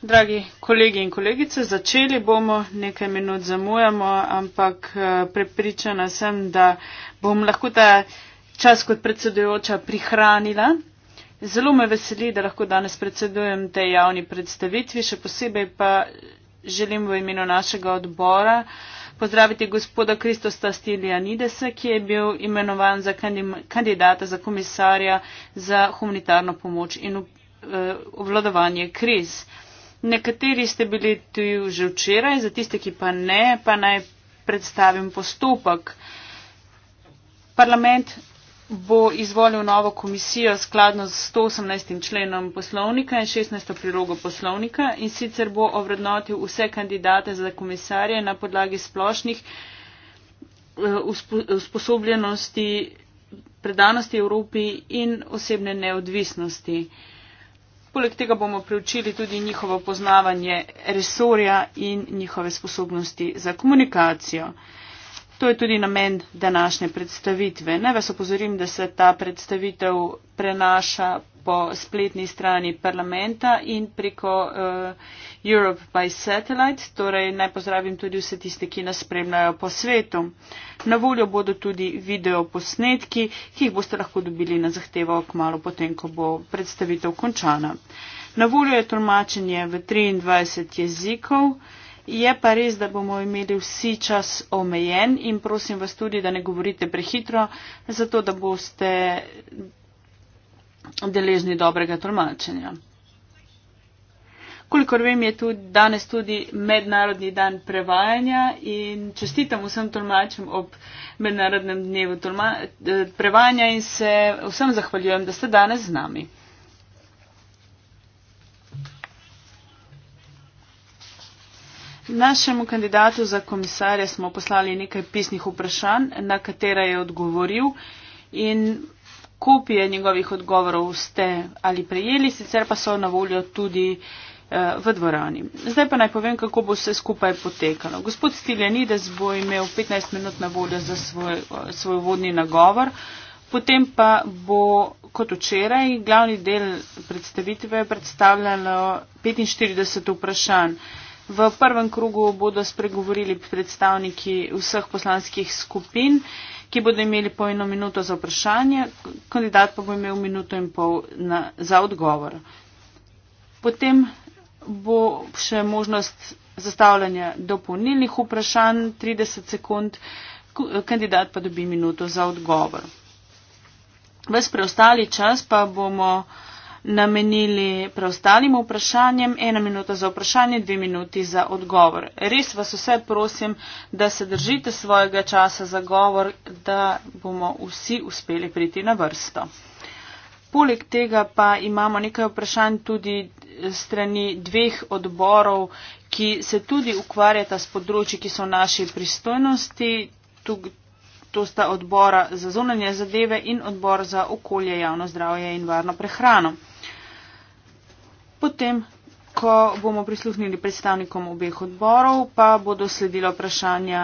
Dragi kolegi in kolegice, začeli bomo, nekaj minut zamujamo, ampak eh, prepričana sem, da bom lahko ta čas kot predsedujoča prihranila. Zelo me veseli, da lahko danes predsedujem tej javni predstavitvi, še posebej pa želim v imenu našega odbora. Uh, pozdraviti gospoda Kristosta Stilianidesa, ki je bil imenovan za kandidata za komisarja za humanitarno pomoč in eh, obvladovanje kriz. Nekateri ste bili tu že včeraj, za tiste, ki pa ne, pa naj predstavim postopek. Parlament bo izvolil novo komisijo skladno z 118. členom poslovnika in 16. prilogo poslovnika in sicer bo ovrednotil vse kandidate za komisarje na podlagi splošnih eh, usposobljenosti, predanosti Evropi in osebne neodvisnosti. Poleg tega bomo preučili tudi njihovo poznavanje resorja in njihove sposobnosti za komunikacijo. To je tudi namen današnje predstavitve. Naj vas opozorim, da se ta predstavitev prenaša po spletni strani parlamenta in preko uh, Europe by Satellite. Torej, naj pozdravim tudi vse tiste, ki nas spremljajo po svetu. Na voljo bodo tudi videoposnetki, ki jih boste lahko dobili na zahtevo kmalo potem, ko bo predstavitev končana. Na voljo je tolmačenje v 23 jezikov. Je pa res, da bomo imeli vsi čas omejen in prosim vas tudi, da ne govorite prehitro, zato da boste deležni dobrega tolmačenja. Kolikor vem, je tudi danes tudi mednarodni dan prevajanja in čestitam vsem tolmačem ob mednarodnem dnevu eh, prevajanja in se vsem zahvaljujem, da ste danes z nami. Našemu kandidatu za komisarja smo poslali nekaj pisnih vprašanj, na katera je odgovoril in kopije njegovih odgovorov ste ali prejeli, sicer pa so na voljo tudi eh, v dvorani. Zdaj pa naj povem, kako bo vse skupaj potekalo. Gospod Stiljanides bo imel 15 minut na voljo za svoj, svoj vodni nagovor, potem pa bo kot včeraj glavni del predstavitve predstavljalo 45 vprašanj. V prvem krugu bodo spregovorili predstavniki vseh poslanskih skupin, ki bodo imeli po eno minuto za vprašanje, kandidat pa bo imel minuto in pol na, za odgovor. Potem bo še možnost zastavljanja dopolnilnih vprašanj 30 sekund, kandidat pa dobi minuto za odgovor. Ves preostali čas pa bomo namenili preostalim vprašanjem, ena minuta za vprašanje, dve minuti za odgovor. Res vas vse prosim, da se držite svojega časa za govor, da bomo vsi uspeli priti na vrsto. Poleg tega pa imamo nekaj vprašanj tudi strani dveh odborov, ki se tudi ukvarjata s področji, ki so v naši pristojnosti. To sta odbora za zunanje zadeve in odbor za okolje, javno zdravje in varno prehrano. Potem, ko bomo prisluhnili predstavnikom obeh odborov, pa bodo sledila vprašanja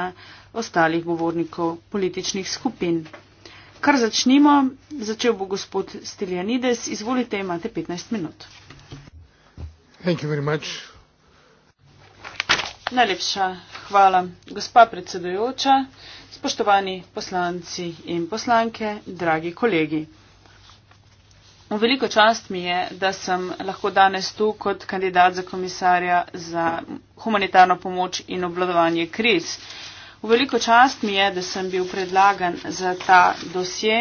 ostalih govornikov političnih skupin. Kar začnimo, začel bo gospod Stiljanides. Izvolite, imate 15 minut. Thank you very much. Najlepša hvala, gospa predsedujoča, spoštovani poslanci in poslanke, dragi kolegi. V no, veliko čast mi je, da sem lahko danes tu kot kandidat za komisarja za humanitarno pomoč in obladovanje kriz. V veliko čast mi je, da sem bil predlagan za ta dosje,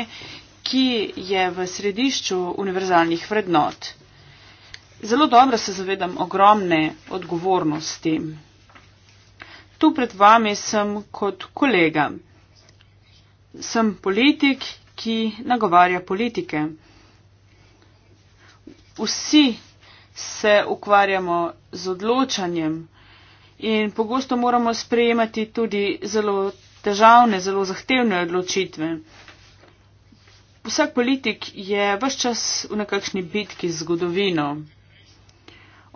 ki je v središču univerzalnih vrednot. Zelo dobro se zavedam ogromne odgovornosti. Tu pred vami sem kot kolega. Sem politik, ki nagovarja politike vsi se ukvarjamo z odločanjem in pogosto moramo sprejemati tudi zelo težavne, zelo zahtevne odločitve. Vsak politik je vse čas v nekakšni bitki z zgodovino.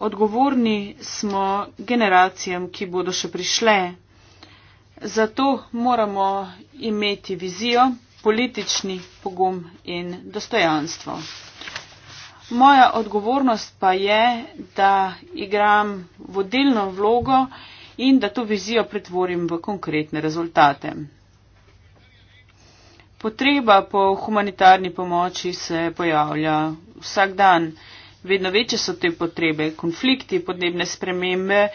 Odgovorni smo generacijam, ki bodo še prišle. Zato moramo imeti vizijo, politični pogum in dostojanstvo. Moja odgovornost pa je, da igram vodilno vlogo in da to vizijo pretvorim v konkretne rezultate. Potreba po humanitarni pomoči se pojavlja vsak dan. Vedno večje so te potrebe. Konflikti, podnebne spremembe,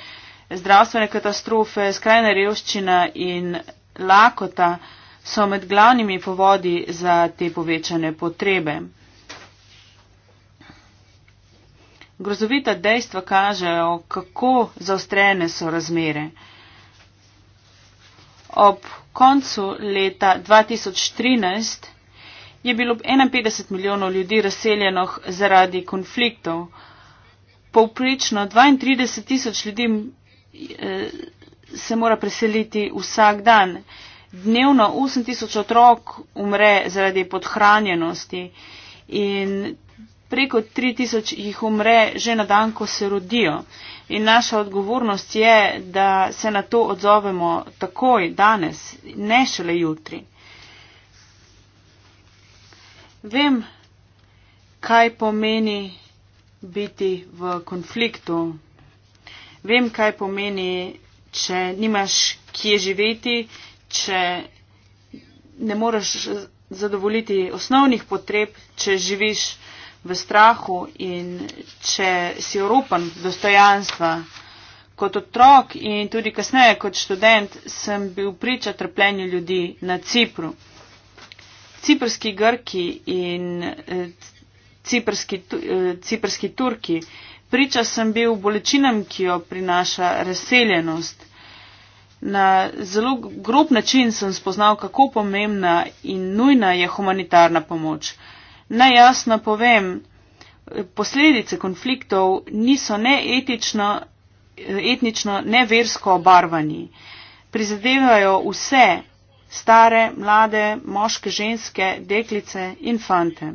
zdravstvene katastrofe, skrajna revščina in lakota so med glavnimi povodi za te povečane potrebe. Grozovita dejstva kažejo, kako zaostrene so razmere. Ob koncu leta 2013 je bilo 51 milijonov ljudi razseljenih zaradi konfliktov. Povprečno 32 tisoč ljudi eh, se mora preseliti vsak dan. Dnevno 8 tisoč otrok umre zaradi podhranjenosti in preko 3000 jih umre že na dan, ko se rodijo. In naša odgovornost je, da se na to odzovemo takoj, danes, ne šele jutri. Vem, kaj pomeni biti v konfliktu. Vem, kaj pomeni, če nimaš kje živeti, če ne moreš zadovoljiti osnovnih potreb, če živiš v strahu in če si oropan dostojanstva. Kot otrok in tudi kasneje kot študent sem bil priča trpljenju ljudi na Cipru. Ciprski Grki in eh, ciprski, eh, ciprski Turki. Priča sem bil bolečinam, ki jo prinaša razseljenost. Na zelo grob način sem spoznal, kako pomembna in nujna je humanitarna pomoč. Naj jasno povem, posledice konfliktov niso ne etično, etnično, ne versko obarvani. Prizadevajo vse stare, mlade, moške, ženske, deklice in fante.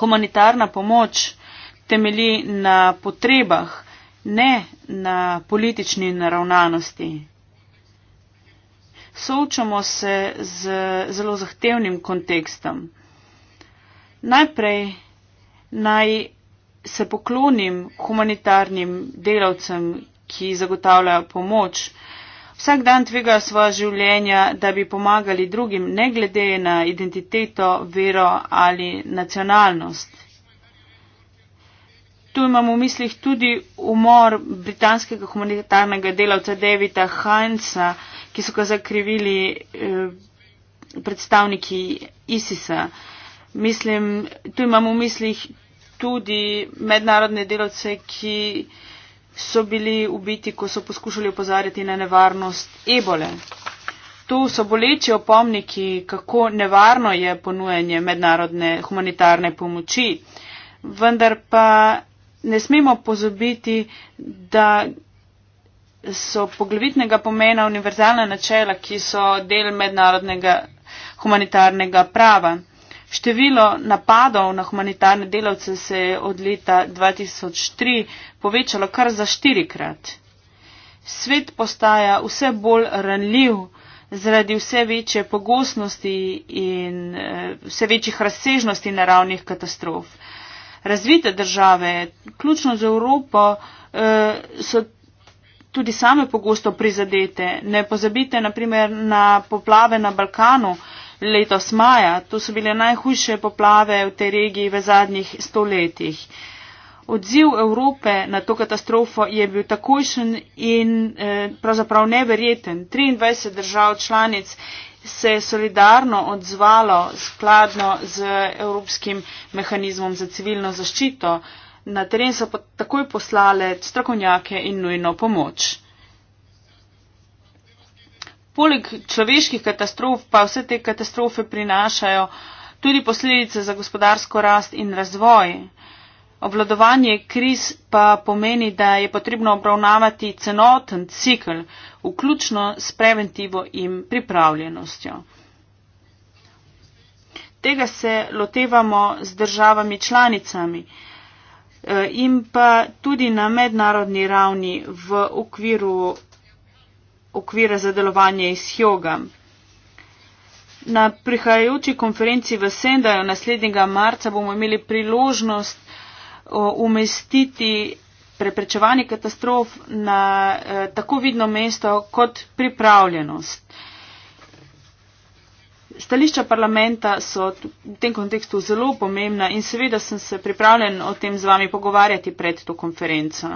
Humanitarna pomoč temelji na potrebah, ne na politični naravnanosti. Soočamo se z zelo zahtevnim kontekstom. Najprej naj se poklonim humanitarnim delavcem, ki zagotavljajo pomoč. Vsak dan tvegajo svoje življenja, da bi pomagali drugim, ne glede na identiteto, vero ali nacionalnost. Tu imamo v mislih tudi umor britanskega humanitarnega delavca Davida Heinza, ki so ga zakrivili eh, predstavniki ISIS-a. Mislim, tu imam v mislih tudi mednarodne delavce, ki so bili ubiti, ko so poskušali upozarjati na nevarnost ebole. Tu so boleči opomniki, kako nevarno je ponujanje mednarodne humanitarne pomoči. Vendar pa ne smemo pozabiti, da so poglavitnega pomena univerzalna načela, ki so del mednarodnega humanitarnega prava. Število napadov na humanitarne delavce se je od leta 2003 povečalo kar za štirikrat. Svet postaja vse bolj ranljiv zaradi vse večje pogostnosti in eh, vse večjih razsežnosti naravnih katastrof. Razvite države, ključno z Evropo, eh, so tudi same pogosto prizadete. Ne pozabite naprimer na poplave na Balkanu, letos maja. To so bile najhujše poplave v tej regiji v zadnjih stoletjih. Odziv Evrope na to katastrofo je bil takojšen in eh, pravzaprav neverjeten. 23 držav članic se je solidarno odzvalo skladno z Evropskim mehanizmom za civilno zaščito. Na teren so takoj poslale strokovnjake in nujno pomoč poleg človeških katastrof pa vse te katastrofe prinašajo tudi posledice za gospodarsko rast in razvoj. Obvladovanje kriz pa pomeni, da je potrebno obravnavati cenoten cikl, vključno s preventivo in pripravljenostjo. Tega se lotevamo z državami članicami eh, in pa tudi na mednarodni ravni v okviru okvira za delovanje iz Hjoga. Na prihajajoči konferenci v Sendaju naslednjega marca bomo imeli priložnost umestiti preprečevanje katastrof na e, tako vidno mesto kot pripravljenost. Stališča parlamenta so v tem kontekstu zelo pomembna in seveda sem se pripravljen o tem z vami pogovarjati pred to konferenco.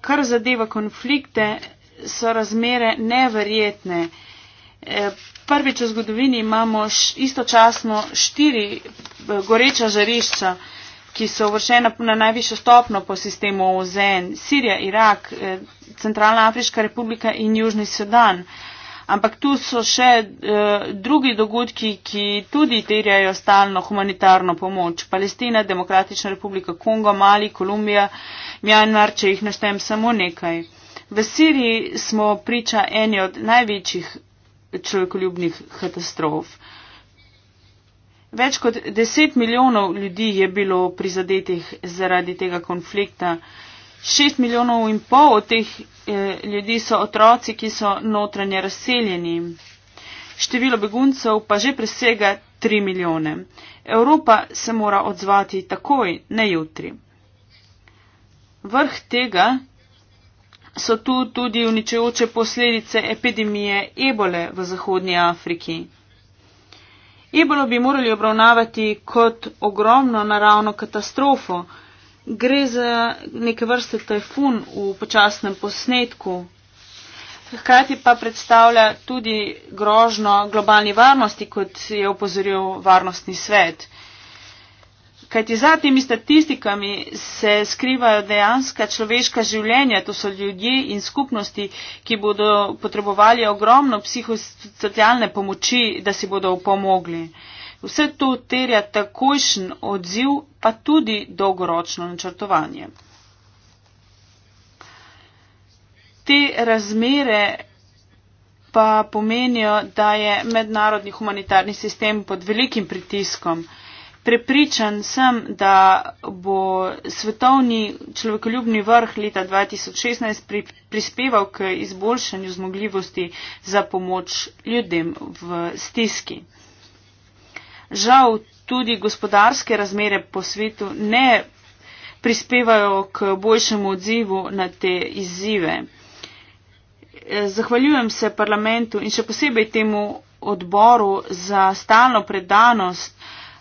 Kar zadeva konflikte, so razmere neverjetne. E, prvič v zgodovini imamo istočasno štiri e, goreča žarišča, ki so vršena na najvišjo stopno po sistemu OZN. Sirija, Irak, e, Centralna Afriška republika in Južni Sudan. Ampak tu so še drugi dogodki, ki tudi terjajo stalno humanitarno pomoč. Palestina, Demokratična republika Kongo, Mali, Kolumbija, Mjanmar, če jih naštem samo nekaj. V Siriji smo priča eni od največjih človekoljubnih katastrof. Več kot deset milijonov ljudi je bilo prizadetih zaradi tega konflikta. Šest milijonov in pol od teh eh, ljudi so otroci, ki so notranje razseljeni. Število beguncev pa že presega tri milijone. Evropa se mora odzvati takoj, ne jutri. Vrh tega so tu tudi uničujoče posledice epidemije ebole v Zahodnji Afriki. Ebolo bi morali obravnavati kot ogromno naravno katastrofo. Gre za neke vrste tajfun v počasnem posnetku. Hkrati pa predstavlja tudi grožno globalni varnosti, kot je opozoril varnostni svet. Kajti za temi statistikami se skrivajo dejanska človeška življenja, to so ljudje in skupnosti, ki bodo potrebovali ogromno psihosocialne pomoči, da si bodo upomogli. Vse to terja takojšen odziv, pa tudi dolgoročno načrtovanje. Te razmere pa pomenijo, da je mednarodni humanitarni sistem pod velikim pritiskom. Prepričan sem, da bo svetovni človekoljubni vrh leta 2016 pri, prispeval k izboljšanju zmogljivosti za pomoč ljudem v stiski. Žal tudi gospodarske razmere po svetu ne prispevajo k boljšemu odzivu na te izzive. Zahvaljujem se parlamentu in še posebej temu odboru za stalno predanost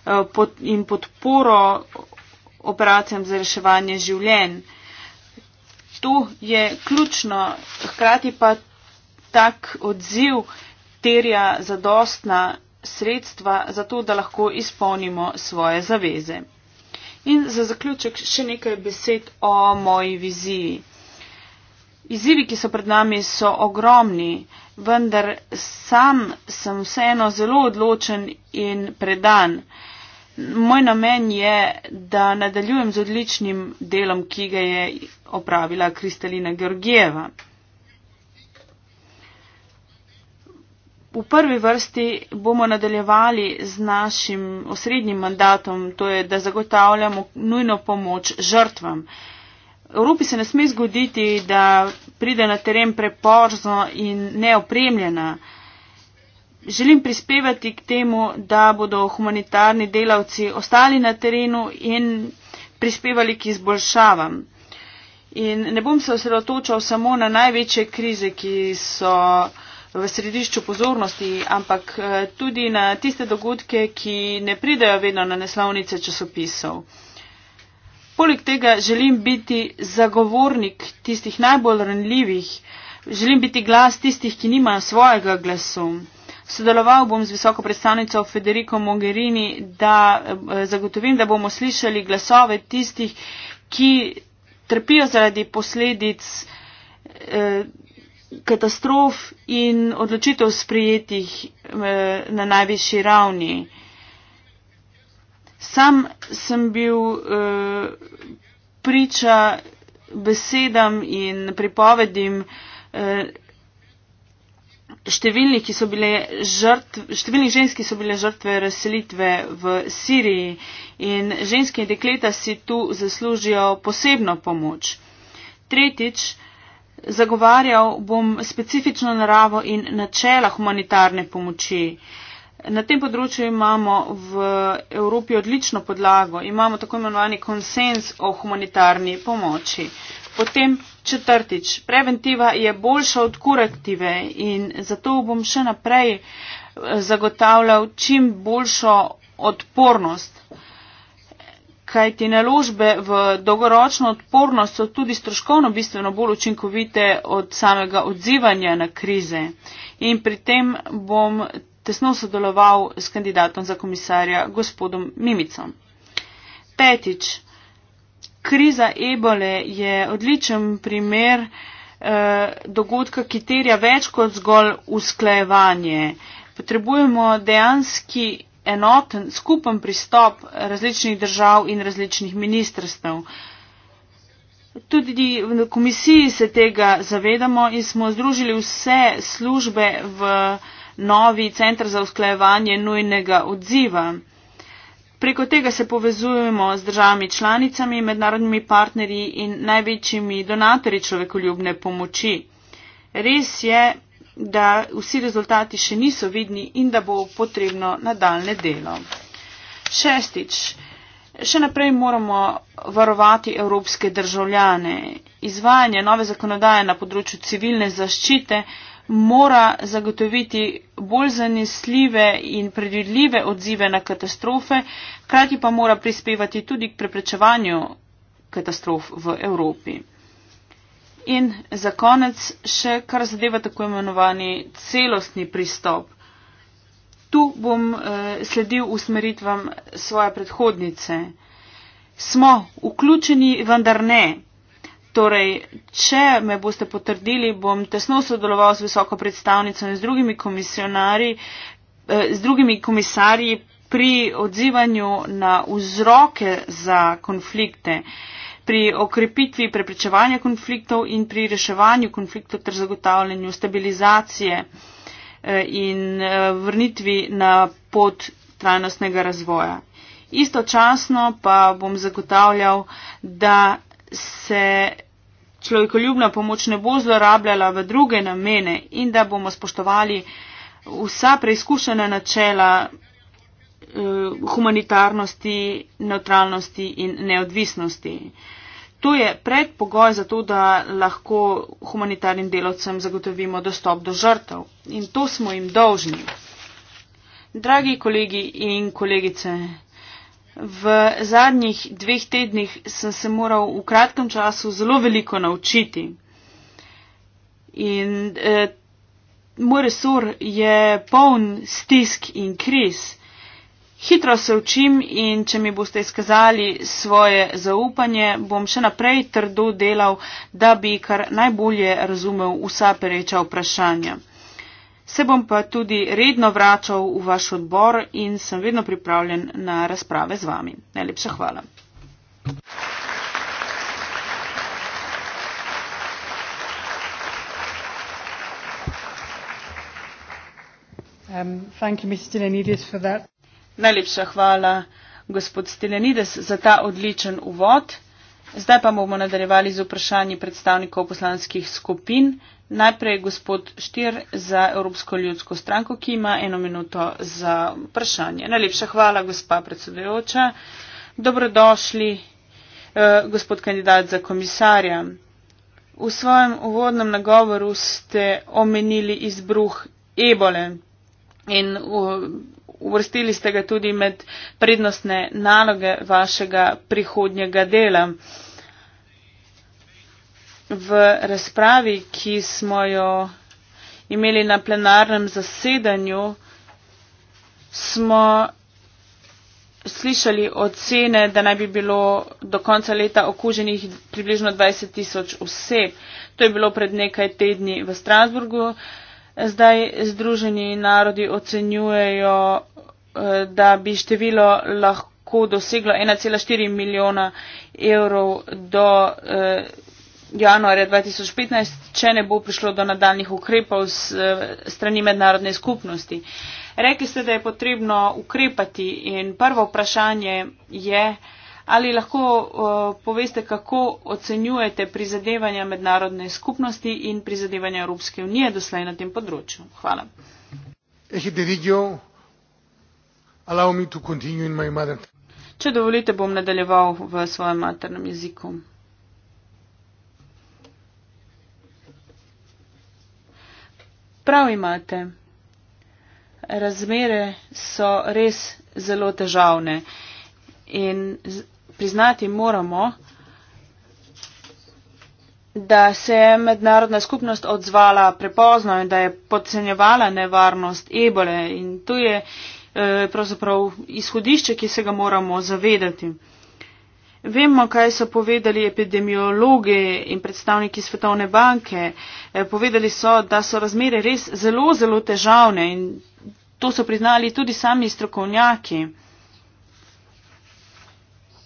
Eh, in podporo operacijam za reševanje življenj. To je ključno, hkrati pa tak odziv terja zadostna sredstva za to, da lahko izpolnimo svoje zaveze. In za zaključek še nekaj besed o moji viziji. Izzivi, ki so pred nami, so ogromni, vendar sam sem vseeno zelo odločen in predan. Moj namen je, da nadaljujem z odličnim delom, ki ga je opravila Kristalina Georgieva. V prvi vrsti bomo nadaljevali z našim osrednjim mandatom, to je, da zagotavljamo nujno pomoč žrtvam. Evropi se ne sme zgoditi, da pride na teren preporzno in neopremljena želim prispevati k temu, da bodo humanitarni delavci ostali na terenu in prispevali k izboljšavam. In ne bom se osredotočal samo na največje krize, ki so v središču pozornosti, ampak eh, tudi na tiste dogodke, ki ne pridejo vedno na naslovnice časopisov. Poleg tega želim biti zagovornik tistih najbolj ranljivih, želim biti glas tistih, ki nimajo svojega glasu. Sodeloval bom z visoko predstavnico Federico Mogherini, da eh, zagotovim, da bomo slišali glasove tistih, ki trpijo zaradi posledic eh, katastrof in odločitev sprijetih eh, na najvišji ravni. Sam sem bil priča besedam in pripovedim številni, ki so bile žrtve, številni ženski so bile žrtve razselitve v Siriji in ženske in dekleta si tu zaslužijo posebno pomoč. Tretjič, zagovarjal bom specifično naravo in načela humanitarne pomoči. Na tem področju imamo v Evropi odlično podlago, imamo tako imenovani konsens o humanitarni pomoči. Potem Četrtič, preventiva je boljša od kurektive in zato bom še naprej eh, zagotavljal čim boljšo odpornost, kaj ti naložbe v dolgoročno odpornost so tudi stroškovno bistveno bolj učinkovite od samega odzivanja na krize. In pri tem bom tesno sodeloval s kandidatom za komisarja gospodom Mimicom. Petič, kriza ebole je odličen primer eh, dogodka, ki terja več kot zgolj usklajevanje. Potrebujemo dejanski enoten, skupen pristop različnih držav in različnih ministrstv. Tudi v komisiji se tega zavedamo in smo združili vse službe v novi centr za usklajevanje nujnega odziva. Preko tega se povezujemo z državami članicami, mednarodnimi partnerji in največjimi donatorji človekoljubne pomoči. Res je, da vsi rezultati še niso vidni in da bo potrebno nadaljne delo. Šestič. Še naprej moramo varovati evropske državljane. Izvajanje nove zakonodaje na področju civilne zaščite mora zagotoviti bolj zanesljive in predvidljive odzive na katastrofe, krati pa mora prispevati tudi k preprečevanju katastrof v Evropi. In za konec še kar zadeva tako imenovani celostni pristop. Tu bom eh, sledil usmeritvam svoje predhodnice. Smo vključeni, vendar ne. Torej, če me boste potrdili, bom tesno sodeloval z visoko predstavnico in z drugimi komisionarji, eh, z drugimi komisarji pri odzivanju na vzroke za konflikte, pri okrepitvi preprečevanja konfliktov in pri reševanju konfliktov ter zagotavljanju stabilizacije eh, in eh, vrnitvi na pot trajnostnega razvoja. Istočasno pa bom zagotavljal, da se človekoljubna pomoč ne bo zlorabljala v druge namene in da bomo spoštovali vsa preizkušena načela eh, humanitarnosti, neutralnosti in neodvisnosti. To je predpogoj za to, da lahko humanitarnim delovcem zagotovimo dostop do žrtev in to smo jim dolžni. Dragi kolegi in kolegice, V zadnjih dveh tednih sem se moral v kratkem času zelo veliko naučiti. In eh, moj resor je poln stisk in kriz. Hitro se učim in če mi boste izkazali svoje zaupanje, bom še naprej trdo delal, da bi kar najbolje razumel vsa pereča vprašanja. Se bom pa tudi redno vračal v vaš odbor in sem vedno pripravljen na razprave z vami. Najlepša hvala. Um, you, Najlepša hvala, gospod Stelenides, za ta odličen uvod. Zdaj pa bomo nadaljevali z vprašanji predstavnikov poslanskih skupin. Najprej gospod Štir za Evropsko ljudsko stranko, ki ima eno minuto za vprašanje. Najlepša hvala, gospa predsedujoča. Dobrodošli, eh, gospod kandidat za komisarja. V svojem uvodnem nagovoru ste omenili izbruh ebole in uvrstili ste ga tudi med prednostne naloge vašega prihodnjega dela. Eh, v razpravi, ki smo jo imeli na plenarnem zasedanju, smo slišali ocene, da naj bi bilo do konca leta okuženih približno 20 tisoč oseb. To je bilo pred nekaj tedni v Strasburgu. Zdaj Združeni narodi ocenjujejo, eh, da bi število lahko doseglo 1,4 milijona evrov do eh, januarja 2015, če ne bo prišlo do nadaljnih ukrepov s eh, strani mednarodne skupnosti. Rekli ste, da je potrebno ukrepati in prvo vprašanje je, ali lahko uh, poveste, kako ocenjujete prizadevanja mednarodne skupnosti in prizadevanja Evropske unije doslej na tem področju. Hvala. Če dovolite, bom nadaljeval v svojem maternem jeziku. Prav imate. Razmere so res zelo težavne in priznati moramo, da se je mednarodna skupnost odzvala prepozno in da je podcenjevala nevarnost ebole in tu je eh, pravzaprav izhodišče, ki se ga moramo zavedati. Vemo, kaj so povedali epidemiologi in predstavniki Svetovne banke. Eh, povedali so, da so razmere res zelo, zelo težavne in to so priznali tudi sami strokovnjaki.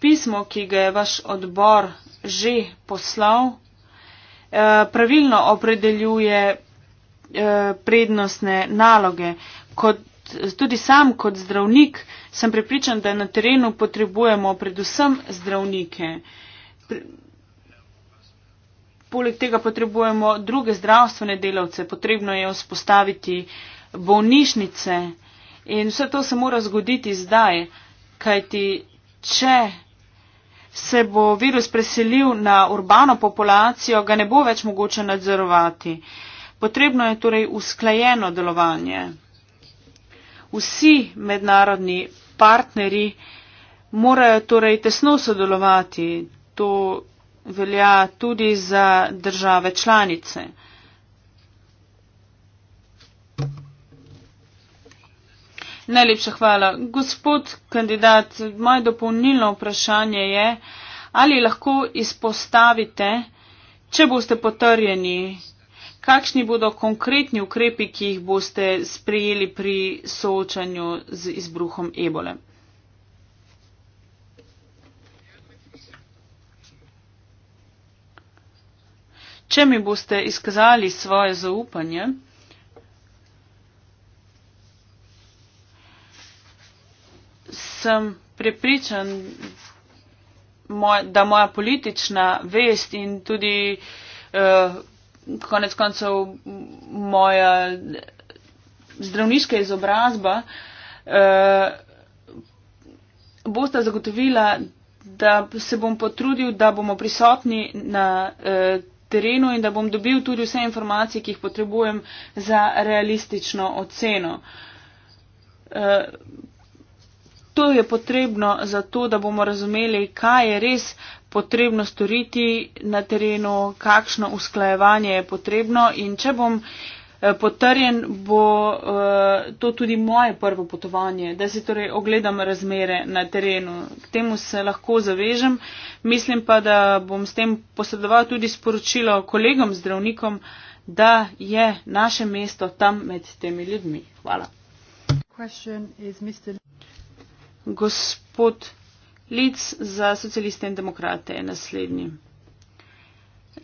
Pismo, ki ga je vaš odbor že poslal, eh, pravilno opredeljuje eh, prednostne naloge. Kot tudi sam kot zdravnik sem prepričan, da na terenu potrebujemo predvsem zdravnike. Poleg tega potrebujemo druge zdravstvene delavce, potrebno je vzpostaviti bolnišnice in vse to se mora zgoditi zdaj, kajti če se bo virus preselil na urbano populacijo, ga ne bo več mogoče nadzorovati. Potrebno je torej usklajeno delovanje vsi mednarodni partneri morajo torej tesno sodelovati. To velja tudi za države članice. Najlepša hvala. Gospod kandidat, moje dopolnilno vprašanje je, ali lahko izpostavite, če boste potrjeni Kakšni bodo konkretni ukrepi, ki jih boste sprejeli pri soočanju z izbruhom ebole? Če mi boste izkazali svoje zaupanje, sem prepričan, da moja politična vest in tudi eh, konec koncev moja zdravniška izobrazba eh, bosta zagotovila, da se bom potrudil, da bomo prisotni na eh, terenu in da bom dobil tudi vse informacije, ki jih potrebujem za realistično oceno. Eh, to je potrebno zato, da bomo razumeli, kaj je res potrebno storiti na terenu, kakšno usklajevanje je potrebno in če bom eh, potrjen, bo eh, to tudi moje prvo potovanje, da si torej ogledam razmere na terenu. K temu se lahko zavežem, mislim pa, da bom s tem posredoval tudi sporočilo kolegom zdravnikom, da je naše mesto tam med temi ljudmi. Hvala. Gospod Lic za socialiste in demokrate je naslednji.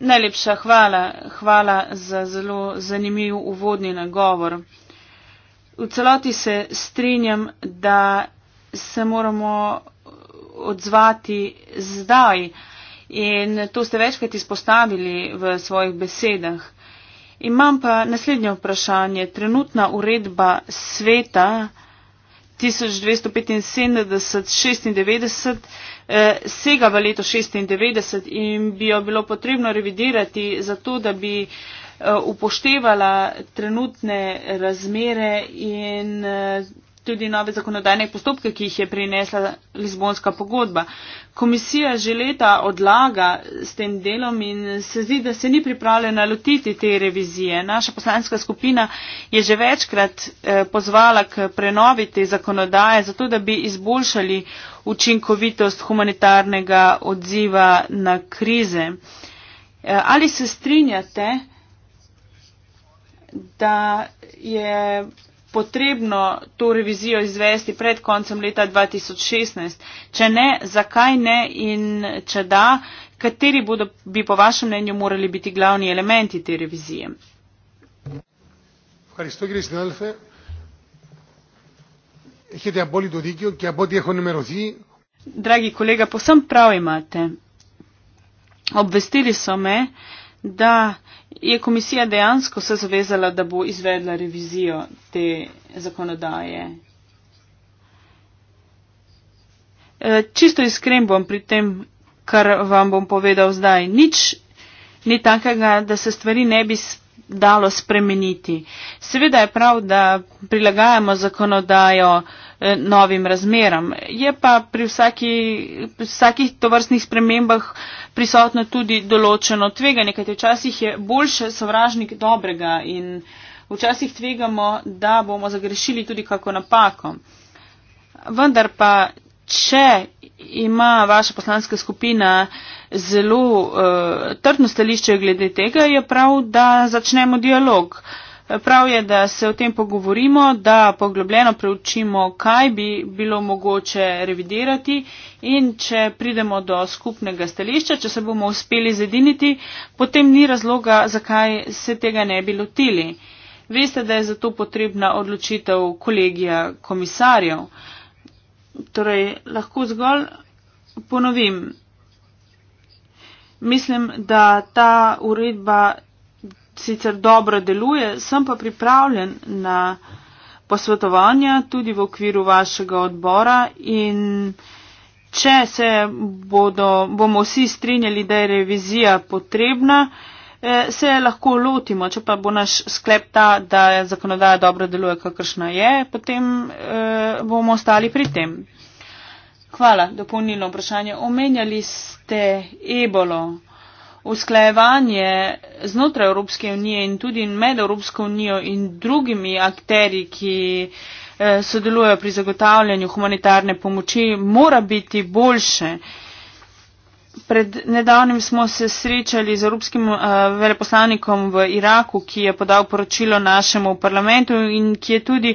Najlepša hvala, hvala za zelo zanimiv uvodni nagovor. V celoti se strinjam, da se moramo odzvati zdaj in to ste večkrat izpostavili v svojih besedah. Imam pa naslednje vprašanje. Trenutna uredba sveta 1275-96 eh, sega v leto 96 in bi jo bilo potrebno revidirati zato, da bi eh, upoštevala trenutne razmere in eh, tudi nove zakonodajne postopke, ki jih je prinesla Lizbonska pogodba. Komisija že leta odlaga s tem delom in se zdi, da se ni pripravljena lotiti te revizije. Naša poslanska skupina je že večkrat eh, pozvala k prenovi te zakonodaje, zato da bi izboljšali učinkovitost humanitarnega odziva na krize. Eh, ali se strinjate, da je potrebno to revizijo izvesti pred koncem leta 2016? Če ne, zakaj ne in če da, kateri bodo, bi po vašem mnenju morali biti glavni elementi te revizije? Dragi kolega, posem prav imate. Obvestili so me, da je komisija dejansko se zavezala, da bo izvedla revizijo te zakonodaje? E, čisto iskren bom pri tem, kar vam bom povedal zdaj. Nič ni takega, da se stvari ne bi dalo spremeniti. Seveda je prav, da prilagajamo zakonodajo, Eh, novim razmeram. Je pa pri, vsaki, pri vsakih tovrstnih spremembah prisotno tudi določeno tveganje, kajte včasih je boljše sovražnik dobrega in včasih tvegamo, da bomo zagrešili tudi kako napako. Vendar pa, če ima vaša poslanska skupina zelo uh, trdno stališče glede tega, je prav, da začnemo dialog. Uh, Prav je, da se o tem pogovorimo, da poglobljeno preučimo, kaj bi bilo mogoče revidirati in če pridemo do skupnega stališča, če se bomo uspeli zediniti, potem ni razloga, zakaj se tega ne bi lotili. Veste, da je zato potrebna odločitev kolegija komisarjev. Torej, lahko zgolj ponovim. Mislim, da ta uredba sicer dobro deluje, sem pa pripravljen na posvetovanja tudi v okviru vašega odbora in če se bodo, bomo vsi strinjali, da je revizija potrebna, eh, se lahko lotimo. Če pa bo naš sklep ta, da zakonodaja dobro deluje, kakršna je, potem eh, bomo ostali pri tem. Hvala, dopolnilo vprašanje. Omenjali ste ebolo usklajevanje znotraj Evropske unije in tudi med Evropsko unijo in drugimi akteri, ki eh, sodelujejo pri zagotavljanju humanitarne pomoči, mora biti boljše. Pred nedavnim smo se srečali z evropskim uh, veleposlanikom v Iraku, ki je podal poročilo našemu parlamentu in ki je tudi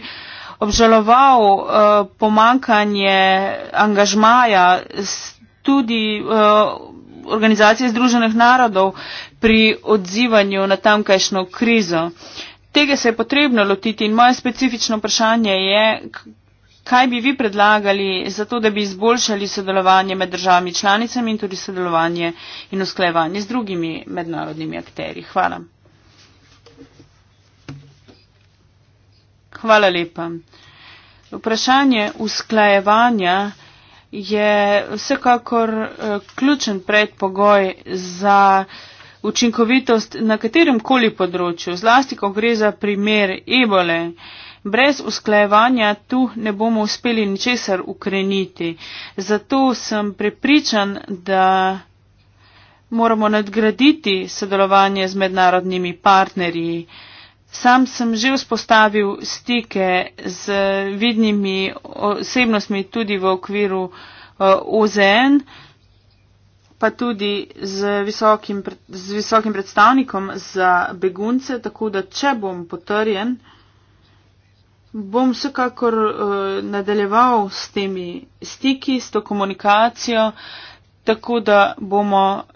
obžaloval uh, pomankanje angažmaja, tudi uh, organizacije Združenih narodov pri odzivanju na tamkajšno krizo. Tega se je potrebno lotiti in moje specifično vprašanje je, kaj bi vi predlagali za to, da bi izboljšali sodelovanje med državami članicami in tudi sodelovanje in usklajevanje z drugimi mednarodnimi akteri. Hvala. Hvala lepa. Vprašanje usklajevanja je vsekakor eh, ključen predpogoj za učinkovitost na katerem koli področju, zlasti ko gre za primer ebole. Brez usklajevanja tu ne bomo uspeli ničesar ukreniti. Zato sem prepričan, da moramo nadgraditi sodelovanje z mednarodnimi partnerji. Sam sem že vzpostavil stike z vidnimi osebnostmi tudi v okviru eh, OZN, pa tudi z visokim, z visokim predstavnikom za begunce, tako da če bom potrjen, bom vsekakor eh, nadaljeval s temi stiki, s to komunikacijo, tako da bomo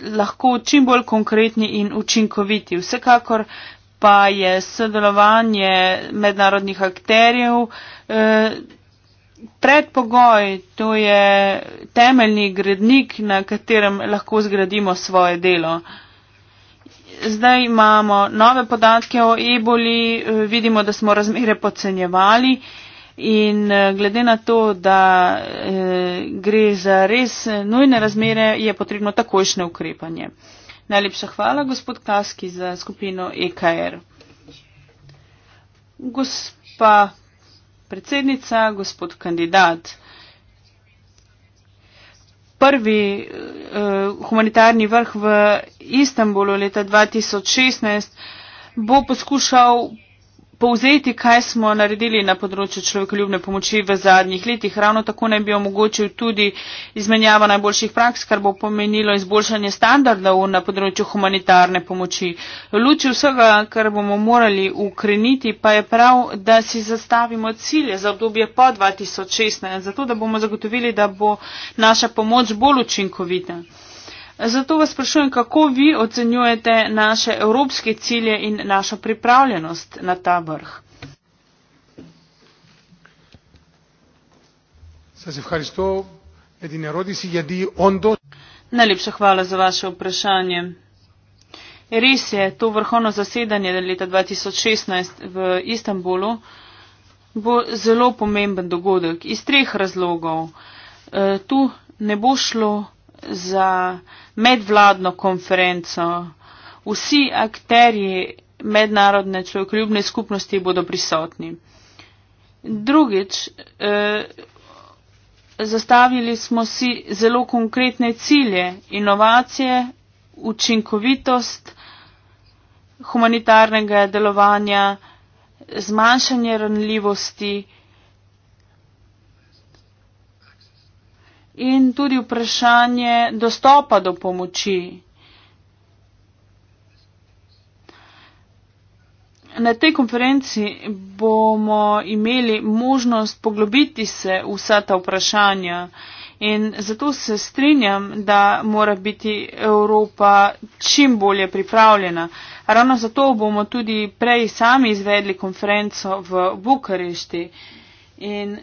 lahko čim bolj konkretni in učinkoviti. Vsekakor pa je sodelovanje mednarodnih akterjev eh, predpogoj, to je temeljni gradnik, na katerem lahko zgradimo svoje delo. Zdaj imamo nove podatke o eboli, eh, vidimo, da smo razmere podcenjevali. Eh, In eh, glede na to, da eh, gre za res nujne razmere, je potrebno takojšnje ukrepanje. Najlepša hvala, gospod Kaski, za skupino EKR. Gospa predsednica, gospod kandidat. Prvi eh, humanitarni vrh v Istanbulu leta 2016 bo poskušal povzeti, kaj smo naredili na področju človekoljubne pomoči v zadnjih letih. Ravno tako naj bi omogočil tudi izmenjava najboljših praks, kar bo pomenilo izboljšanje standardov na področju humanitarne pomoči. V luči vsega, kar bomo morali ukreniti, pa je prav, da si zastavimo cilje za obdobje po 2016, zato da bomo zagotovili, da bo naša pomoč bolj učinkovita. Zato vas sprašujem, kako vi ocenjujete naše evropske cilje in našo pripravljenost na ta vrh? Najlepša hvala za vaše vprašanje. Res je, to vrhovno zasedanje leta 2016 v Istanbulu bo zelo pomemben dogodek iz treh razlogov. E, tu ne bo šlo za medvladno konferenco. Vsi akteri mednarodne človekoljubne skupnosti bodo prisotni. Drugič, eh, zastavili smo si zelo konkretne cilje, inovacije, učinkovitost humanitarnega delovanja, zmanjšanje ranljivosti, in tudi vprašanje dostopa do pomoči. Na tej konferenci bomo imeli možnost poglobiti se vsa ta vprašanja in zato se strinjam, da mora biti Evropa čim bolje pripravljena. Ravno zato bomo tudi prej sami izvedli konferenco v Bukarešti. In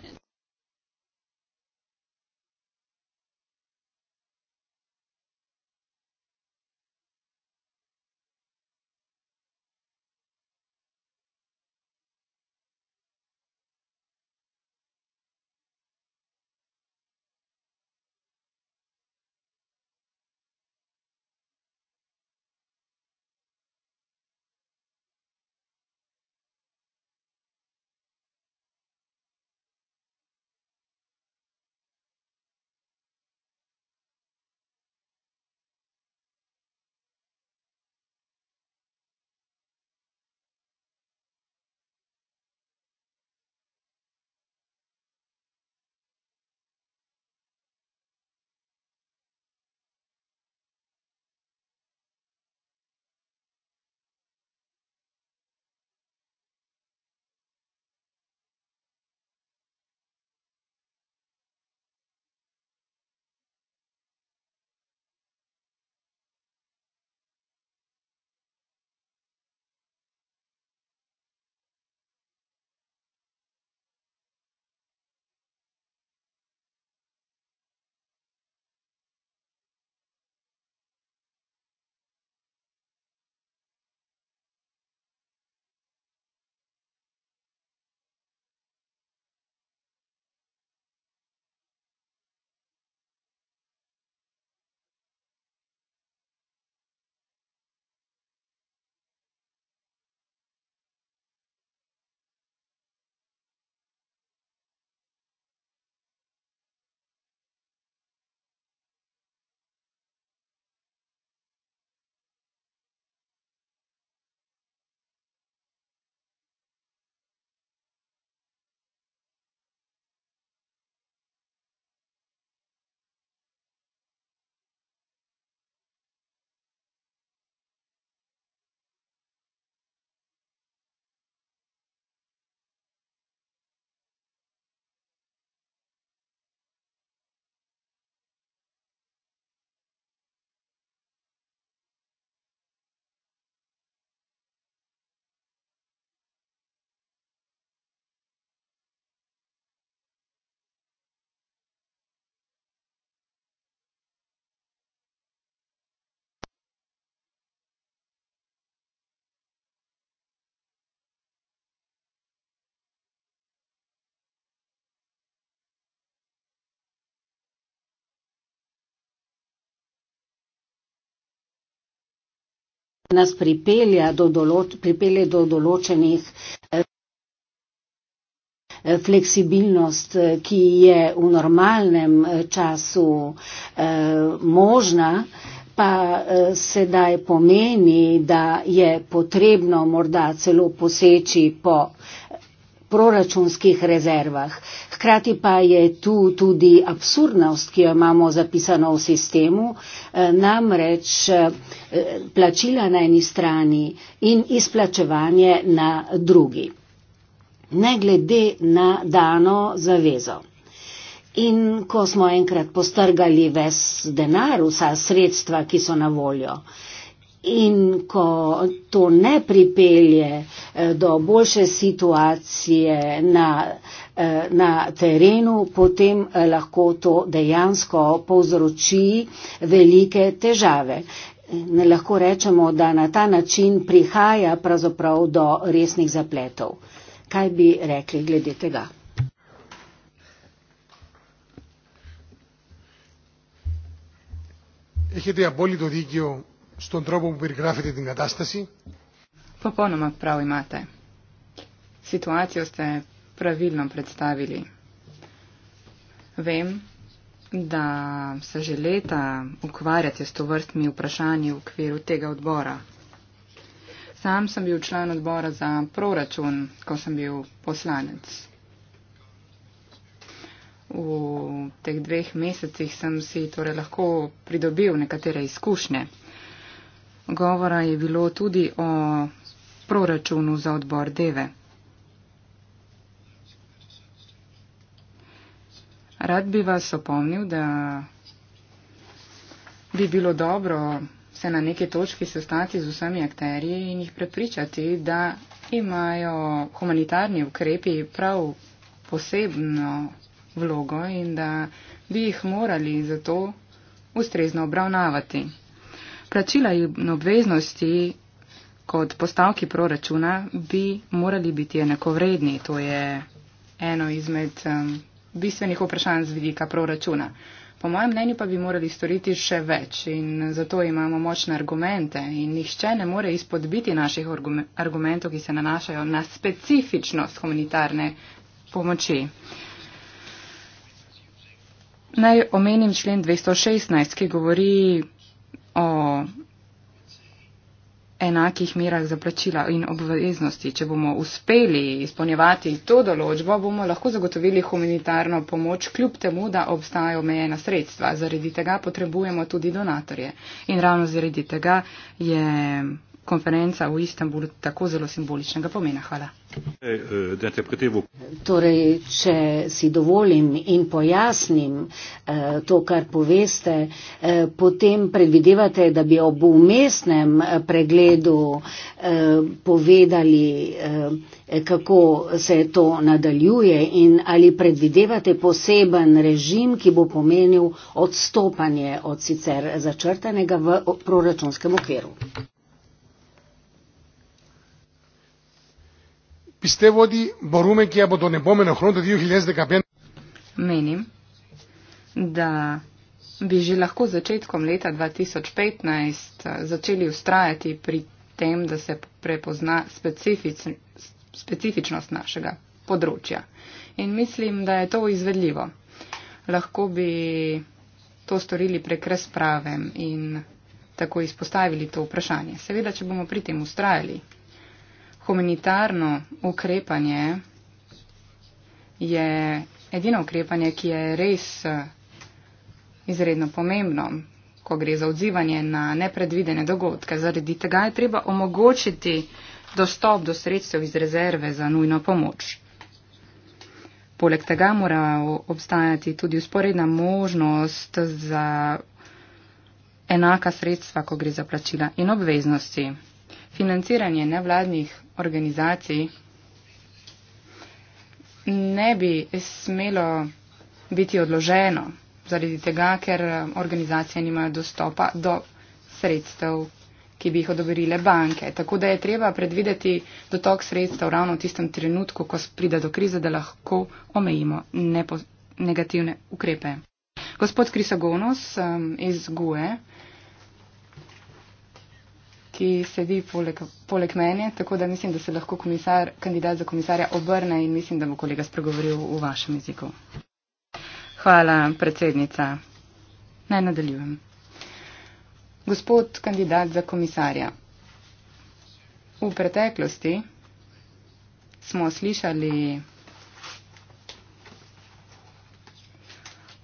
nas pripelja do določ, pripelje do določenih eh, fleksibilnost, eh, ki je v normalnem eh, času možna, pa sedaj pomeni, da je potrebno morda celo poseči po proračunskih rezervah. Hkrati pa je tu tudi absurdnost, ki jo imamo zapisano v sistemu, eh, namreč eh, plačila na eni strani in izplačevanje na drugi, ne glede na dano zavezo. In ko smo enkrat postrgali ves denar, vsa sredstva, ki so na voljo, In ko to ne pripelje eh, do boljše situacije na, eh, na terenu, potem eh, lahko to dejansko povzroči velike težave. Ne lahko rečemo, da na ta način prihaja pravzaprav do resnih zapletov. Kaj bi rekli glede tega? Ehi, ti ha bolito di Dio στον τρόπο που περιγράφετε την κατάσταση. Popolnoma prav imate. Situacijo ste pravilno predstavili. Vem, da se že leta ukvarjate s to vrstmi vprašanji v okviru tega odbora. Sam sem bil član odbora za proračun, ko sem bil poslanec. V teh dveh mesecih sem si torej lahko pridobil nekatere izkušnje govora je bilo tudi o proračunu za odbor Deve. Rad bi vas opomnil, da bi bilo dobro se na neki točki sestati z vsemi akterji in jih prepričati, da imajo humanitarni ukrepi prav posebno vlogo in da bi jih morali zato ustrezno obravnavati. Plačila in obveznosti kot postavki proračuna bi morali biti enakovredni. To je eno izmed um, bistvenih vprašanj z vidika proračuna. Po mojem mnenju pa bi morali storiti še več in zato imamo močne argumente in nihče ne more izpodbiti naših argumentov, ki se nanašajo na specifičnost humanitarne pomoči. Naj omenim člen 216, ki govori o enakih merah za plačila in obveznosti. Če bomo uspeli izpolnjevati to določbo, bomo lahko zagotovili humanitarno pomoč, kljub temu, da obstajajo omejena sredstva. Zaradi tega potrebujemo tudi donatorje. In ravno zaradi tega je konferenca v Istanbulu tako zelo simboličnega pomena. Hvala. Torej, če si dovolim in pojasnim eh, to, kar poveste, eh, potem predvidevate, da bi ob umestnem eh, pregledu povedali, kako se to nadaljuje in ali predvidevate poseben režim, ki bo pomenil odstopanje od sicer začrtanega v proračunskem okviru. πιστεύω ότι μπορούμε και από τον επόμενο χρόνο, το 2015. Μένει. Da bi že lahko začetkom leta 2015 eh, začeli ustrajati pri tem, da se prepozna specifič, specifičnost našega področja. In mislim, da je to izvedljivo. Lahko bi to storili prek razprave in tako izpostavili to vprašanje. Seveda, če bomo pri tem ustrajali humanitarno ukrepanje je edino ukrepanje, ki je res eh, izredno pomembno, ko gre za odzivanje na nepredvidene dogodke. Zaradi tega je treba omogočiti dostop do sredstev iz rezerve za nujno pomoč. Poleg tega mora obstajati tudi usporedna možnost za enaka sredstva, ko gre za plačila in obveznosti. Financiranje nevladnih organizacij ne bi smelo biti odloženo zaradi tega, ker eh, organizacije nimajo dostopa do sredstev, ki bi jih odobrile banke. Tako da je treba predvideti dotok sredstev ravno v tistem trenutku, ko pride do krize, da lahko omejimo negativne ukrepe. Gospod Krisagonos eh, iz GUE ki sedi poleg, poleg mene, tako da mislim, da se lahko komisar, kandidat za komisarja obrne in mislim, da bo kolega spregovoril v vašem jeziku. Hvala, predsednica. Naj nadaljujem. Gospod kandidat za komisarja, v preteklosti smo slišali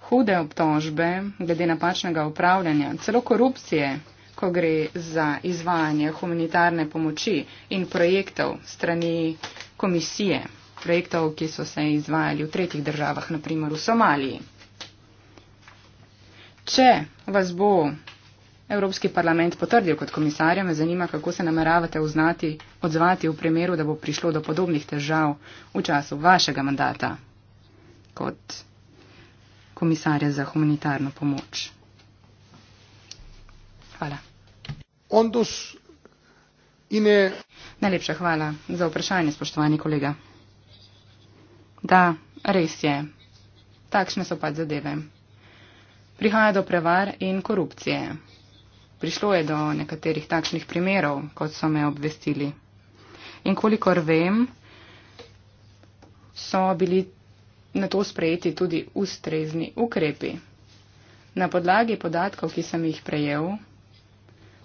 hude obtožbe glede napačnega upravljanja, celo korupcije ko gre za izvajanje humanitarne pomoči in projektov strani komisije, projektov, ki so se izvajali v tretjih državah, naprimer v Somaliji. Če vas bo Evropski parlament potrdil kot komisarja, me zanima, kako se nameravate uznati, odzvati v primeru, da bo prišlo do podobnih težav v času vašega mandata kot komisarja za humanitarno pomoč. Hvala. Ondus ine... Najlepša hvala za vprašanje, spoštovani kolega. Da, res je. Takšne so pač zadeve. Prihaja do prevar in korupcije. Prišlo je do nekaterih takšnih primerov, kot so me obvestili. In kolikor vem, so bili na to sprejeti tudi ustrezni ukrepi. Na podlagi podatkov, ki sem jih prejel,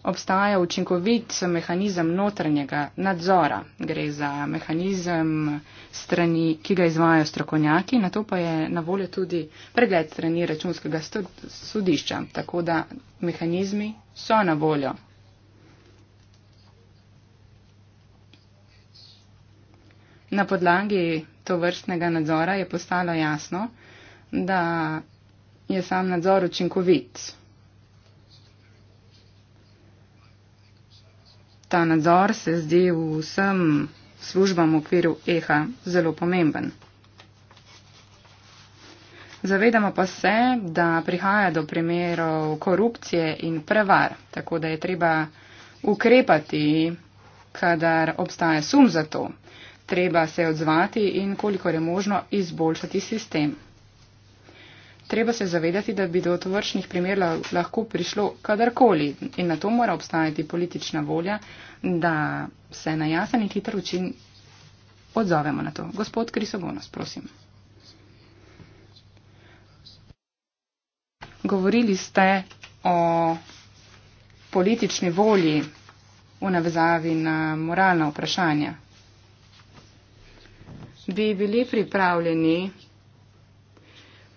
obstaja učinkovit mehanizem notranjega nadzora. Gre za mehanizem strani, ki ga izvajo strokovnjaki, na to pa je na voljo tudi pregled strani računskega sodišča. Tako da mehanizmi so na voljo. Na podlagi to vrstnega nadzora je postalo jasno, da je sam nadzor učinkovit. ta nadzor se zdi vsem službam v okviru EHA zelo pomemben. Zavedamo pa se, da prihaja do primerov korupcije in prevar, tako da je treba ukrepati, kadar obstaja sum za to. Treba se odzvati in kolikor je možno izboljšati sistem treba se zavedati, da bi do tovršnih primerov lahko prišlo kadarkoli in na to mora obstajati politična volja, da se na jasen in hiter učin odzovemo na to. Gospod Krisobonos, prosim. Govorili ste o politični volji v navezavi na moralna vprašanja. Bi bili pripravljeni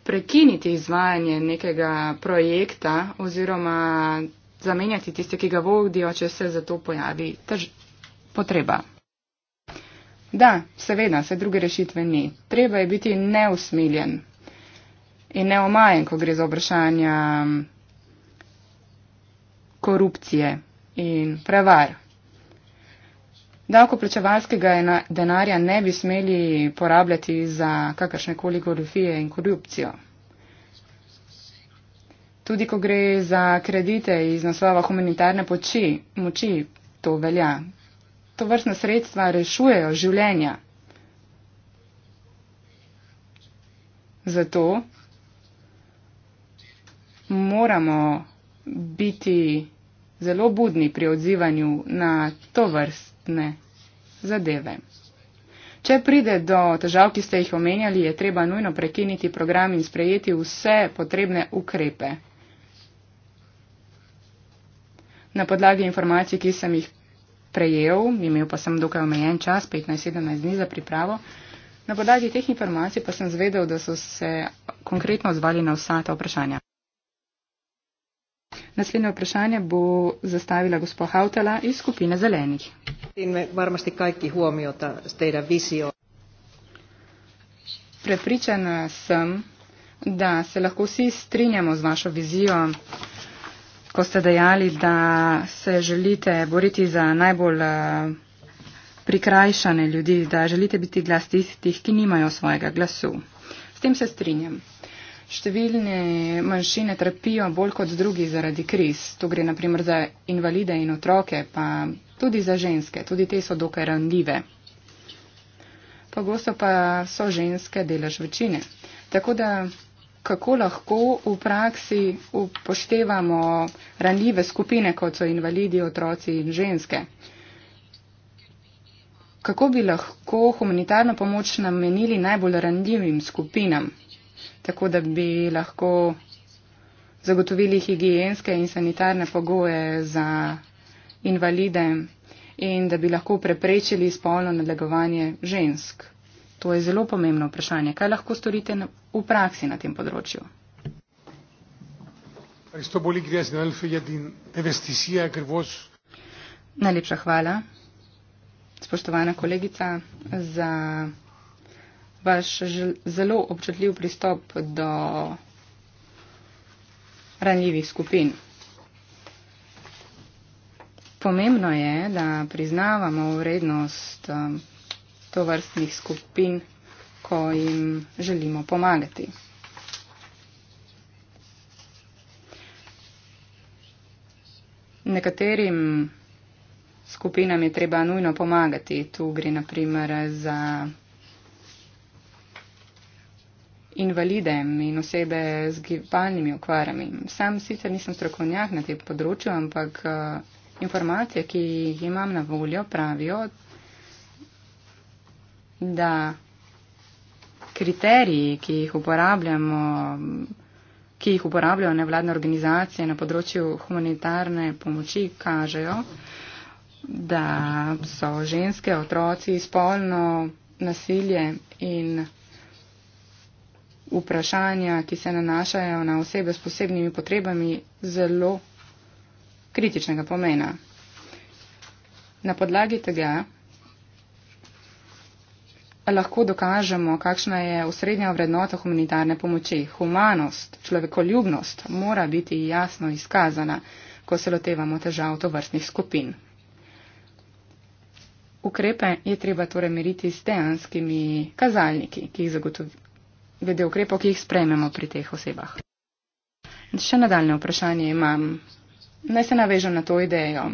prekiniti izvajanje nekega projekta oziroma zamenjati tiste, ki ga vodijo, če se za to pojavi tež potreba. Da, seveda, se druge rešitve ni. Treba je biti neusmiljen in neomajen, ko gre za vprašanja korupcije in prevar. Davkoplačevalskega denarja ne bi smeli porabljati za kakršnekoli gorofije in korupcijo. Tudi ko gre za kredite iz naslova humanitarne poči, moči, to velja. To vrstne sredstva rešujejo življenja. Zato moramo biti zelo budni pri odzivanju na to vrst celotne zadeve. Če pride do težav, ki ste jih omenjali, je treba nujno prekiniti program in sprejeti vse potrebne ukrepe. Na podlagi informacij, ki sem jih prejel, imel pa sem dokaj omejen čas, 15-17 dni za pripravo, na podlagi teh informacij pa sem zvedel, da so se konkretno odzvali na vsa ta vprašanja. Naslednje vprašanje bo zastavila gospod Hautala iz skupine zelenih. Prepričan sem, da se lahko vsi strinjamo z vašo vizijo, ko ste dejali, da se želite boriti za najbolj eh, prikrajšane ljudi, da želite biti glas tistih, ki nimajo svojega glasu. S tem se strinjam. Številne manjšine trpijo bolj kot drugi zaradi kriz. Tu gre naprimer za invalide in otroke, pa tudi za ženske. Tudi te so dokaj randljive. Pogosto pa so ženske delež večine. Tako da kako lahko v praksi upoštevamo randljive skupine, kot so invalidi, otroci in ženske? Kako bi lahko humanitarno pomoč namenili najbolj randljivim skupinam? tako da bi lahko zagotovili higijenske in sanitarne pogoje za invalide in da bi lahko preprečili spolno nadlegovanje žensk. To je zelo pomembno vprašanje. Kaj lahko storite v praksi na tem področju? Najlepša hvala, spoštovana kolegica, za vaš zelo občutljiv pristop do ranljivih skupin. Pomembno je, da priznavamo vrednost um, to vrstnih skupin, ko jim želimo pomagati. Nekaterim skupinam je treba nujno pomagati. Tu gre naprimer za invalide in osebe z gibalnimi okvarami. Sam sicer nisem strokovnjak na tem področju, ampak eh, informacije, ki jih imam na voljo, pravijo, da kriteriji, ki jih uporabljamo, ki jih uporabljajo nevladne organizacije na področju humanitarne pomoči, kažejo, da so ženske, otroci, spolno nasilje in vprašanja, ki se nanašajo na osebe s posebnimi potrebami, zelo kritičnega pomena. Na podlagi tega lahko dokažemo, kakšna je osrednja vrednota humanitarne pomoči. Humanost, človekoljubnost mora biti jasno izkazana, ko se lotevamo težav tovrstnih skupin. Ukrepe je treba torej meriti s dejanskimi kazalniki, ki jih glede ukrepov, ki jih sprejmemo pri teh osebah. Še nadaljne vprašanje imam. Naj se navežem na to idejo.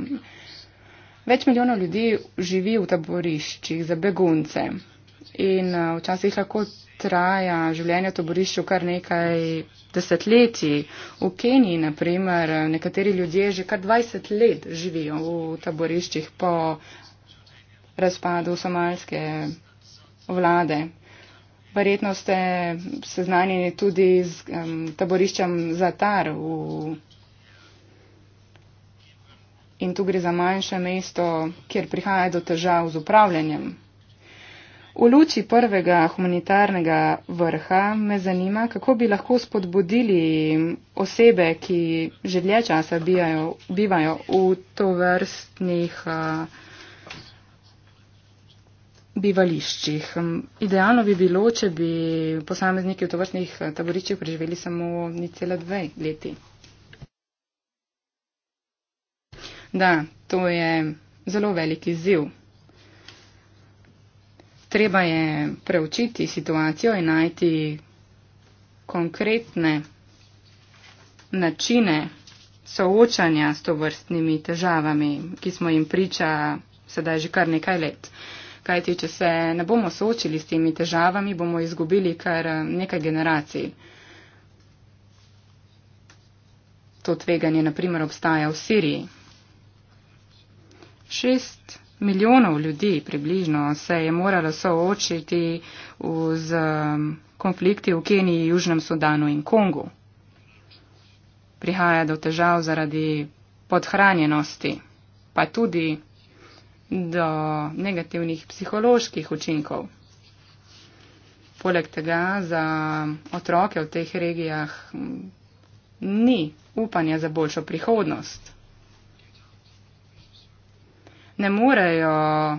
Več milijonov ljudi živi v taboriščih za begunce in eh, včasih lahko traja življenje v taborišču kar nekaj desetletij. V Keniji, naprimer, nekateri ljudje že kar 20 let živijo v taboriščih po razpadu somalske vlade Verjetno ste seznanjeni tudi z um, taboriščem Zatar. V... In tu gre za manjše mesto, kjer prihaja do težav z upravljanjem. V luči prvega humanitarnega vrha me zanima, kako bi lahko spodbudili osebe, ki že dlje časa bivajo, bivajo v to vrstnih. Uh, bivališčih. Hm, idealno bi bilo, če bi posamezniki v tovrstnih eh, taboriščih preživeli samo nicele dve leti. Da, to je zelo veliki ziv. Treba je preučiti situacijo in najti konkretne načine soočanja s tovrstnimi težavami, ki smo jim priča sedaj že kar nekaj let kajti če se ne bomo soočili s temi težavami, bomo izgubili kar eh, nekaj generacij. To tveganje naprimer obstaja v Siriji. Šest milijonov ljudi približno se je moralo soočiti z mm, konflikti v Keniji, Južnem Sudanu in Kongu. Prihaja do težav zaradi podhranjenosti, pa tudi do negativnih psiholoških učinkov. Poleg tega za otroke v teh regijah ni upanja za boljšo prihodnost. Ne morejo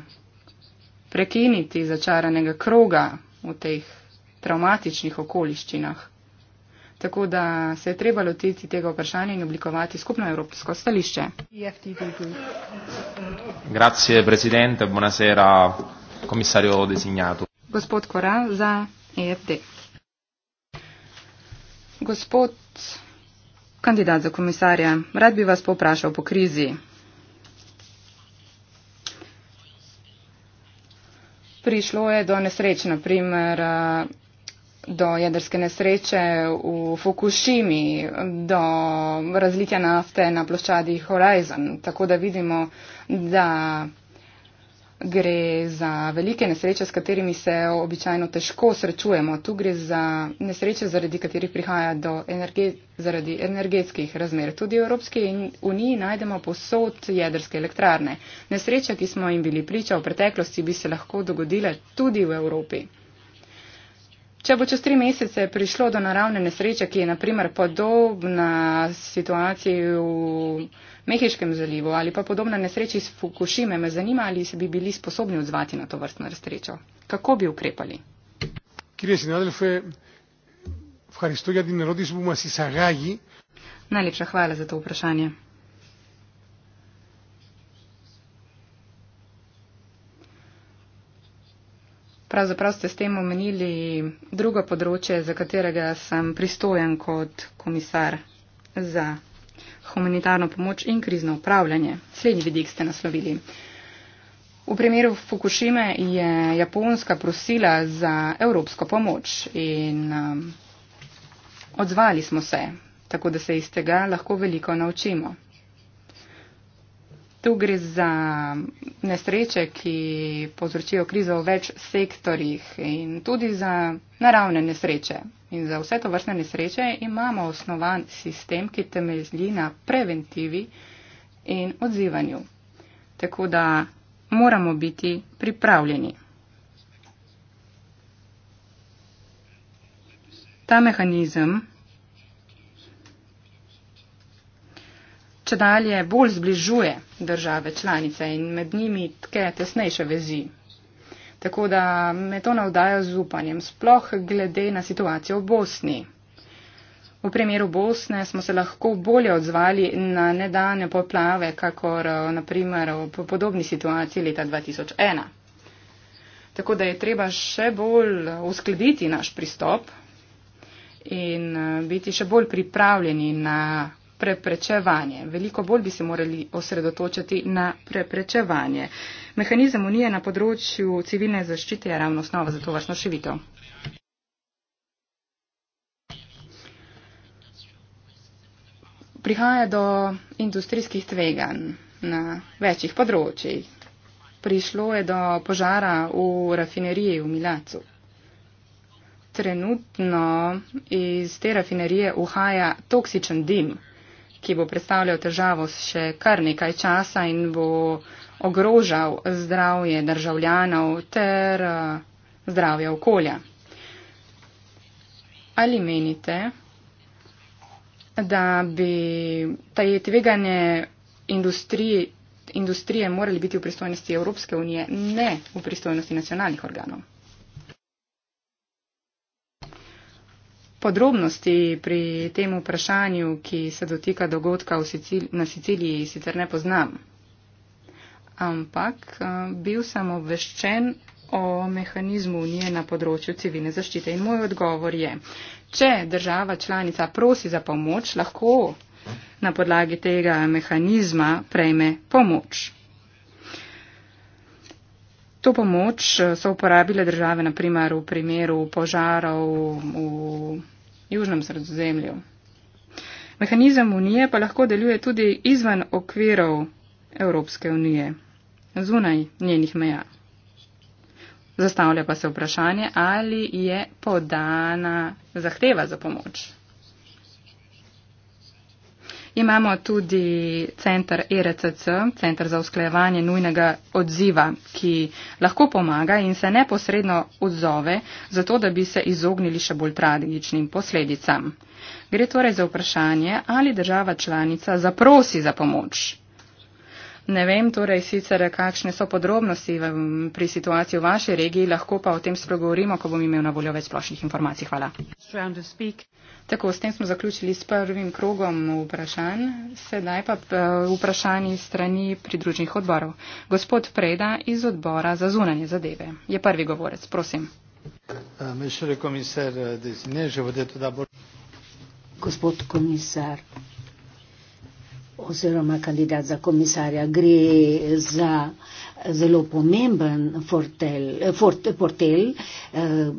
prekiniti začaranega kroga v teh traumatičnih okoliščinah. Tako da se je treba lotiti tega vprašanja in oblikovati skupno evropsko stališče. Grazie, predsedente, buonasera, komisarjo designato. Gospod Koral za EFD. Gospod kandidat za komisarja, rad bi vas poprašal po krizi. Prišlo je do nesreč, na primer do jedrske nesreče v Fukushimi, do razlitja nafte na ploščadi Horizon. Tako da vidimo, da gre za velike nesreče, s katerimi se običajno težko srečujemo. Tu gre za nesreče, zaradi katerih prihaja do energe, zaradi energetskih razmer. Tudi v Evropski uniji najdemo posod jedrske elektrarne. Nesreče, ki smo jim bili priča v preteklosti, bi se lahko dogodile tudi v Evropi. Če bo čez tri mesece prišlo do naravne nesreče, ki je naprimer podobna situaciji v Mehiškem zalivu ali pa podobna nesreči iz Fukushime, me zanima, ali se bi bili sposobni odzvati na to vrstno nesrečo. Kako bi ukrepali? Najlepša hvala za to vprašanje. Pravzaprav ste s tem omenili drugo področje, za katerega sem pristojen kot komisar za humanitarno pomoč in krizno upravljanje. Slednji vidik ste naslovili. V primeru Fukushime je Japonska prosila za evropsko pomoč in um, odzvali smo se, tako da se iz tega lahko veliko naučimo. Tu gre za nesreče, ki povzročijo krizo v več sektorjih in tudi za naravne nesreče. In za vse to vrstne nesreče imamo osnovan sistem, ki temelji na preventivi in odzivanju. Tako da moramo biti pripravljeni. Ta mehanizem če dalje bolj zbližuje države članice in med njimi tke tesnejše vezi. Tako da me to navdaja z upanjem, sploh glede na situacijo v Bosni. V primeru Bosne smo se lahko bolje odzvali na nedane poplave, kakor eh, naprimer v podobni situaciji leta 2001. Tako da je treba še bolj eh, uskladiti naš pristop in eh, biti še bolj pripravljeni na preprečevanje. Veliko bolj bi se morali osredotočiti na preprečevanje. Mehanizem unije na področju civilne zaščite je ravno osnova za to vrstno šivito. Prihaja do industrijskih tveganj na večjih področjih. Prišlo je do požara v rafineriji v Milacu. Trenutno iz te rafinerije uhaja toksičen dim ki bo predstavljal težavo še kar nekaj časa in bo ogrožal zdravje državljanov ter eh, zdravje okolja. Ali menite, da bi ta je tveganje industrije morali biti v pristojnosti Evropske unije, ne v pristojnosti nacionalnih organov? Podrobnosti pri tem vprašanju, ki se dotika dogodka Sicil na Siciliji, sicer ne poznam. Ampak eh, bil sem obveščen o mehanizmu unije na področju civilne zaščite in moj odgovor je, če država članica prosi za pomoč, lahko na podlagi tega mehanizma prejme pomoč. To pomoč eh, so uporabile države naprimer v primeru požarov v južnem sredozemlju. Mehanizem unije pa lahko deluje tudi izven okvirov Evropske unije, zunaj njenih meja. Zastavlja pa se vprašanje, ali je podana zahteva za pomoč. Imamo tudi centr ERCC, centr za usklajevanje nujnega odziva, ki lahko pomaga in se neposredno odzove, zato da bi se izognili še bolj tragičnim posledicam. Gre torej za vprašanje, ali država članica zaprosi za pomoč. Ne vem torej sicer, kakšne so podrobnosti v, pri situaciji v vaši regiji, lahko pa o tem spregovorimo, ko bom imel na voljo več splošnih informacij. Hvala. Tako, s tem smo zaključili s prvim krogom vprašanj, sedaj pa eh, vprašanji strani pridružnih odborov. Gospod Preda iz odbora za zunanje zadeve je prvi govorec, prosim. Gospod komisar, oziroma kandidat za komisarja, gre za zelo pomemben fortel. fortel, fortel eh,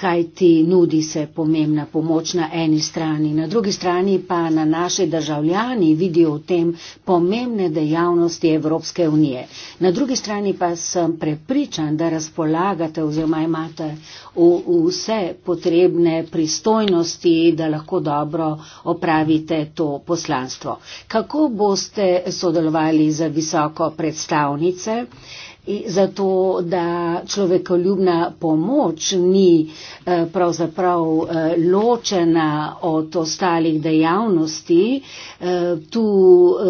kaj ti nudi se pomembna pomoč na eni strani, na drugi strani pa na naši državljani vidijo v tem pomembne dejavnosti Evropske unije. Na drugi strani pa sem prepričan, da razpolagate oziroma imate vse potrebne pristojnosti, da lahko dobro opravite to poslanstvo. Kako boste sodelovali za visoko predstavnice? Uh, zato, da človekoljubna pomoč ni eh, pravzaprav eh, ločena od ostalih dejavnosti. Eh, tu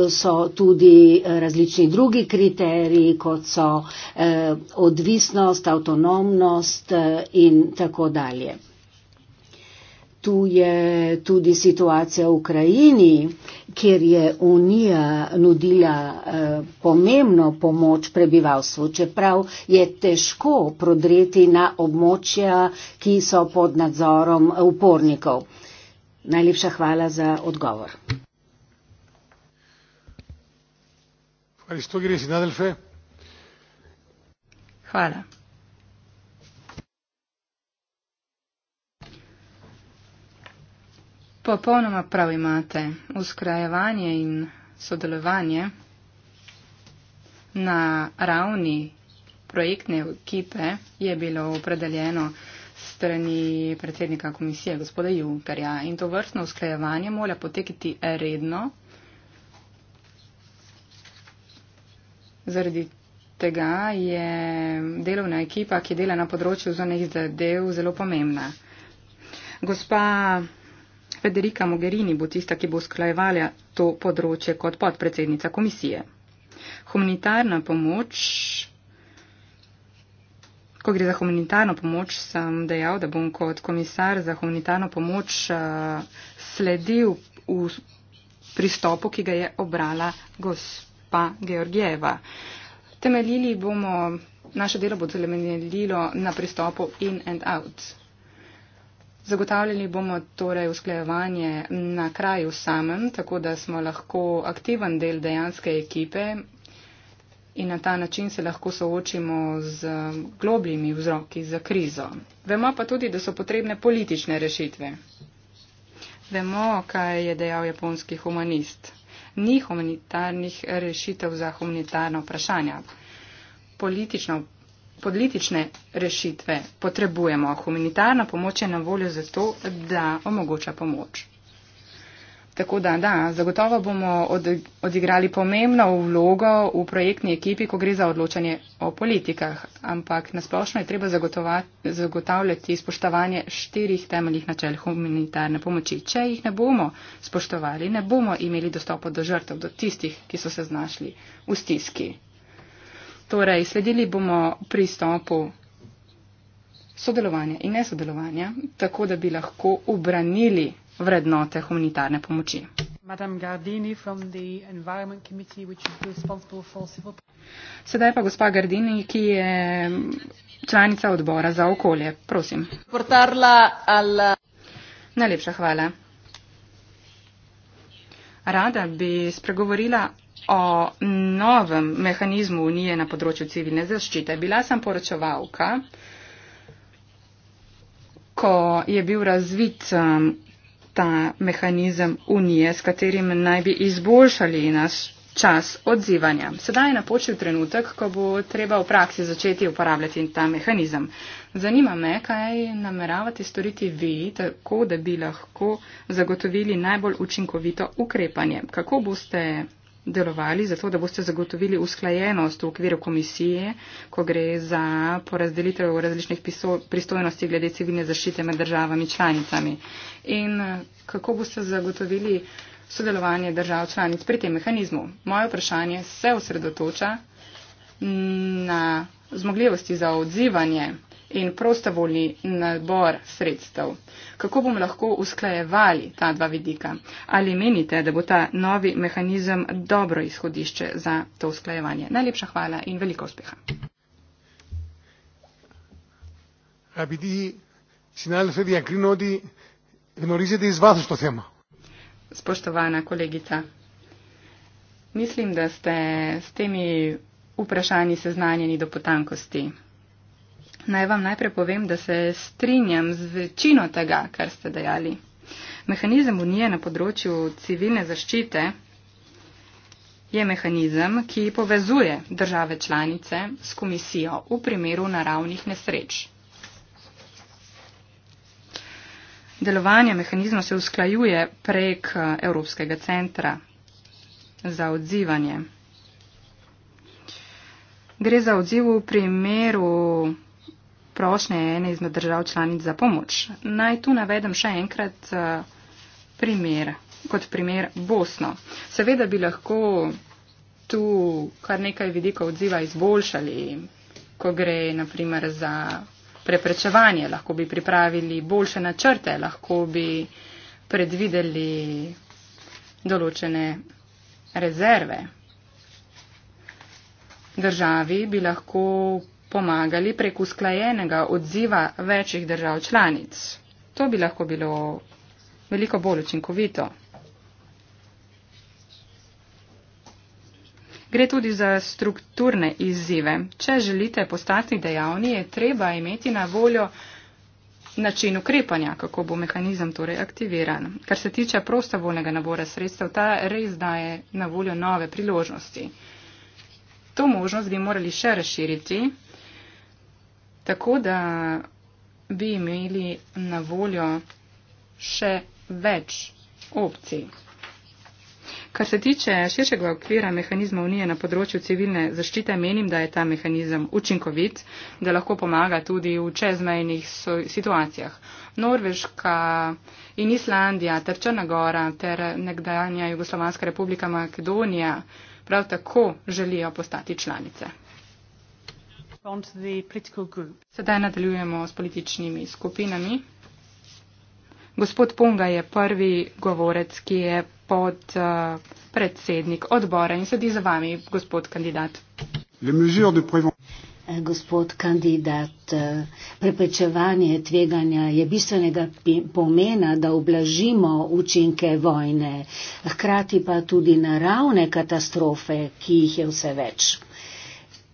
so tudi različni drugi kriteriji, kot so odvisnost, avtonomnost in tako dalje. Tu je tudi situacija v Ukrajini, kjer je Unija nudila eh, pomembno pomoč prebivalstvu, čeprav je težko prodreti na območja, ki so pod nadzorom upornikov. Najlepša hvala za odgovor. Hvala. Popolnoma prav imate. Uskrajevanje in sodelovanje na ravni projektne ekipe je bilo opredeljeno strani predsednika komisije gospoda Junkerja in to vrstno usklajevanje mora potekiti redno zaradi tega je delovna ekipa, ki dela na področju zonih zadev, zelo pomembna. Gospa Federica Mogherini bo tista, ki bo usklajevala to področje kot podpredsednica komisije. Humanitarna pomoč. Ko gre za humanitarno pomoč, sem dejal, da bom kot komisar za humanitarno pomoč eh, sledil v pristopu, ki ga je obrala gospa Georgieva. Temeljili bomo, naše delo bo temeljilo na pristopu in and out. Zagotavljali bomo torej usklajevanje na kraju samem, tako da smo lahko aktiven del dejanske ekipe in na ta način se lahko soočimo z globljimi vzroki za krizo. Vemo pa tudi, da so potrebne politične rešitve. Vemo, kaj je dejal japonski humanist. Ni humanitarnih rešitev za humanitarno vprašanje. Politično politične rešitve potrebujemo. Humanitarna pomoč je na voljo zato, da omogoča pomoč. Tako da, da, zagotovo bomo odigrali pomembno vlogo v projektni ekipi, ko gre za odločanje o politikah, ampak nasplošno je treba zagotavljati spoštovanje štirih temeljih načel humanitarne pomoči. Če jih ne bomo spoštovali, ne bomo imeli dostopa do žrtev, do tistih, ki so se znašli v stiski. Torej, sledili bomo pristopu sodelovanja in nesodelovanja, tako da bi lahko obranili vrednote humanitarne pomoči. Sedaj pa gospa Gardini, ki je članica odbora za okolje. Prosim. Najlepša hvala. Rada bi spregovorila o novem mehanizmu Unije na področju civilne zaščite. Bila sem poročevalka, ko je bil razvit um, ta mehanizem Unije, s katerim naj bi izboljšali naš čas odzivanja. Sedaj je napočil trenutek, ko bo treba v praksi začeti uporabljati ta mehanizem. Zanima me, kaj nameravate storiti vi, tako da bi lahko zagotovili najbolj učinkovito ukrepanje. Kako boste delovali, zato da boste zagotovili usklajenost v okviru komisije, ko gre za porazdelitev različnih pristojnosti glede civilne zaščite med državami članicami. In kako boste zagotovili sodelovanje držav članic pri tem mehanizmu? Moje vprašanje se osredotoča na zmogljivosti za odzivanje in prostovoljni nabor sredstev. Kako bomo lahko usklajevali ta dva vidika? Ali menite, da bo ta novi mehanizem dobro izhodišče za to usklajevanje? Najlepša hvala in veliko uspeha. Spoštovana kolegica, mislim, da ste s temi vprašanji seznanjeni do potankosti naj vam najprej povem, da se strinjam z večino tega, kar ste dejali. Mehanizem unije na področju civilne zaščite je mehanizem, ki povezuje države članice s komisijo v primeru naravnih nesreč. Delovanje mehanizma se usklajuje prek eh, Evropskega centra za odzivanje. Gre za odziv v primeru prošnje ene izmed držav članic za pomoč. Naj tu navedem še enkrat eh, primer, kot primer Bosno. Seveda bi lahko tu kar nekaj vidikov odziva izboljšali, ko gre naprimer za preprečevanje, lahko bi pripravili boljše načrte, lahko bi predvideli določene rezerve. Državi bi lahko pomagali prek usklajenega odziva večjih držav članic. To bi lahko bilo veliko bolj učinkovito. Gre tudi za strukturne izzive. Če želite postati dejavni, je treba imeti na voljo način ukrepanja, kako bo mehanizem torej aktiviran. Kar se tiče prostovoljnega nabora sredstev, ta res daje na voljo nove priložnosti. To možnost bi morali še razširiti, tako da bi imeli na voljo še več opcij. Kar se tiče širšega okvira mehanizma Unije na področju civilne zaščite, menim, da je ta mehanizem učinkovit, da lahko pomaga tudi v čezmejnih situacijah. Norveška in Islandija ter Črna gora ter nekdanja Jugoslovanska republika Makedonija prav tako želijo postati članice. Sedaj nadaljujemo s političnimi skupinami. Gospod Punga je prvi govorec, ki je pod uh, predsednik odbora in sedi za vami, gospod kandidat. Eh, gospod kandidat, eh, preprečevanje tveganja je bistvenega pomena, da oblažimo učinke vojne, hkrati pa tudi naravne katastrofe, ki jih je vse več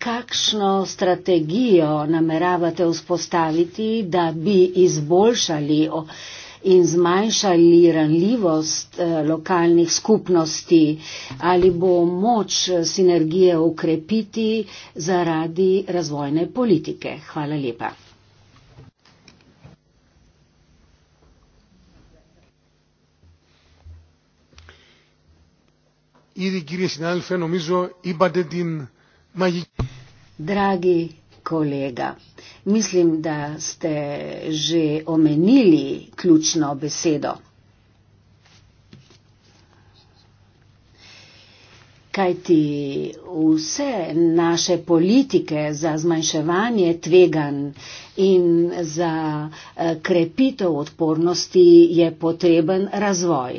kakšno strategijo nameravate vzpostaviti, da bi izboljšali in zmanjšali ranljivost eh, lokalnih skupnosti? Ali bo moč eh, sinergije ukrepiti zaradi razvojne politike? Hvala lepa. Iri, kjer je sinal, fenomizo, ibadedin. Maji. Dragi kolega, mislim, da ste že omenili ključno besedo. Kajti vse naše politike za zmanjševanje tveganj in za eh, krepitev odpornosti je potreben razvoj,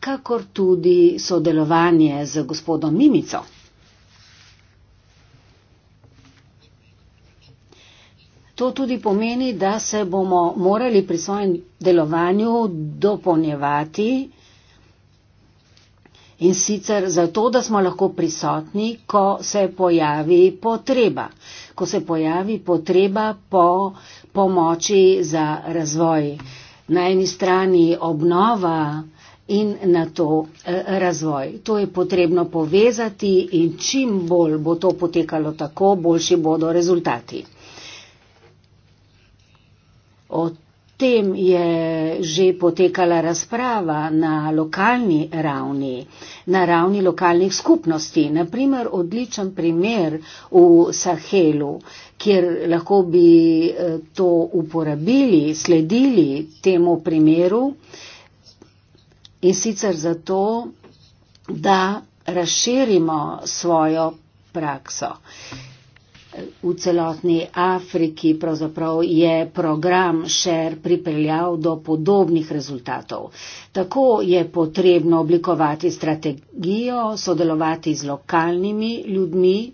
kakor tudi sodelovanje z gospodom Mimico. To tudi pomeni, da se bomo morali pri svojem delovanju dopolnjevati in sicer zato, da smo lahko prisotni, ko se pojavi potreba, ko se pojavi potreba po pomoči za razvoj. Na eni strani obnova in na to eh, razvoj. To je potrebno povezati in čim bolj bo to potekalo tako, boljši bodo rezultati. O tem je že potekala razprava na lokalni ravni, na ravni lokalnih skupnosti. Naprimer, odličen primer v Sahelu, kjer lahko bi eh, to uporabili, sledili temu primeru in sicer zato, da razširimo svojo prakso v celotni Afriki je program Šer pripeljal do podobnih rezultatov. Tako je potrebno oblikovati strategijo, sodelovati z lokalnimi ljudmi,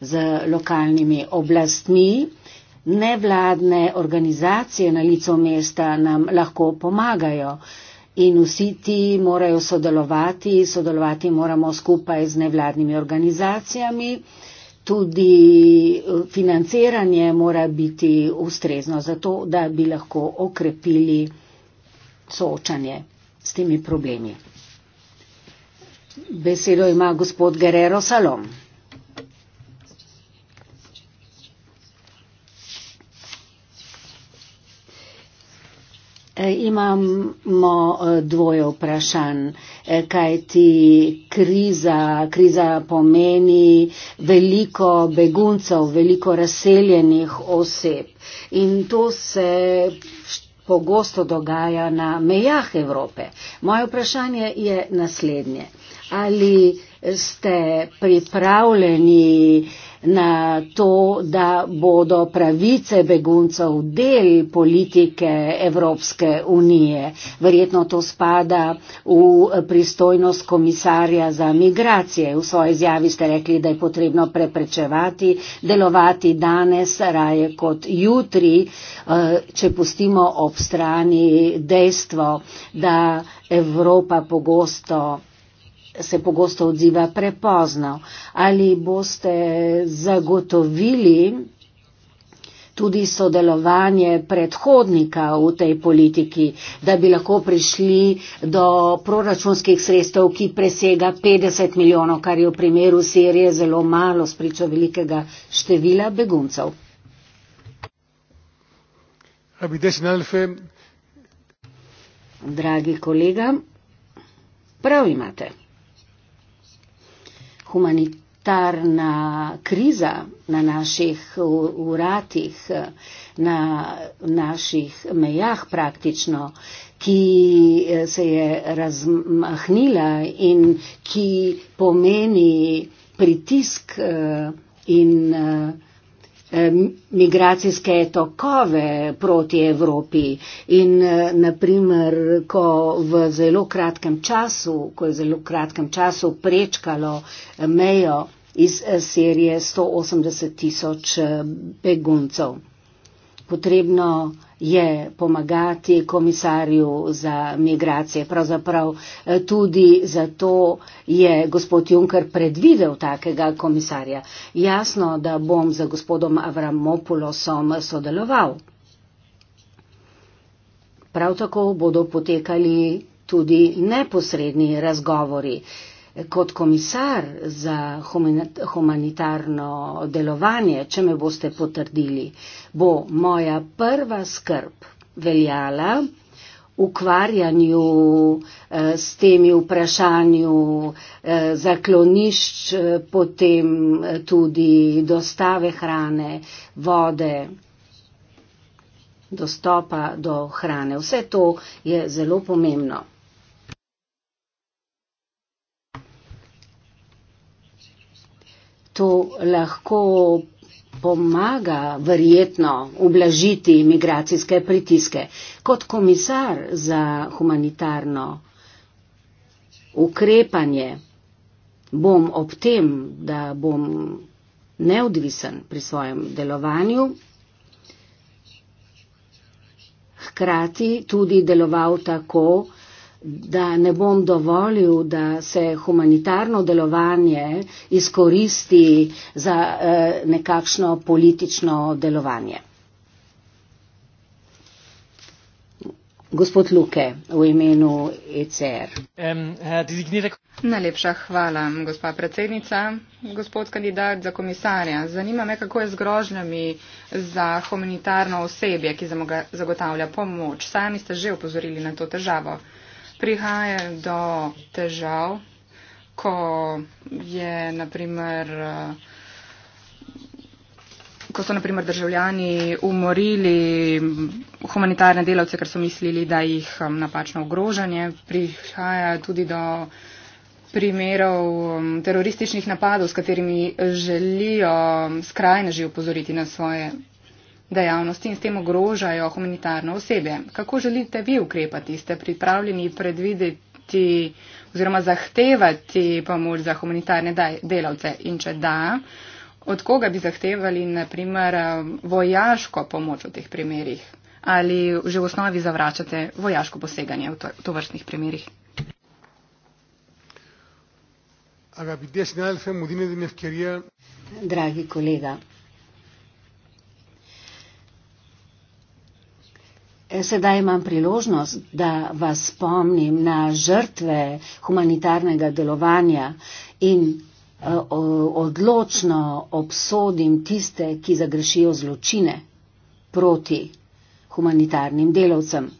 z lokalnimi oblastmi. Nevladne organizacije na licu mesta nam lahko pomagajo. In vsi ti morajo sodelovati, sodelovati moramo skupaj z nevladnimi organizacijami, tudi eh, financiranje mora biti ustrezno za to, da bi lahko okrepili soočanje s temi problemi. Besedo ima gospod Guerrero Salom. E, imamo e, dvoje vprašanj, e, kaj ti kriza, kriza pomeni veliko beguncev, veliko razseljenih oseb in to se pogosto dogaja na mejah Evrope. Moje vprašanje je naslednje. Ali ste pripravljeni eh, na to, da bodo pravice beguncev del politike Evropske unije. Verjetno to spada v pristojnost komisarja za migracije. V svoji izjavi ste rekli, da je potrebno preprečevati, delovati danes raje kot jutri, eh, če pustimo ob strani dejstvo, da Evropa pogosto se pogosto odziva prepozno. Ali boste zagotovili tudi sodelovanje predhodnika v tej politiki, da bi lahko prišli do proračunskih sredstev, ki presega 50 milijonov, kar je v primeru Sirije zelo malo spričo velikega števila beguncev. Dragi kolega, prav imate humanitarna kriza na naših uratih, na naših mejah praktično, ki eh, se je razmahnila in ki pomeni pritisk eh, in uh, migracijske tokove proti Evropi in eh, naprimer, ko v zelo kratkem času, ko je zelo kratkem času prečkalo mejo iz eh, Sirije 180 tisoč eh, beguncev potrebno je pomagati komisarju za migracije. Pravzaprav eh, tudi zato je gospod Juncker predvidel takega komisarja. Jasno, da bom za gospodom Avramopulosom sodeloval. Prav tako bodo potekali tudi neposredni razgovori. Uh, kot komisar za humanitarno delovanje, če me boste potrdili, bo moja prva skrb veljala ukvarjanju eh, s temi vprašanju eh, zaklonišč, eh, potem tudi dostave hrane, vode, dostopa do hrane. Vse to je zelo pomembno. to lahko pomaga verjetno ublažiti migracijske pritiske. Kot komisar za humanitarno ukrepanje bom ob tem, da bom neodvisen pri svojem delovanju, hkrati tudi deloval tako, da ne bom dovolil, da se humanitarno delovanje izkoristi za eh, nekakšno politično delovanje. Gospod Luke, v imenu ECR. Eh, Najlepša hvala, gospa predsednica, gospod kandidat za komisarja. Zanima me, kako je z grožnjami za humanitarno osebje, ki zagotavlja pomoč. Sami ste že upozorili na to težavo prihaja do težav, ko je naprimer. Ko so naprimer državljani umorili humanitarne delavce, ker so mislili, da jih um, napačno ogrožanje, prihaja tudi do primerov um, terorističnih napadov, s katerimi želijo um, skrajneži upozoriti na svoje dejavnosti in s tem ogrožajo humanitarno osebje. Kako želite vi ukrepati? Ste pripravljeni predvideti oziroma zahtevati pomoč za humanitarne delavce? In če da, od koga bi zahtevali naprimer vojaško pomoč v teh primerih? Ali že v osnovi zavračate vojaško poseganje v to vrstnih primerih? Dragi kolega, Sedaj imam priložnost, da vas spomnim na žrtve humanitarnega delovanja in eh, odločno obsodim tiste, ki zagrešijo zločine proti humanitarnim delavcem.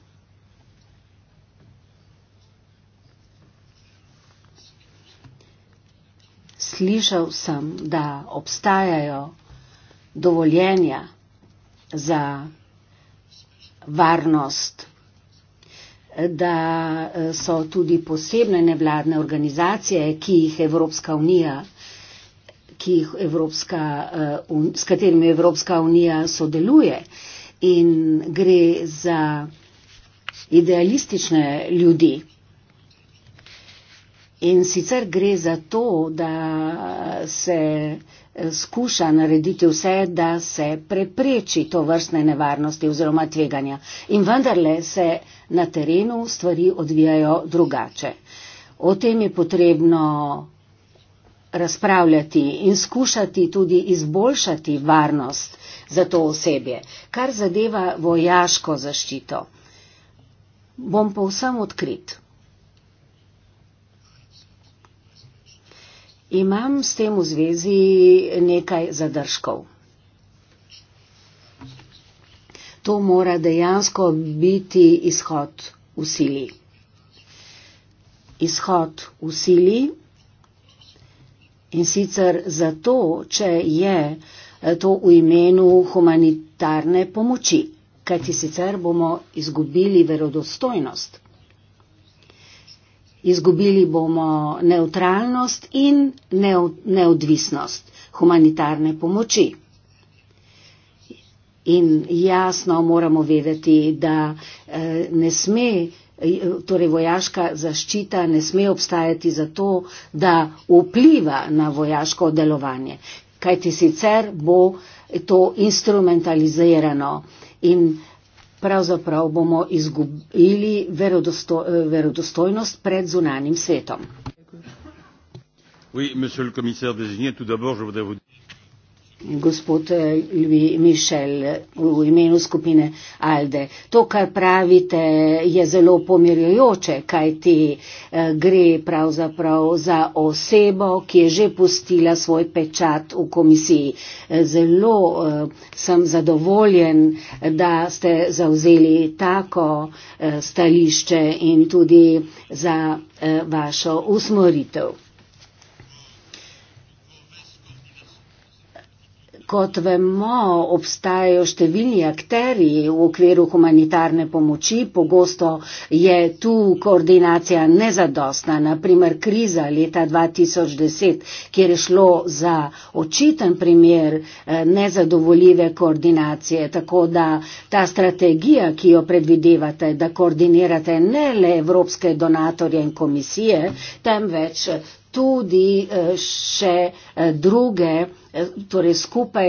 Slišal sem, da obstajajo dovoljenja za varnost, da eh, so tudi posebne nevladne organizacije, ki jih Evropska unija, ki jih Evropska, eh, s katerimi Evropska unija sodeluje in gre za idealistične ljudi. In sicer gre za to, da se eh, skuša narediti vse, da se prepreči to vrstne nevarnosti oziroma tveganja. In vendarle se na terenu stvari odvijajo drugače. O tem je potrebno razpravljati in skušati tudi izboljšati varnost za to osebje, kar zadeva vojaško zaščito. Bom povsem odkrit. imam s tem v zvezi nekaj zadržkov. To mora dejansko biti izhod v sili. Izhod v sili in sicer zato, če je eh, to v imenu humanitarne pomoči, kajti sicer bomo izgubili verodostojnost izgubili bomo neutralnost in neodvisnost humanitarne pomoči. In jasno moramo vedeti, da eh, ne sme, torej vojaška zaščita ne sme obstajati zato, da vpliva na vojaško delovanje, kajti sicer bo to instrumentalizirano. In uh, pravzaprav bomo izgubili verodosto, verodostojnost pred zunanim svetom. Oui, gospod eh, Mišel v imenu skupine Alde. To, kar pravite, je zelo pomirjujoče, kaj ti eh, gre pravzaprav za osebo, ki je že pustila svoj pečat v komisiji. Eh, zelo sem zadovoljen, da ste zavzeli tako stališče in tudi za vašo usmoritev. Kot vemo, obstajajo številni akteri v okviru humanitarne pomoči, pogosto je tu koordinacija nezadostna, naprimer kriza leta 2010, kjer je šlo za očiten primer eh, nezadovoljive koordinacije, tako da ta strategija, ki jo predvidevate, da koordinirate ne le evropske donatorje in komisije, temveč tudi eh, še eh, druge, eh, torej skupaj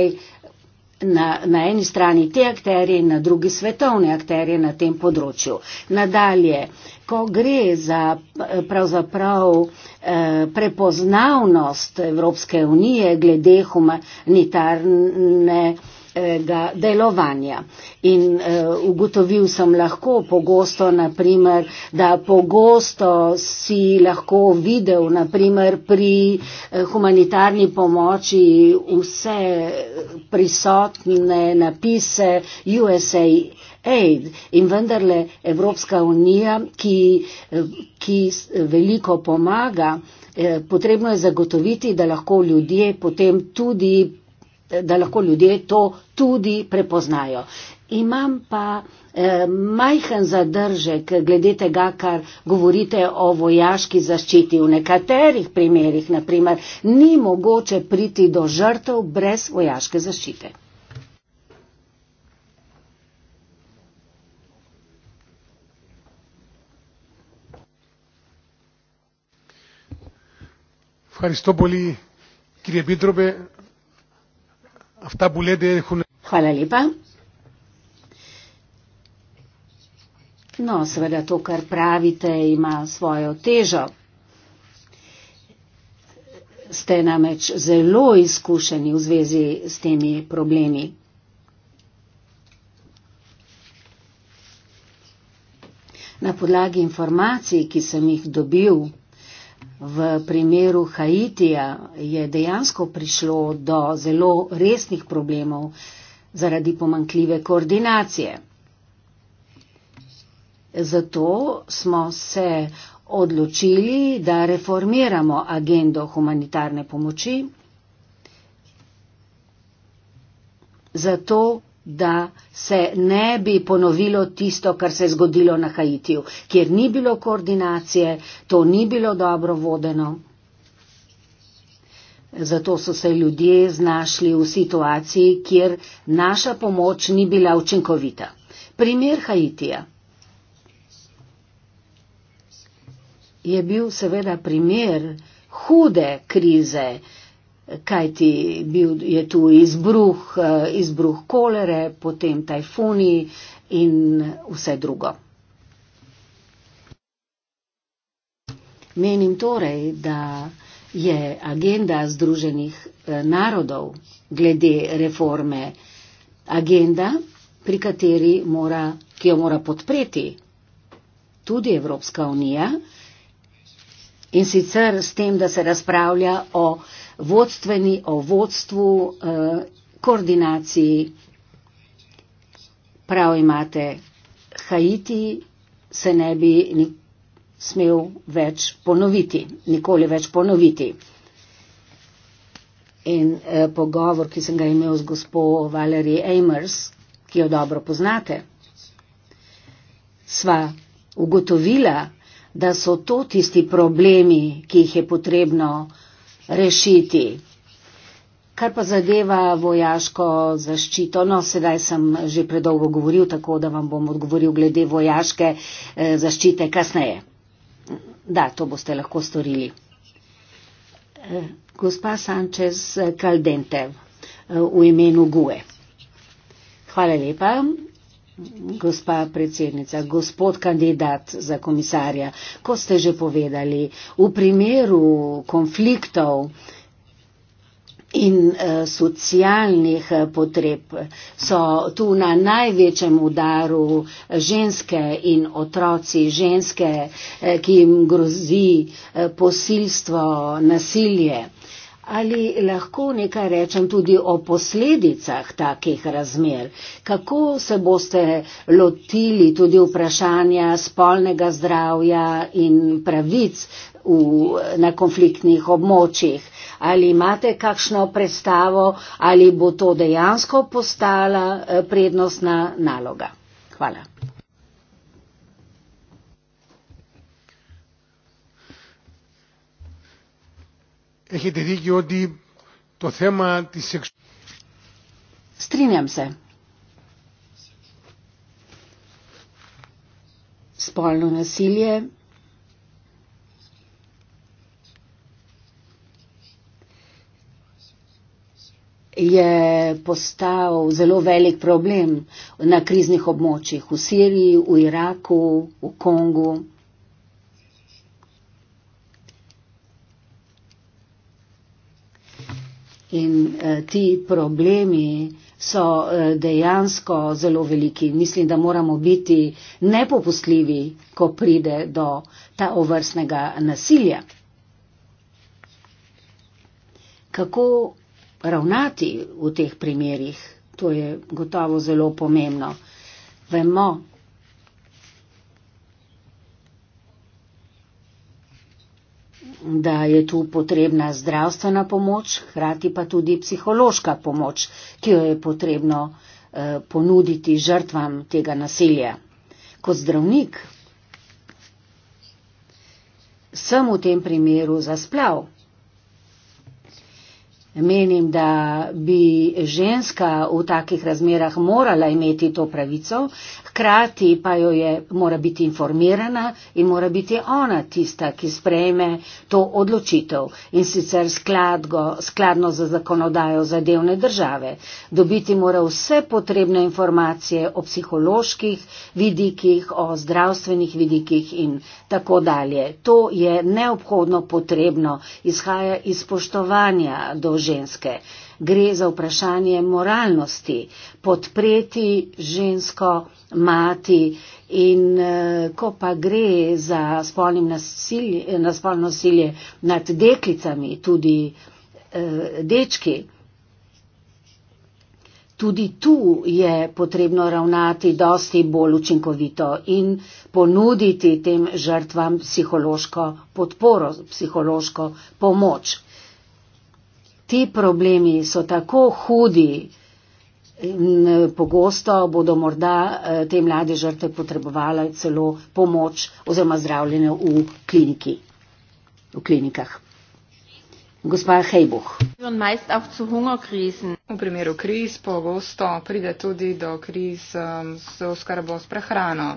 na, na eni strani te akterje in na drugi svetovne akterje na tem področju. Nadalje, ko gre za pravzaprav prepoznavnost Evropske unije glede humanitarne njihovega eh, delovanja. In uh, ugotovil sem lahko pogosto, naprimer, da pogosto si lahko videl naprimer, pri eh, humanitarni pomoči vse prisotne napise USA. Aid. In vendarle Evropska unija, ki, ki veliko pomaga, potrebno je zagotoviti, da lahko ljudje potem tudi da lahko ljudje to tudi prepoznajo. Imam pa eh, majhen zadržek glede tega, kar govorite o vojaški zaščiti. V nekaterih primerjih, naprimer, ni mogoče priti do žrtev brez vojaške zaščite. V Haristoboli, kjer je Bidrobe, αυτά που λέτε έχουν. Χαλά λοιπόν. Но, сведа, то, кар правите, има своя тежо. Сте намеч зело изкушени в связи с теми проблеми. На подлаги информации, ки съм их добил, V primeru Haitija je dejansko prišlo do zelo resnih problemov zaradi pomankljive koordinacije. Zato smo se odločili, da reformiramo agendo humanitarne pomoči. Zato da se ne bi ponovilo tisto, kar se je zgodilo na Haitiju, kjer ni bilo koordinacije, to ni bilo dobro vodeno. Zato so se ljudje znašli v situaciji, kjer naša pomoč ni bila učinkovita. Primer Haitija je bil seveda primer hude krize, kaj ti bil, je tu izbruh, eh, izbruh kolere, potem tajfuni in vse drugo. Menim torej, da je agenda Združenih eh, narodov glede reforme agenda, pri kateri mora, ki jo mora podpreti tudi Evropska unija in sicer s tem, da se razpravlja o vodstveni, o vodstvu, eh, koordinaciji. Prav imate, Haiti se ne bi smel več ponoviti, nikoli več ponoviti. In eh, pogovor, ki sem ga imel z gospo Valerie Amers, ki jo dobro poznate, sva ugotovila, da so to tisti problemi, ki jih je potrebno eh, rešiti. Kar pa zadeva vojaško zaščito, no sedaj sem že predolgo govoril, tako da vam bom odgovoril glede vojaške eh, zaščite kasneje. Da, to boste lahko storili. Eh, gospa Sančez Kaldentev eh, v imenu GUE. Hvala lepa. Gospa predsednica, gospod kandidat za komisarja, ko ste že povedali, v primeru konfliktov in uh, socialnih eh, potreb so tu na največjem udaru ženske in otroci, ženske, eh, ki jim grozi posilstvo, nasilje. Ali lahko nekaj rečem tudi o posledicah takih razmer? Kako se boste lotili tudi vprašanja spolnega zdravja in pravic v, na konfliktnih območjih? Ali imate kakšno predstavo, ali bo to dejansko postala eh, prednostna naloga? Hvala. Έχετε δίκιο ότι το θέμα της σεξουαλικής... Στρίνιαμ σε. Σπάλλον ασύλιε. je postal zelo velik problem na kriznih območjih v Siriji, v Iraku, v Kongu. in uh, ti problemi so uh, dejansko zelo veliki. Mislim, da moramo biti nepopustljivi, ko pride do ta ovrstnega nasilja. Kako ravnati v teh primerjih, to je gotovo zelo pomembno. Vemo, da je tu potrebna zdravstvena pomoč, hkrati pa tudi psihološka pomoč, ki jo je potrebno eh, ponuditi žrtvam tega nasilja. Kot zdravnik sem v tem primeru zasplav. Menim, da bi ženska v takih razmerah morala imeti to pravico, hkrati pa jo je, mora biti informirana in mora biti ona tista, ki sprejme to odločitev in sicer skladgo, skladno za zakonodajo zadevne države. Dobiti mora vse potrebne informacije o psiholoških vidikih, o zdravstvenih vidikih in tako dalje. To je neobhodno potrebno, izhaja iz spoštovanja do življenja ženske. Gre za vprašanje moralnosti, podpreti žensko mati in eh, ko pa gre za nasilje, na spolno nasilje nad deklicami, tudi eh, dečki, tudi tu je potrebno ravnati dosti bolj učinkovito in ponuditi tem žrtvam psihološko podporo, psihološko pomoč ti problemi so tako hudi in eh, pogosto bodo morda eh, te mlade žrtve potrebovali celo pomoč oziroma zdravljenje v, kliniki, v klinikah. Gospa Hejbuh. V primeru kriz pogosto pride tudi do kriz s eh, oskrbo s prehrano.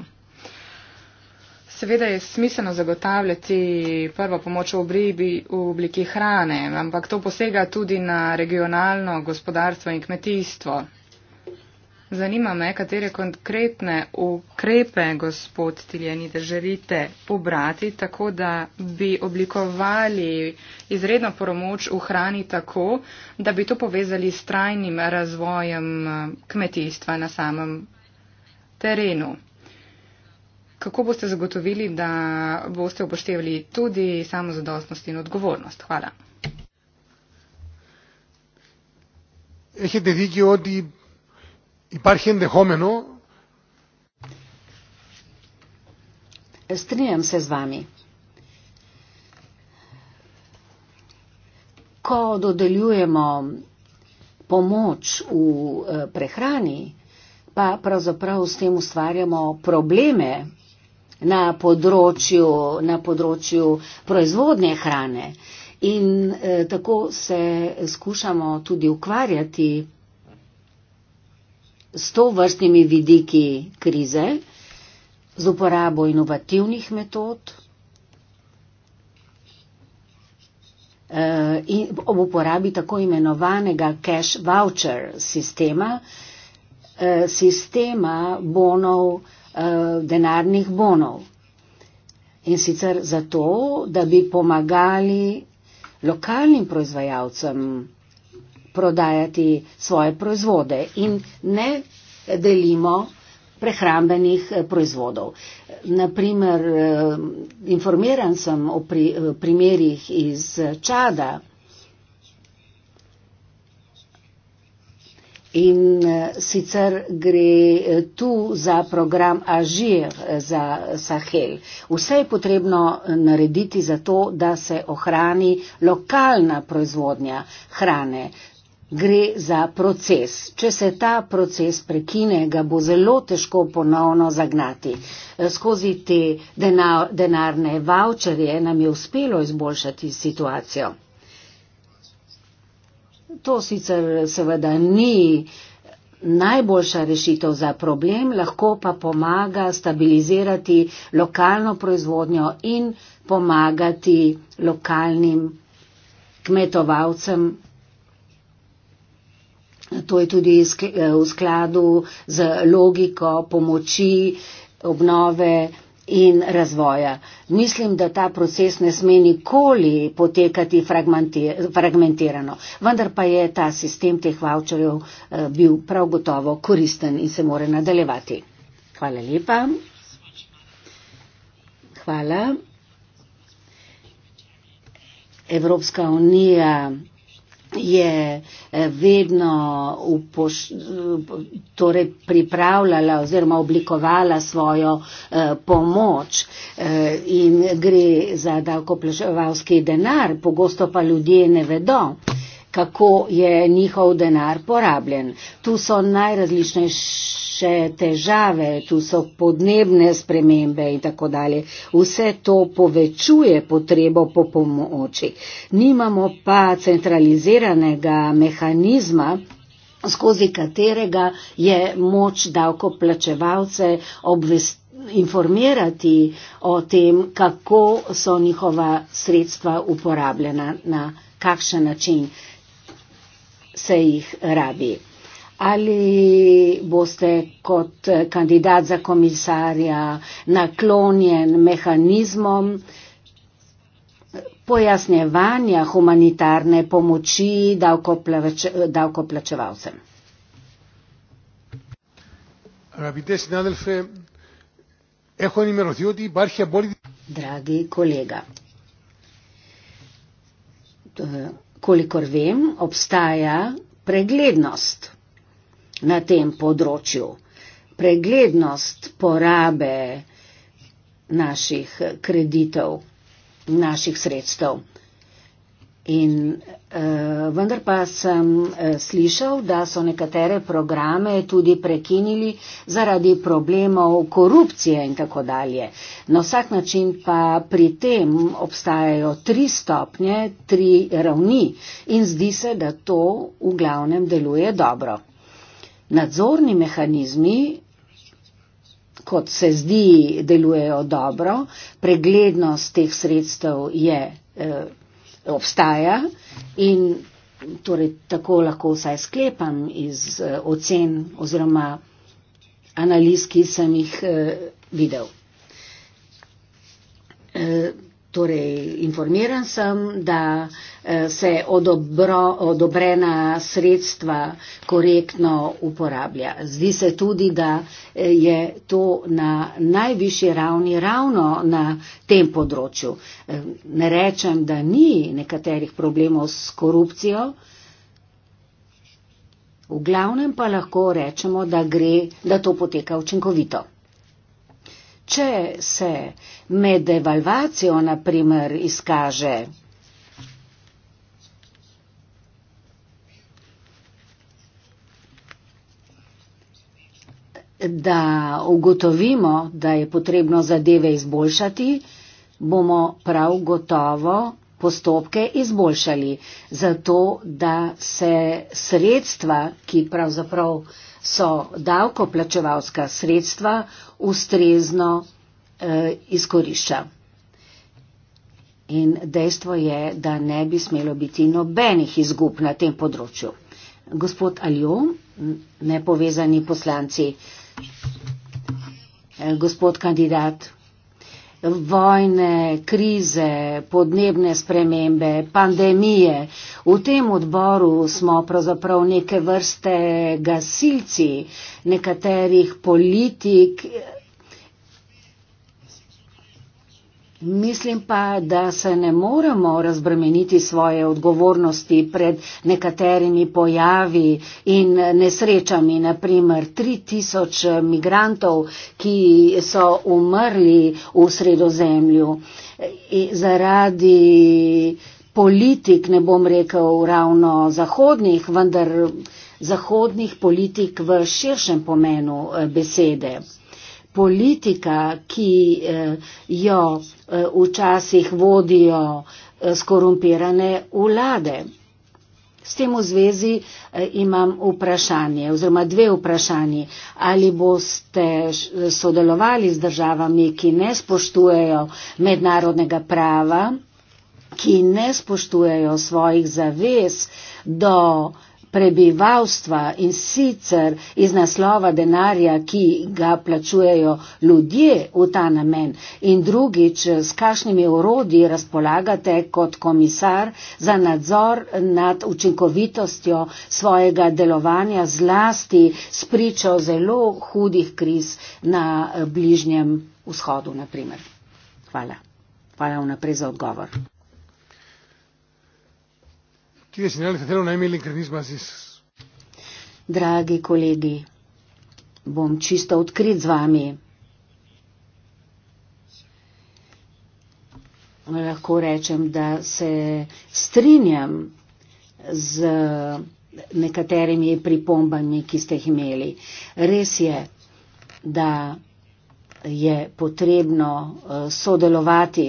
Seveda je smiselno zagotavljati prvo pomoč v, obribi, v obliki hrane, ampak to posega tudi na regionalno gospodarstvo in kmetijstvo. Zanima me, katere konkretne ukrepe, gospod Tiljani, držite pobrati, tako da bi oblikovali izredno pomoč v hrani tako, da bi to povezali s trajnim razvojem eh, kmetijstva na samem terenu kako boste zagotovili, da boste upoštevali tudi samozadostnost in odgovornost? Hvala. Strinjam se z vami. Ko dodeljujemo pomoč v eh, prehrani, pa pravzaprav s tem ustvarjamo probleme na področju, na področju proizvodne hrane. In e, tako se skušamo tudi ukvarjati s to vrstnimi vidiki krize, z uporabo inovativnih metod e, in ob uporabi tako imenovanega cash voucher sistema, e, sistema bonov, Eh, denarnih bonov. In sicer zato, da bi pomagali lokalnim proizvajalcem prodajati svoje proizvode in ne delimo prehrambenih eh, proizvodov. Naprimer, eh, informiran sem o pri, primerjih iz Čada, In eh, sicer gre eh, tu za program Ažir eh, za Sahel. Vse je potrebno narediti za to, da se ohrani lokalna proizvodnja hrane. Gre za proces. Če se ta proces prekine, ga bo zelo težko ponovno zagnati. Skozi te denar, denarne vaučerje nam je uspelo izboljšati situacijo. To sicer seveda ni najboljša rešitev za problem, lahko pa pomaga stabilizirati lokalno proizvodnjo in pomagati lokalnim kmetovalcem. To je tudi v skladu z logiko pomoči obnove in razvoja. Mislim, da ta proces ne sme nikoli potekati fragmentirano, vendar pa je ta sistem teh vaučerjev eh, bil prav gotovo koristen in se more nadaljevati. Hvala lepa. Hvala. Evropska unija je eh, vedno upoš, torej pripravljala oziroma oblikovala svojo eh, pomoč eh, in gre za davkoplačevalski denar, pogosto pa ljudje ne vedo kako je njihov denar porabljen. Tu so najrazličnejši še težave, tu so podnebne spremembe in tako dalje. Vse to povečuje potrebo po pomoči. Nimamo pa centraliziranega mehanizma skozi katerega je moč davkoplačevalce informirati o tem, kako so njihova sredstva uporabljena, na kakšen način se jih rabi. Ali boste kot kandidat za komisarja naklonjen mehanizmom pojasnjevanja humanitarne pomoči davkoplač davkoplačevalcem? Dragi kolega, kolikor vem, obstaja preglednost na tem področju. Preglednost porabe naših kreditov, naših sredstev. In eh, vendar pa sem eh, slišal, da so nekatere programe tudi prekinili zaradi problemov korupcije in tako dalje. Na vsak način pa pri tem obstajajo tri stopnje, tri ravni in zdi se, da to v glavnem deluje dobro nadzorni mehanizmi, kot se zdi, delujejo dobro, preglednost teh sredstev je, eh, obstaja in torej tako lahko vsaj sklepam iz eh, ocen oziroma analiz, ki sem jih eh, videl. Eh, torej informiran sem, da eh, se odobro, odobrena sredstva korektno uporablja. Zdi se tudi, da eh, je to na najvišji ravni ravno na tem področju. Eh, ne rečem, da ni nekaterih problemov s korupcijo. V glavnem pa lahko rečemo, da, gre, da to poteka učinkovito če se med devalvacijo naprimer izkaže, da ugotovimo, da je potrebno zadeve izboljšati, bomo prav gotovo postopke izboljšali, zato da se sredstva, ki pravzaprav uh, so davkoplačevalska sredstva ustrezno eh, izkorišča. In dejstvo je, da ne bi smelo biti nobenih izgub na tem področju. Gospod Aljo, nepovezani poslanci, eh, gospod kandidat vojne, krize, podnebne spremembe, pandemije. V tem odboru smo pravzaprav neke vrste gasilci nekaterih politik Mislim pa, da se ne moremo razbremeniti svoje odgovornosti pred nekaterimi pojavi in nesrečami, naprimer 3000 migrantov, ki so umrli v sredozemlju e, zaradi politik, ne bom rekel ravno zahodnih, vendar zahodnih politik v širšem pomenu e, besede politika, ki eh, jo eh, včasih vodijo eh, skorumpirane vlade. S tem v zvezi imam vprašanje oziroma dve vprašanji. Ali boste sodelovali z državami, ki ne spoštujejo mednarodnega prava, ki ne spoštujejo svojih zavez do uh, prebivalstva in sicer iz naslova denarja, ki ga plačujejo ljudje v ta namen in drugič, s kakšnimi urodji razpolagate kot komisar za nadzor nad učinkovitostjo svojega delovanja zlasti s pričo zelo hudih kriz na eh, bližnjem vzhodu, naprimer. Hvala. Hvala vnaprej za odgovor. Κύριε Συνάδελφε, θέλω να είμαι ειλικρινή μαζί σα. Δράγοι κολέγοι, bom čisto открыт с вами. Lahko rečem, da se strinjam z nekaterimi pripombami, ki ste jih imeli. Res je, da je potrebno eh, sodelovati.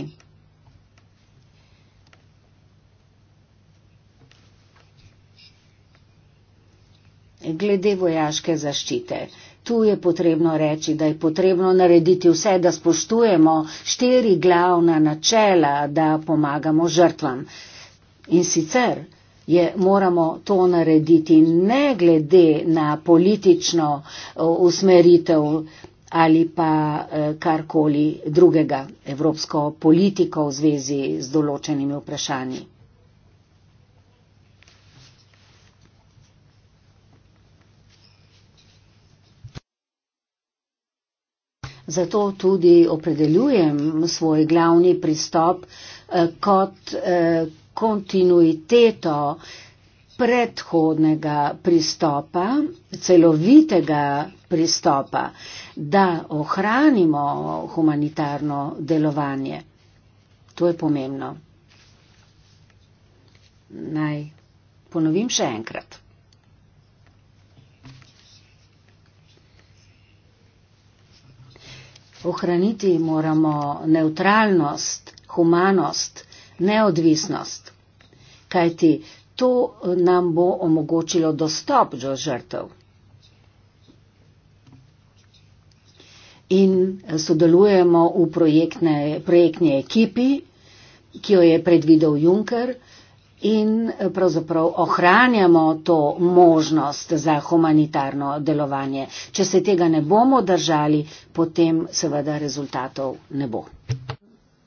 glede vojaške zaščite. Tu je potrebno reči, da je potrebno narediti vse, da spoštujemo štiri glavna načela, da pomagamo žrtvam. In sicer je, moramo to narediti ne glede na politično usmeritev ali pa e, karkoli drugega, evropsko politiko v zvezi z določenimi vprašanji. zato tudi opredeljujem svoj glavni pristop eh, kot eh, kontinuiteto predhodnega pristopa, celovitega pristopa, da ohranimo humanitarno delovanje. To je pomembno. Naj ponovim še enkrat. Ohraniti moramo neutralnost, humanost, neodvisnost, kajti to nam bo omogočilo dostop do žrtev. In sodelujemo v projektni ekipi, ki jo je predvidel Juncker in pravzaprav ohranjamo to možnost za humanitarno delovanje. Če se tega ne bomo držali, potem seveda rezultatov ne bo.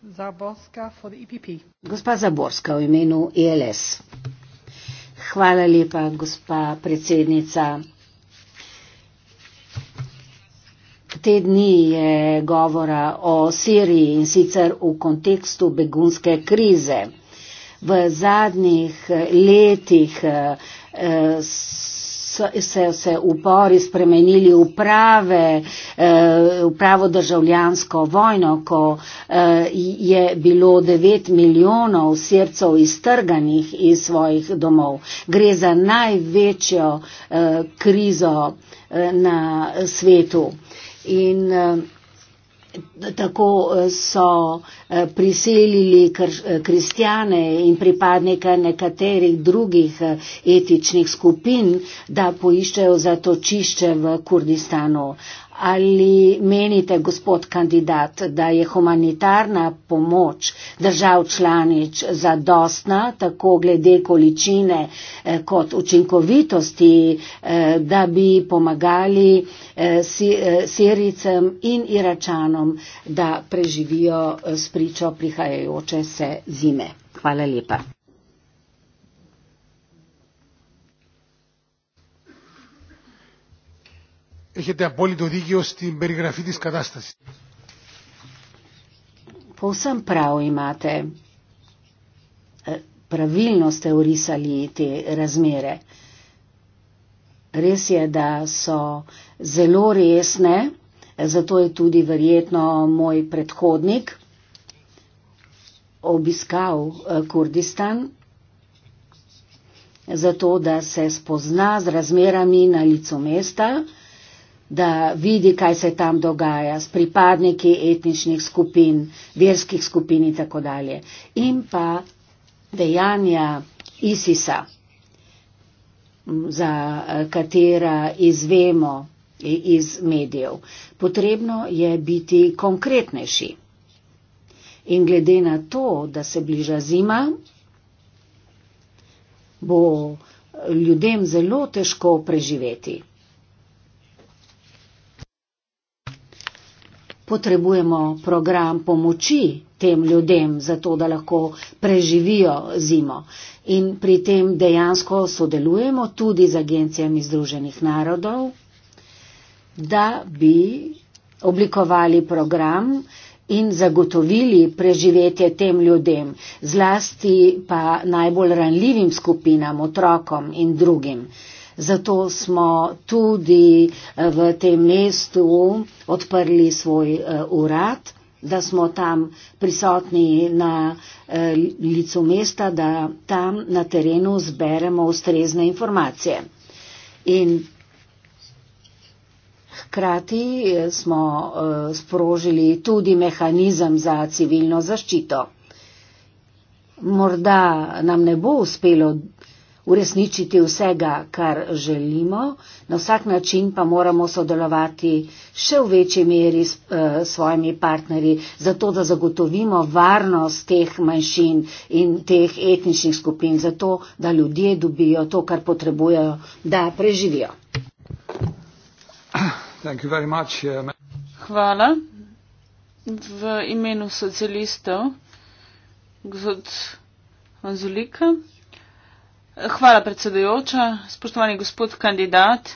Zaborska for the EPP. Gospa Zaborska v imenu ELS. Hvala lepa, gospa predsednica. Te dni je govora o Siriji in sicer v kontekstu begunske krize v zadnjih eh, letih eh, eh, se, se upori spremenili v prave, v pravo državljansko vojno, ko je bilo 9 milijonov srcev iztrganih iz svojih domov. Gre za največjo krizo na svetu. In uh, Tako eh, so eh, priselili eh, kristjane in pripadnike nekaterih drugih etičnih skupin, da poiščejo zatočišče v Kurdistanu ali menite, gospod kandidat, da je humanitarna pomoč držav članič zadostna, tako glede količine eh, kot učinkovitosti, eh, da bi pomagali eh, Siricem in Iračanom, da preživijo spričo prihajajoče se zime? Hvala lepa. Έχετε απόλυτο δίκιο στην περιγραφή της κατάστασης. Povsem prav imate. Pravilno ste orisali te razmere. Res je, da so zelo resne, zato je tudi verjetno moj predhodnik obiskal e, Kurdistan, zato da se spozna z razmerami na licu mesta da vidi, kaj se tam dogaja s pripadniki etničnih skupin, verskih skupin in tako dalje. In pa dejanja ISIS-a, za eh, katera izvemo iz medijev. Potrebno je biti konkretnejši. In glede na to, da se bliža zima, bo eh, ljudem zelo težko preživeti. potrebujemo program pomoči tem ljudem, zato da lahko preživijo zimo. In pri tem dejansko sodelujemo tudi z agencijami Združenih narodov, da bi oblikovali program in zagotovili preživetje tem ljudem, zlasti pa najbolj ranljivim skupinam, otrokom in drugim. Zato smo tudi eh, v tem mestu odprli svoj eh, urad, da smo tam prisotni na eh, licu mesta, da tam na terenu zberemo ustrezne informacije. In hkrati smo sprožili tudi mehanizem za civilno zaščito. Morda nam ne bo uspelo uresničiti vsega, kar želimo, na vsak način pa moramo sodelovati še v večji meri s eh, svojimi partnerji, zato da zagotovimo varnost teh manjšin in teh etničnih skupin, zato da ljudje dobijo to, kar potrebujejo, da preživijo. Eh, Hvala. V imenu socialistov, gospod Anzulika. Hvala predsedujoča. Spoštovani gospod kandidat,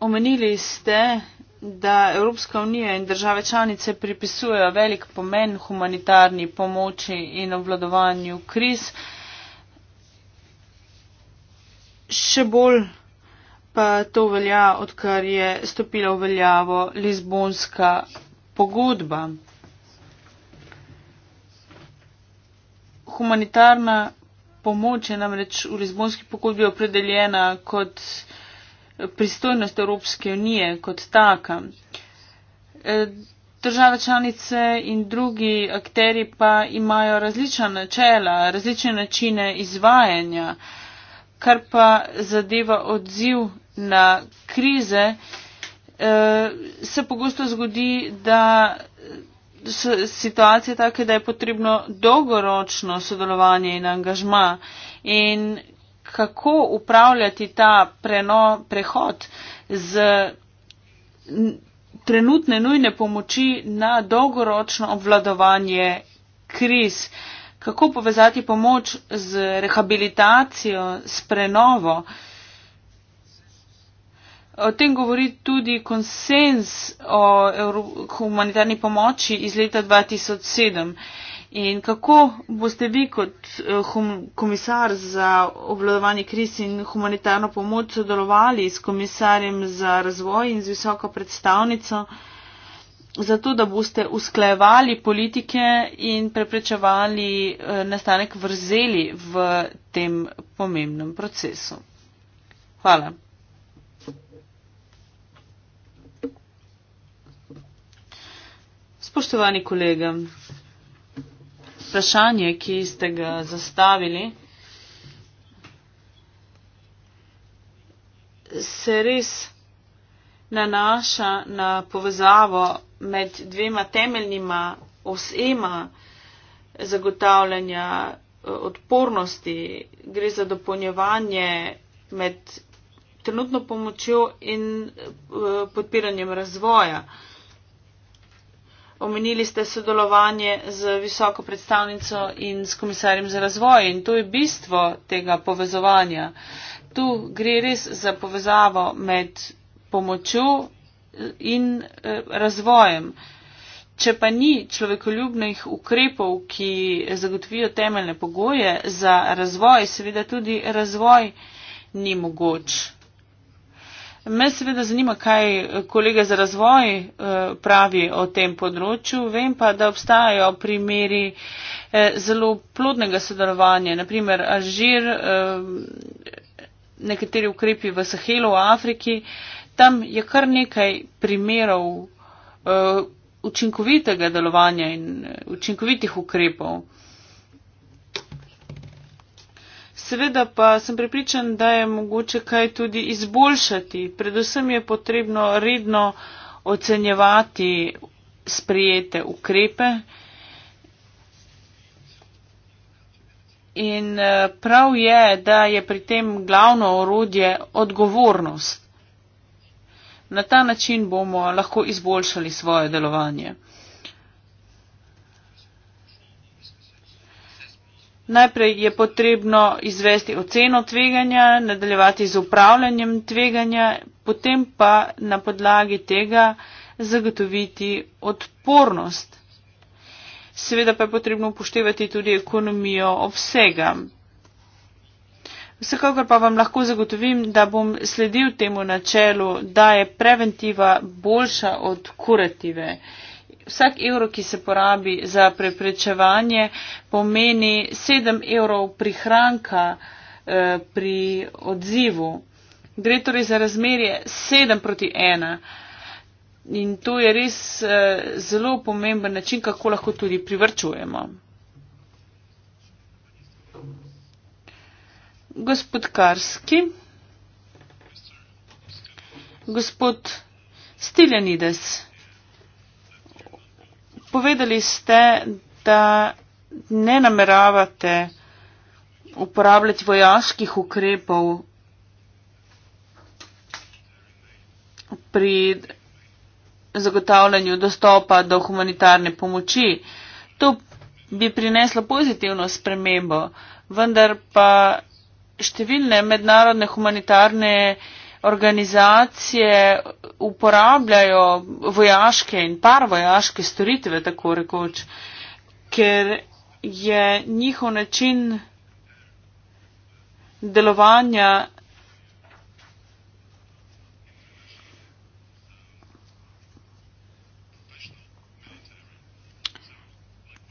omenili ste, da Evropska unija in države članice pripisujejo velik pomen humanitarni pomoči in obvladovanju kriz. Še bolj pa to velja, odkar je stopila v veljavo Lizbonska pogodba. Humanitarna pomoč je namreč v Lizbonski pogodbi opredeljena kot pristojnost Evropske unije, kot taka. E, države članice in drugi akteri pa imajo različna načela, različne načine izvajanja, kar pa zadeva odziv na krize, e, se pogosto zgodi, da situacija taka, da je potrebno dolgoročno sodelovanje in angažma in kako upravljati ta preno, prehod z trenutne nujne pomoči na dolgoročno obvladovanje kriz, kako povezati pomoč z rehabilitacijo, s prenovo. Uh, O tem govori tudi konsens o humanitarni pomoči iz leta 2007. In kako boste vi kot eh, hum, komisar za obvladovanje kriz in humanitarno pomoč sodelovali s komisarjem za razvoj in z visoko predstavnico, zato da boste usklejevali politike in preprečevali eh, nastanek vrzeli v tem pomembnem procesu? Hvala. Spoštovani kolega, vprašanje, ki ste ga zastavili, se res nanaša na povezavo med dvema temeljnima osema zagotavljanja eh, odpornosti. Gre za dopolnjevanje med trenutno pomočjo in eh, podpiranjem razvoja omenili ste sodelovanje z visoko predstavnico in s komisarjem za razvoj in to je bistvo tega povezovanja. Tu gre res za povezavo med pomočjo in eh, razvojem. Če pa ni človekoljubnih ukrepov, ki zagotovijo temeljne pogoje za razvoj, seveda tudi razvoj ni mogoče. Me seveda zanima, kaj eh, kolega za razvoj eh, pravi o tem področju. Vem pa, da obstajajo primeri eh, zelo plodnega sodelovanja, naprimer Alžir, nekateri ukrepi v Sahelu, v Afriki. Tam je kar nekaj primerov učinkovitega delovanja in učinkovitih ukrepov. Seveda pa sem prepričan, da je mogoče kaj tudi izboljšati. Predvsem je potrebno redno ocenjevati sprijete ukrepe. In eh, prav je, da je pri tem glavno orodje odgovornost. Na ta način bomo lahko izboljšali svoje delovanje. Najprej je potrebno izvesti oceno tveganja, nadaljevati z upravljanjem tveganja, potem pa na podlagi tega zagotoviti odpornost. Seveda pa je potrebno upoštevati tudi ekonomijo obsega. Vsekakor pa vam lahko zagotovim, da bom sledil temu načelu, da je preventiva boljša od kurative vsak evro, ki se porabi za preprečevanje, pomeni 7 evrov prihranka eh, pri odzivu. Gre torej za razmerje 7 proti 1. In to je res eh, zelo pomemben način, kako lahko tudi privrčujemo. Gospod Karski. Gospod Stiljanides povedali ste, da ne nameravate uporabljati vojaških ukrepov pri zagotavljanju dostopa do humanitarne pomoči. To bi prineslo pozitivno spremembo, vendar pa številne mednarodne humanitarne uh, organizacije uporabljajo vojaške in paravojaške storitve, tako rekoč, ker je njihov način delovanja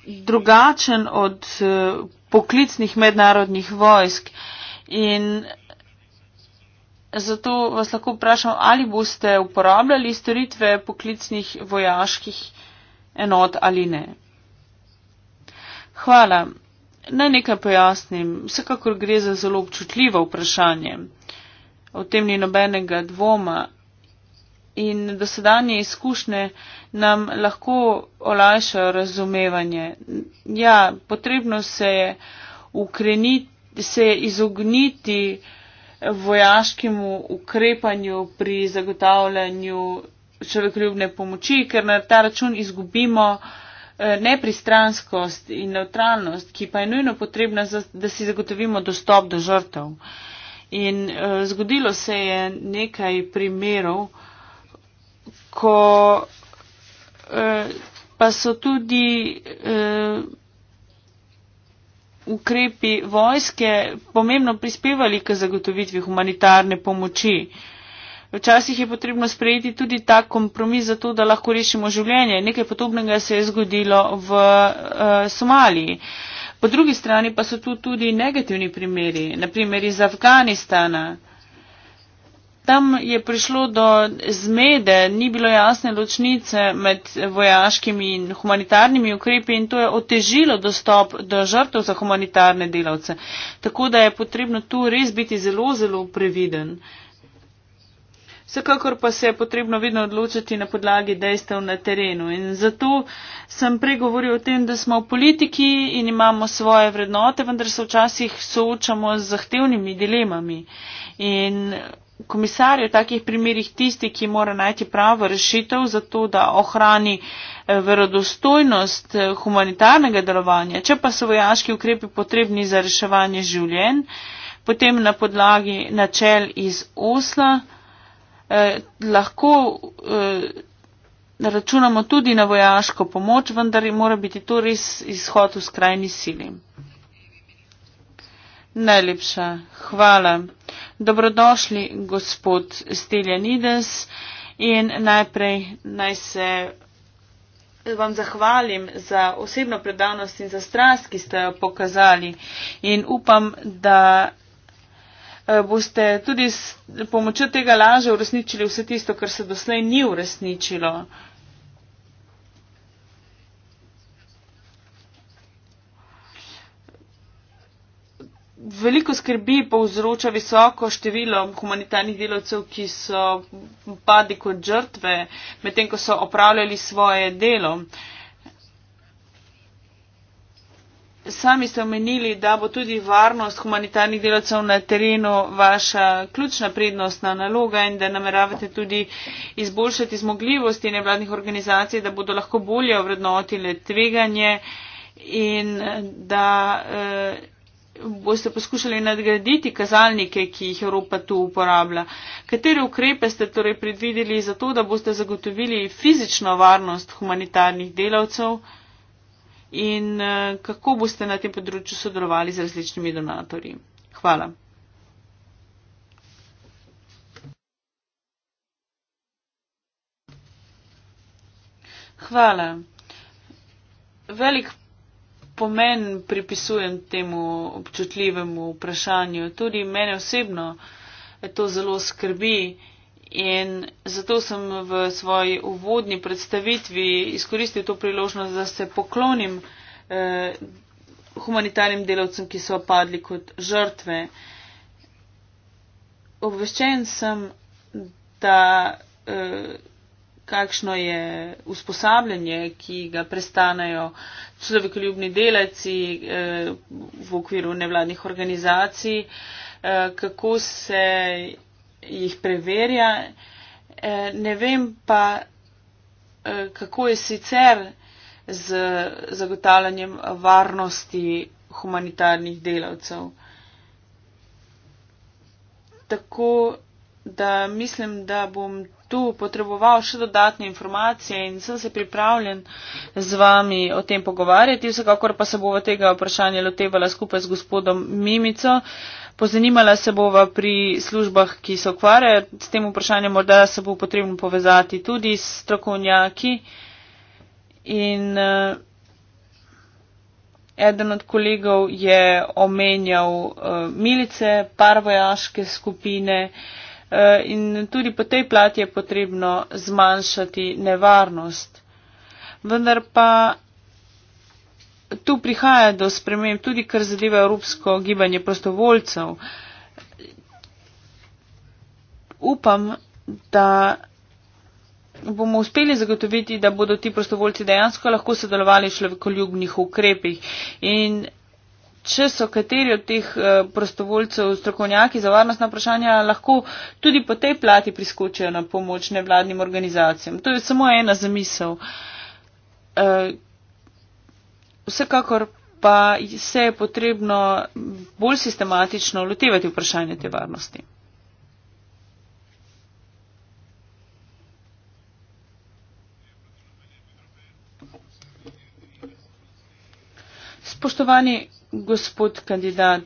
drugačen od eh, poklicnih mednarodnih vojsk. In Zato vas lahko vprašam, ali boste uporabljali storitve poklicnih vojaških enot ali ne. Hvala. Naj nekaj pojasnim. Vsekakor gre za zelo občutljivo vprašanje. O tem ni nobenega dvoma. In dosedanje izkušnje nam lahko olajšajo razumevanje. Ja, potrebno se je, ukreniti, se je izogniti vojaškemu ukrepanju pri zagotavljanju človekoljubne pomoči, ker na ta račun izgubimo eh, nepristranskost in neutralnost, ki pa je nujno potrebna, da si zagotovimo dostop do žrtev. In eh, zgodilo se je nekaj primerov, ko eh, pa so tudi ukrepi vojske pomembno prispevali k zagotovitvi humanitarne pomoči. Včasih je potrebno sprejeti tudi ta kompromis za to, da lahko rešimo življenje. Nekaj podobnega se je zgodilo v uh, Somaliji. Po drugi strani pa so tu tudi negativni primeri, naprimer iz Afganistana. Tam je prišlo do zmede, ni bilo jasne ločnice med vojaškimi in humanitarnimi ukrepi in to je otežilo dostop do žrtev za humanitarne delavce. Tako da je potrebno tu res biti zelo, zelo previden. Vsekakor pa se je potrebno vedno odločiti na podlagi dejstev na terenu. In zato sem pregovoril o tem, da smo v politiki in imamo svoje vrednote, vendar se včasih soočamo z zahtevnimi dilemami. In komisar je v takih primerjih tisti, ki mora najti pravo rešitev za to, da ohrani eh, verodostojnost eh, humanitarnega delovanja. Če pa so vojaški ukrepi potrebni za reševanje življenj, potem na podlagi načel iz Osla eh, lahko eh, računamo tudi na vojaško pomoč, vendar mora biti to res izhod v skrajni sili. Najlepša hvala. Dobrodošli, gospod Steljanides, in najprej naj se vam zahvalim za osebno predavnost in za strast, ki ste jo pokazali. In upam, da eh, boste tudi s pomočjo tega laže uresničili vse tisto, kar se doslej ni uresničilo. veliko skrbi povzroča visoko število humanitarnih delavcev, ki so padli kot žrtve, medtem ko so opravljali svoje delo. Sami ste omenili, da bo tudi varnost humanitarnih delavcev na terenu vaša ključna prednostna naloga in da nameravate tudi izboljšati zmogljivosti nevladnih organizacij, da bodo lahko bolje ovrednotile tveganje in da. Eh, boste poskušali nadgraditi kazalnike, ki jih Evropa tu uporablja? Kateri ukrepe ste torej predvideli za to, da boste zagotovili fizično varnost humanitarnih delavcev in eh, kako boste na tem področju sodelovali z različnimi donatorji? Hvala. Hvala. Velik pomen pripisujem temu občutljivemu vprašanju. Tudi mene osebno to zelo skrbi in zato sem v svoji uvodni predstavitvi izkoristil to priložnost, da se poklonim eh, humanitarnim delavcem, ki so padli kot žrtve. Obveščen sem, da. Eh, kakšno je usposabljanje, ki ga prestanejo človekoljubni delavci eh, v okviru nevladnih organizacij, eh, kako se jih preverja. Eh, ne vem pa, kako je sicer z zagotavljanjem varnosti humanitarnih delavcev. Tako da mislim, da bom tu potreboval še dodatne informacije in sem se pripravljen z vami o tem pogovarjati. Vsekakor pa se bova tega vprašanja lotevala skupaj z gospodom Mimico. Pozanimala se bova pri službah, ki se ukvarjajo s tem vprašanjem, morda se bo potrebno povezati tudi s strokovnjaki. In eh, eden od kolegov je omenjal eh, milice, par vojaške skupine. Eh, in tudi po tej plati je potrebno zmanjšati nevarnost. Vendar pa tu prihaja do sprememb, tudi kar zadeva evropsko gibanje prostovoljcev. Upam, da bomo uspeli zagotoviti, da bodo ti prostovoljci dejansko lahko sodelovali v človekoljubnih ukrepih in če so kateri od teh eh, prostovoljcev strokovnjaki za varnostna vprašanja, lahko tudi po tej plati priskočijo na pomoč nevladnim organizacijam. To je samo ena zamisel. Eh, vsekakor pa se je potrebno bolj sistematično lotevati vprašanje te varnosti. Spoštovani gospod kandidat.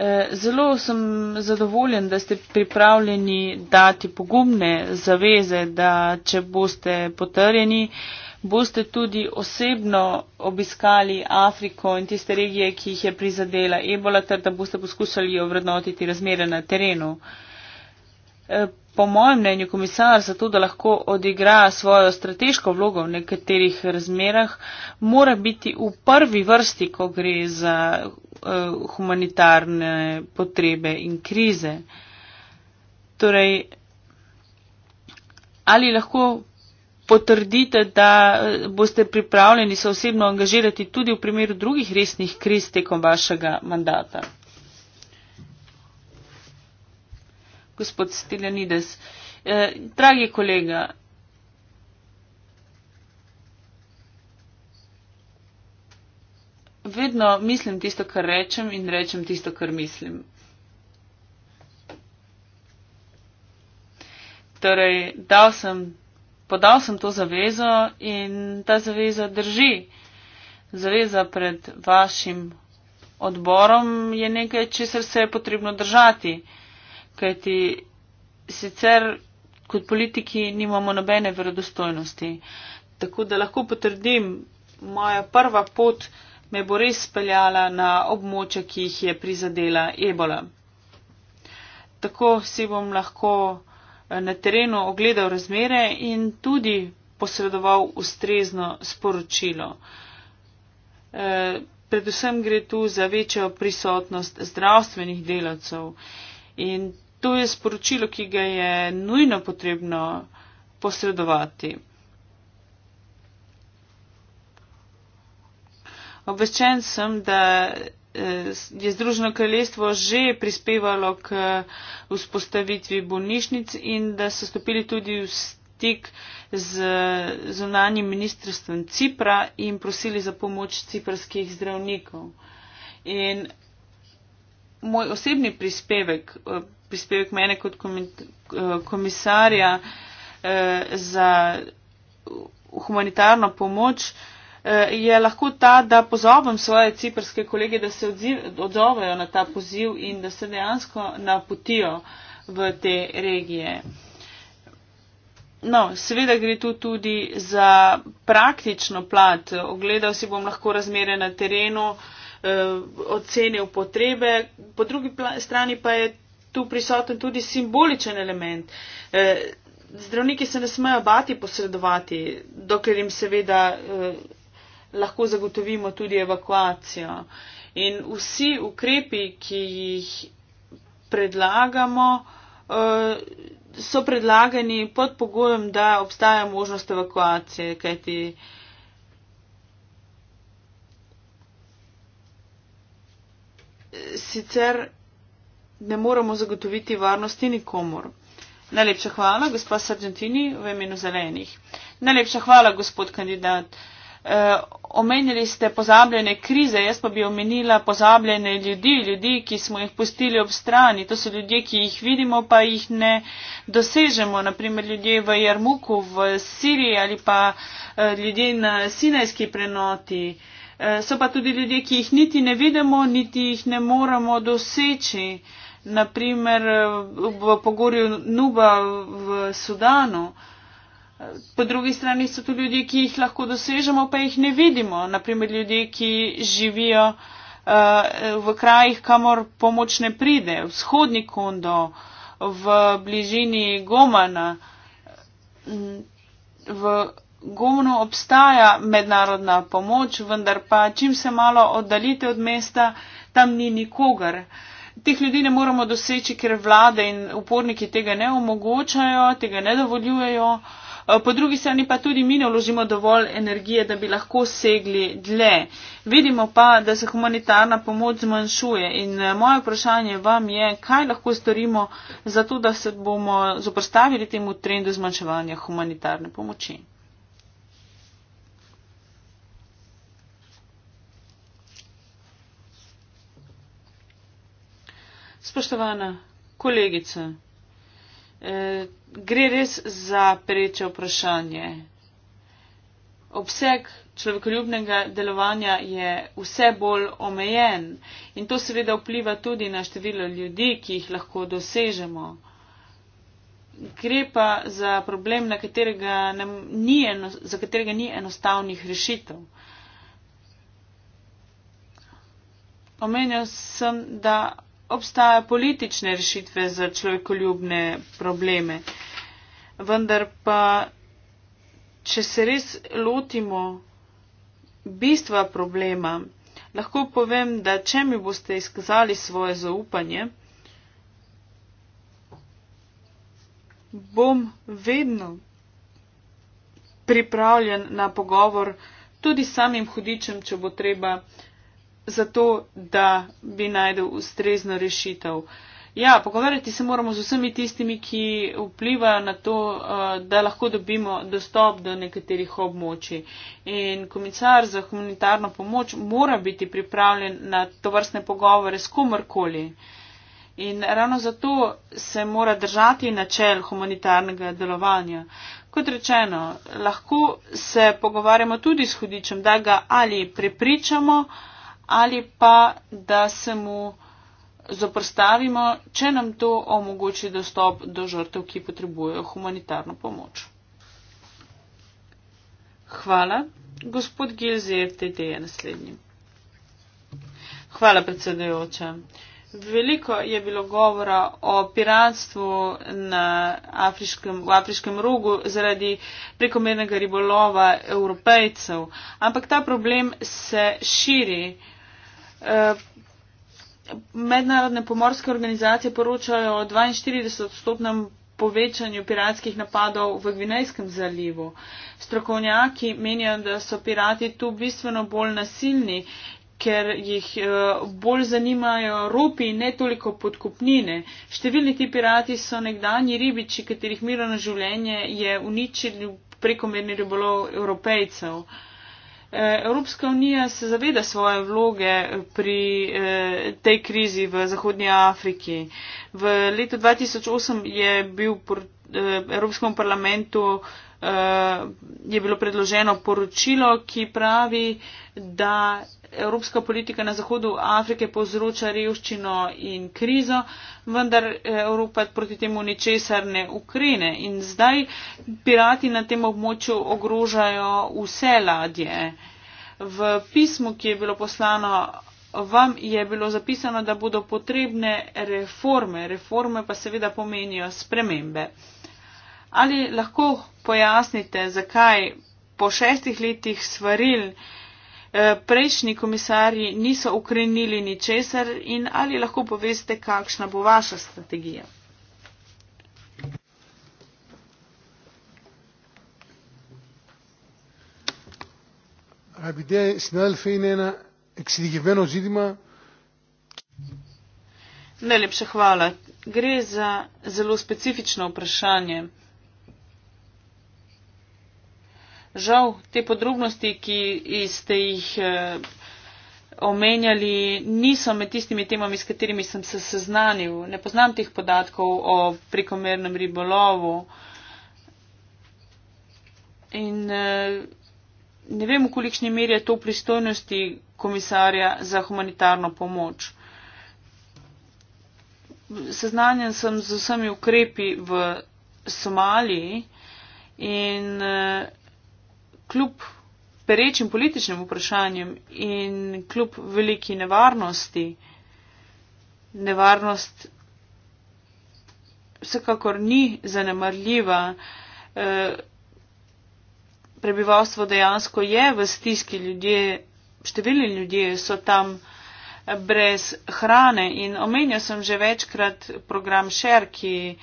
Eh, zelo sem zadovoljen, da ste pripravljeni dati pogumne zaveze, da če boste potrjeni, boste tudi osebno obiskali Afriko in tiste regije, ki jih je prizadela ebola, ter da boste poskušali ovrednotiti razmere na terenu. Eh, po mojem mnenju komisar za to, da lahko odigra svojo strateško vlogo v nekaterih razmerah, mora biti v prvi vrsti, ko gre za uh, humanitarne potrebe in krize. Torej, ali lahko potrdite, da eh, boste pripravljeni se osebno angažirati tudi v primeru drugih resnih kriz tekom vašega mandata? gospod Stilenides. Eh, dragi kolega, vedno mislim tisto, kar rečem in rečem tisto, kar mislim. Torej, dal sem, podal sem to zavezo in ta zaveza drži. Zaveza pred vašim odborom je nekaj, česar se je potrebno držati kajti sicer kot politiki nimamo nobene verodostojnosti. Tako da lahko potrdim, moja prva pot me bo res speljala na območja, ki jih je prizadela ebola. Tako si bom lahko eh, na terenu ogledal razmere in tudi posredoval ustrezno sporočilo. E, predvsem gre tu za večjo prisotnost zdravstvenih delavcev In to je sporočilo, ki ga je nujno potrebno posredovati. Obveščen sem, da eh, je Združeno kraljestvo že prispevalo k eh, vzpostavitvi bolnišnic in da so stopili tudi v stik z zunanjim ministrstvom Cipra in prosili za pomoč ciprskih zdravnikov. In moj osebni prispevek, eh, prispevek mene kot eh, komisarja eh, za humanitarno pomoč, je lahko ta, da pozovem svoje ciperske kolege, da se odzovejo na ta poziv in da se dejansko napotijo v te regije. No, seveda gre tu tudi za praktično plat. Ogledal si bom lahko razmere na terenu, uh, eh, ocenil potrebe, po drugi strani pa je tu prisoten tudi simboličen element. Eh, zdravniki se ne smejo bati posredovati, dokler jim seveda eh, lahko zagotovimo tudi evakuacijo. In vsi ukrepi, ki jih predlagamo, eh, so predlagani pod pogojem, da obstaja možnost evakuacije, kajti eh, sicer ne moremo zagotoviti varnosti nikomor. Najlepša hvala, gospa Sargentini, v imenu zelenih. Najlepša hvala, gospod kandidat. E, omenili ste pozabljene krize, jaz pa bi omenila pozabljene ljudi, ljudi, ki smo jih pustili ob strani. To so ljudje, ki jih vidimo, pa jih ne dosežemo. Naprimer ljudje v Jarmuku, v Siriji ali pa e, ljudje na Sinajski prenoti. E, Eh, so pa tudi ljudje, ki jih niti ne vidimo, niti jih ne moramo doseči. Naprimer eh, v pogorju Nuba v Sudanu. Eh, po drugi strani so tu ljudje, ki jih lahko dosežemo, pa jih ne vidimo. Naprimer ljudje, ki živijo v krajih, kamor pomoč ne pride, vzhodni kondo, v bližini Gomana, mm, v Gomnu obstaja mednarodna pomoč, vendar pa čim se malo oddalite od mesta, tam ni nikogar. Teh ljudi ne moramo doseči, ker vlade in uporniki tega ne omogočajo, tega ne dovoljujejo. Po drugi strani pa tudi mi ne vložimo dovolj energije, da bi lahko segli dlje. Vidimo pa, da se humanitarna pomoč zmanjšuje in eh, moje vprašanje vam je, kaj lahko storimo za to, da se bomo zoprstavili temu trendu zmanjševanja humanitarne pomoči. Spoštovana kolegica, eh, gre res za pereče vprašanje. Obseg človekoljubnega delovanja je vse bolj omejen in to seveda vpliva tudi na število ljudi, ki jih lahko dosežemo. Gre pa za problem, na katerega ni eno, za katerega ni enostavnih rešitev. Omenjal sem, da obstajajo politične rešitve za človekoljubne probleme. Vendar pa, če se res lotimo bistva problema, lahko povem, da če mi boste izkazali svoje zaupanje, bom vedno pripravljen na pogovor tudi samim hudičem, če bo treba zato, da bi najdel ustrezno rešitev. Ja, pogovarjati se moramo z vsemi tistimi, ki vplivajo na to, eh, da lahko dobimo dostop do nekaterih območij. In komisar za humanitarno pomoč mora biti pripravljen na tovrstne pogovore s komorkoli. In ravno zato se mora držati načel humanitarnega delovanja. Kot rečeno, lahko se pogovarjamo tudi s hudičem, da ga ali prepričamo, ali pa da se mu zoprstavimo, če nam to omogoči dostop do žrtev, ki potrebujejo humanitarno pomoč. Hvala. Gospod Gilzer, TT je naslednji. Hvala, predsedajoča. Veliko je bilo govora o piratstvu na afriškem, v afriškem rogu zaradi prekomernega ribolova evropejcev, ampak ta problem se širi. Eh, mednarodne pomorske organizacije poročajo o 42-stotnem povečanju piratskih napadov v Gvinejskem zalivu. Strokovnjaki menijo, da so pirati tu bistveno bolj nasilni, ker jih eh, bolj zanimajo ropi in ne toliko podkupnine. Številni ti pirati so nekdani ribiči, katerih mirno življenje je uničil prekomerni ribolov evropejcev. Uh, Eh, Evropska unija se zaveda svoje vloge pri eh, tej krizi v Zahodnji Afriki. V letu 2008 je bil eh, Evropskemu parlamentu je bilo predloženo poročilo, ki pravi, da evropska politika na zahodu Afrike povzroča revščino in krizo, vendar eh, Evropa proti temu ničesar ne ukrene. In zdaj pirati na tem območju ogrožajo vse ladje. V pismu, ki je bilo poslano vam, je bilo zapisano, da bodo potrebne reforme. Reforme pa seveda pomenijo spremembe. Ali lahko pojasnite, zakaj po šestih letih svaril Eh, prejšnji komisarji niso ukrenili ničesar in ali lahko poveste, kakšna bo vaša strategija? Αγαπητέ συνάδελφε, είναι ένα εξειδικευμένο ζήτημα. Ναι, λεπτά, ευχαριστώ. Γρήγορα, πολύ σπεσίφιτσινο πρασάνιε. Žal te podrobnosti, ki ste jih eh, omenjali, niso med tistimi temami, s katerimi sem se seznanil. Ne poznam teh podatkov o prekomernem ribolovu. In eh, ne vem, v kolikšni meri je to v pristojnosti komisarja za humanitarno pomoč. Seznanjen sem z vsemi ukrepi v Somaliji in eh, kljub perečim političnim vprašanjem in kljub veliki nevarnosti, nevarnost vsekakor ni zanemarljiva. E, prebivalstvo dejansko je v stiski ljudje, številni ljudje so tam eh, brez hrane in omenjal sem že večkrat program Šerki. E,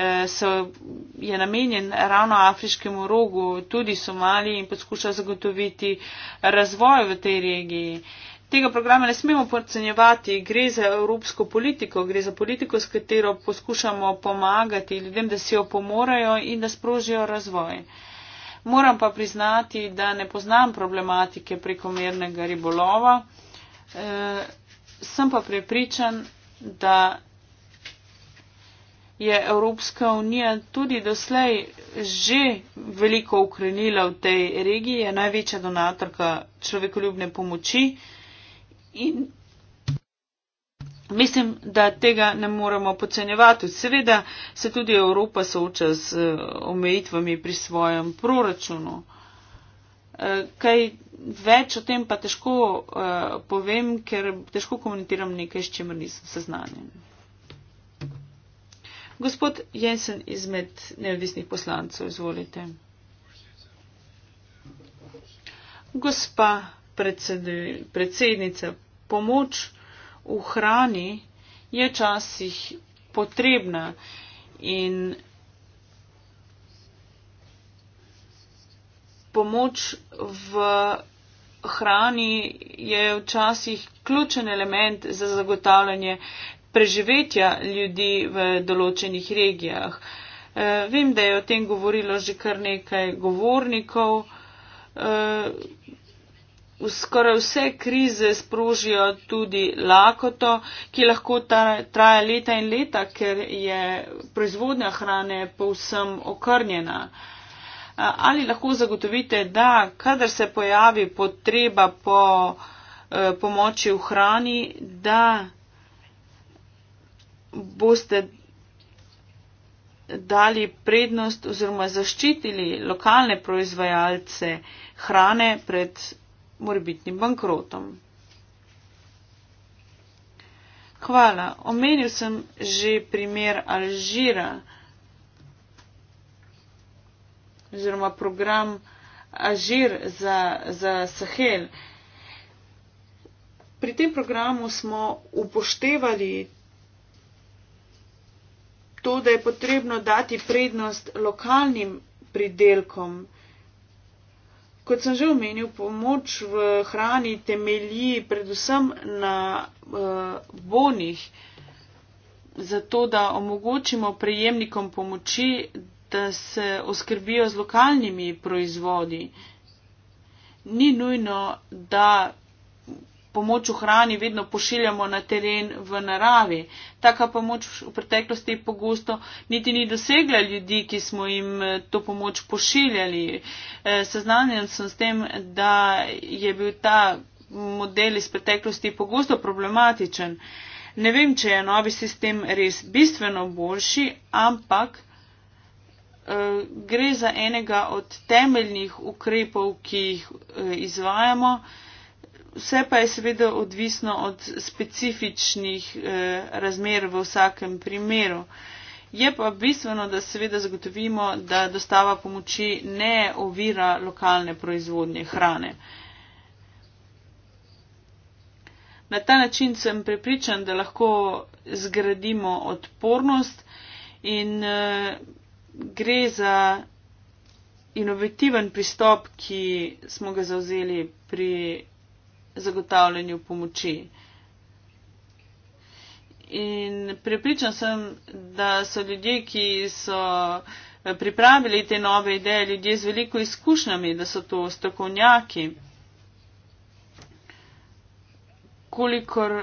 Eh, so, je namenjen ravno afriškemu rogu, tudi Somaliji in poskuša zagotoviti razvoj v tej regiji. Tega programa ne smemo podcenjevati, gre za evropsko politiko, gre za politiko, s katero poskušamo pomagati ljudem, da si jo pomorajo in da sprožijo razvoj. Moram pa priznati, da ne poznam problematike prekomernega ribolova, e, sem pa prepričan, da je Evropska unija tudi doslej že veliko ukrenila v tej regiji, je največja donatorka človekoljubne pomoči in mislim, da tega ne moremo pocenjevati. Seveda se tudi Evropa sooča z eh, omejitvami pri svojem proračunu. Eh, kaj več o tem pa težko uh, povem, ker težko komentiram nekaj, s čimer nisem seznanjen. Gospod Jensen izmed neodvisnih poslancev, izvolite. Gospa predsednica, pomoč v hrani je včasih potrebna in pomoč v hrani je včasih ključen element za zagotavljanje preživetja ljudi v določenih regijah. E, vem, da je o tem govorilo že kar nekaj govornikov. E, skoraj vse krize sprožijo tudi lakoto, ki lahko traja leta in leta, ker je proizvodnja hrane povsem okrnjena. E, ali lahko zagotovite, da kadar se pojavi potreba po pomoči v hrani, da boste dali prednost oziroma zaščitili lokalne proizvajalce hrane pred morbitnim bankrotom. Hvala. Omenil sem že primer Alžira oziroma program Alžir za, za Sahel. Pri tem programu smo upoštevali to, da je potrebno dati prednost lokalnim pridelkom. Kot sem že omenil, pomoč v hrani temelji predvsem na uh, bonih, zato da omogočimo prejemnikom pomoči, da se oskrbijo z lokalnimi proizvodi. Ni nujno, da pomoč v hrani vedno pošiljamo na teren v naravi. Taka pomoč v preteklosti pogosto niti ni dosegla ljudi, ki smo jim eh, to pomoč pošiljali. Eh, seznanjen sem s tem, da je bil ta model iz preteklosti pogosto problematičen. Ne vem, če je novi sistem res bistveno boljši, ampak eh, gre za enega od temeljnih ukrepov, ki jih izvajamo vse pa je seveda odvisno od specifičnih eh, razmer v vsakem primeru. Je pa bistveno, da seveda zagotovimo, da dostava pomoči ne ovira lokalne proizvodnje hrane. Na ta način sem prepričan, da lahko zgradimo odpornost in eh, gre za inovativen pristop, ki smo ga zauzeli pri zagotavljanju pomoči. In pripričan sem, da so ljudje, ki so eh, pripravili te nove ideje, ljudje z veliko izkušnjami, da so to strokovnjaki. Kolikor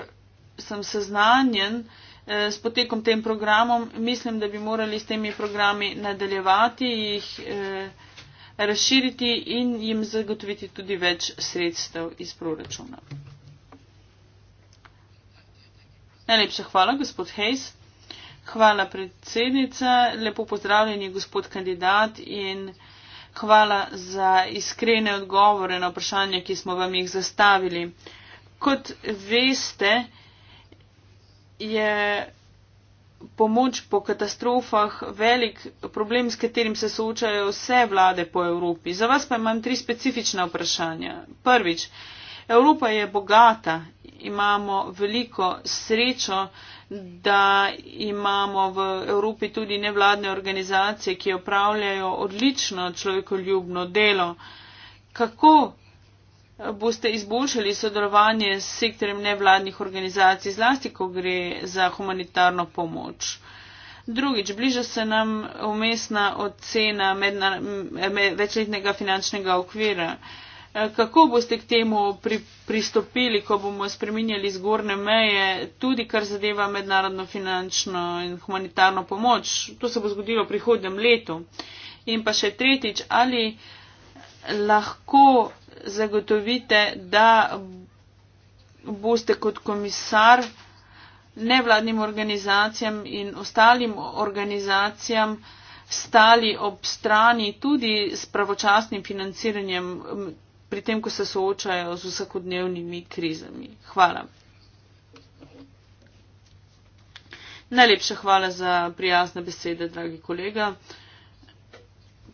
sem seznanjen eh, s potekom tem programom, mislim, da bi morali s temi programi nadaljevati, jih eh, razširiti in jim zagotoviti tudi več sredstev iz proračuna. Najlepša hvala, gospod Hayes. Hvala, predsednica. Lepo pozdravljeni, gospod kandidat. In hvala za iskrene odgovore na vprašanja, ki smo vam jih zastavili. Kot veste, je pomoč po katastrofah velik problem, s katerim se soočajo vse vlade po Evropi. Za vas pa imam tri specifična vprašanja. Prvič, Evropa je bogata, imamo veliko srečo, da imamo v Evropi tudi nevladne organizacije, ki opravljajo odlično človekoljubno delo. Kako boste izboljšali sodelovanje s sektorjem nevladnih organizacij, zlasti, ko gre za humanitarno pomoč. Drugič, bliža se nam umestna ocena medna, med, večletnega finančnega okvira. Kako boste k temu pri, pristopili, ko bomo spreminjali zgornje meje, tudi kar zadeva mednarodno finančno in humanitarno pomoč? To se bo zgodilo v prihodnem letu. In pa še tretjič, ali lahko zagotovite, da boste kot komisar nevladnim organizacijam in ostalim organizacijam stali ob strani tudi s pravočasnim financiranjem, pri tem, ko se soočajo z vsakodnevnimi krizami. Hvala. Najlepša hvala za prijazne besede, dragi kolega.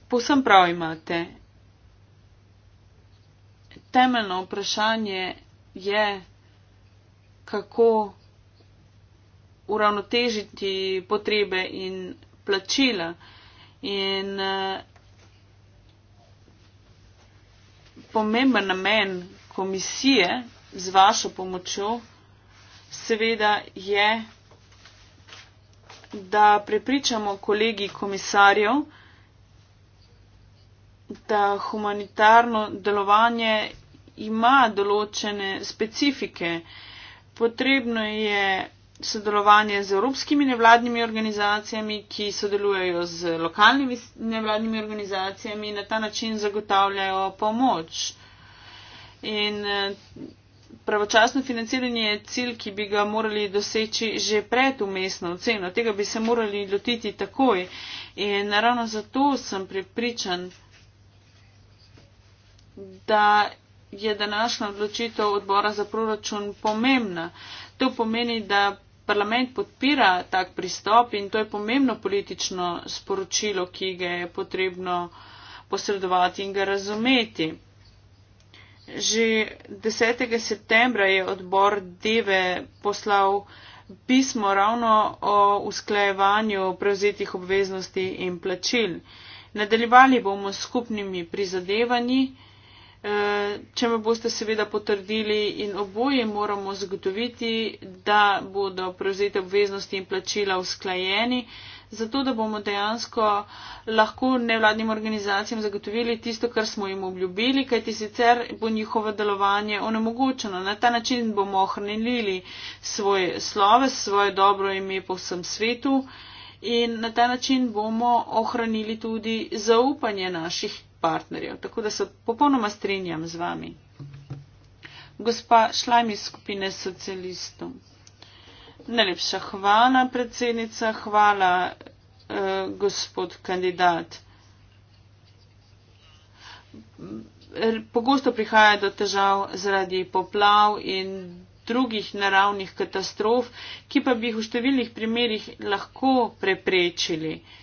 Povsem prav imate temeljno vprašanje je, kako uravnotežiti potrebe in plačila. In eh, pomemben namen komisije z vašo pomočjo seveda je, da prepričamo kolegi komisarjev, da humanitarno delovanje ima določene specifike. Potrebno je sodelovanje z evropskimi nevladnimi organizacijami, ki sodelujejo z lokalnimi nevladnimi organizacijami in na ta način zagotavljajo pomoč. In eh, pravočasno financiranje je cilj, ki bi ga morali doseči že pred umestno oceno. Tega bi se morali lotiti takoj. In naravno zato sem pripričan, da je današnja odločitev odbora za proračun pomembna. To pomeni, da parlament podpira tak pristop in to je pomembno politično sporočilo, ki ga je potrebno posredovati in ga razumeti. Že 10. septembra je odbor Deve poslal pismo ravno o usklajevanju prevzetih obveznosti in plačil. Nadaljevali bomo s skupnimi prizadevanji če me boste seveda potrdili in oboje moramo zagotoviti, da bodo prevzete obveznosti in plačila usklajeni, zato da bomo dejansko lahko nevladnim organizacijam zagotovili tisto, kar smo jim obljubili, kajti sicer bo njihovo delovanje onemogočeno. Na ta način bomo ohranili svoje slove, svoje dobro ime po vsem svetu. In na ta način bomo ohranili tudi zaupanje naših partnerjev. Tako da se popolnoma strinjam z vami. Gospa Šlajm iz skupine socialistov. Najlepša hvala, predsednica, hvala, eh, gospod kandidat. Eh, pogosto prihaja do težav zaradi poplav in drugih naravnih katastrof, ki pa bi jih v številnih primerjih lahko preprečili. Eh,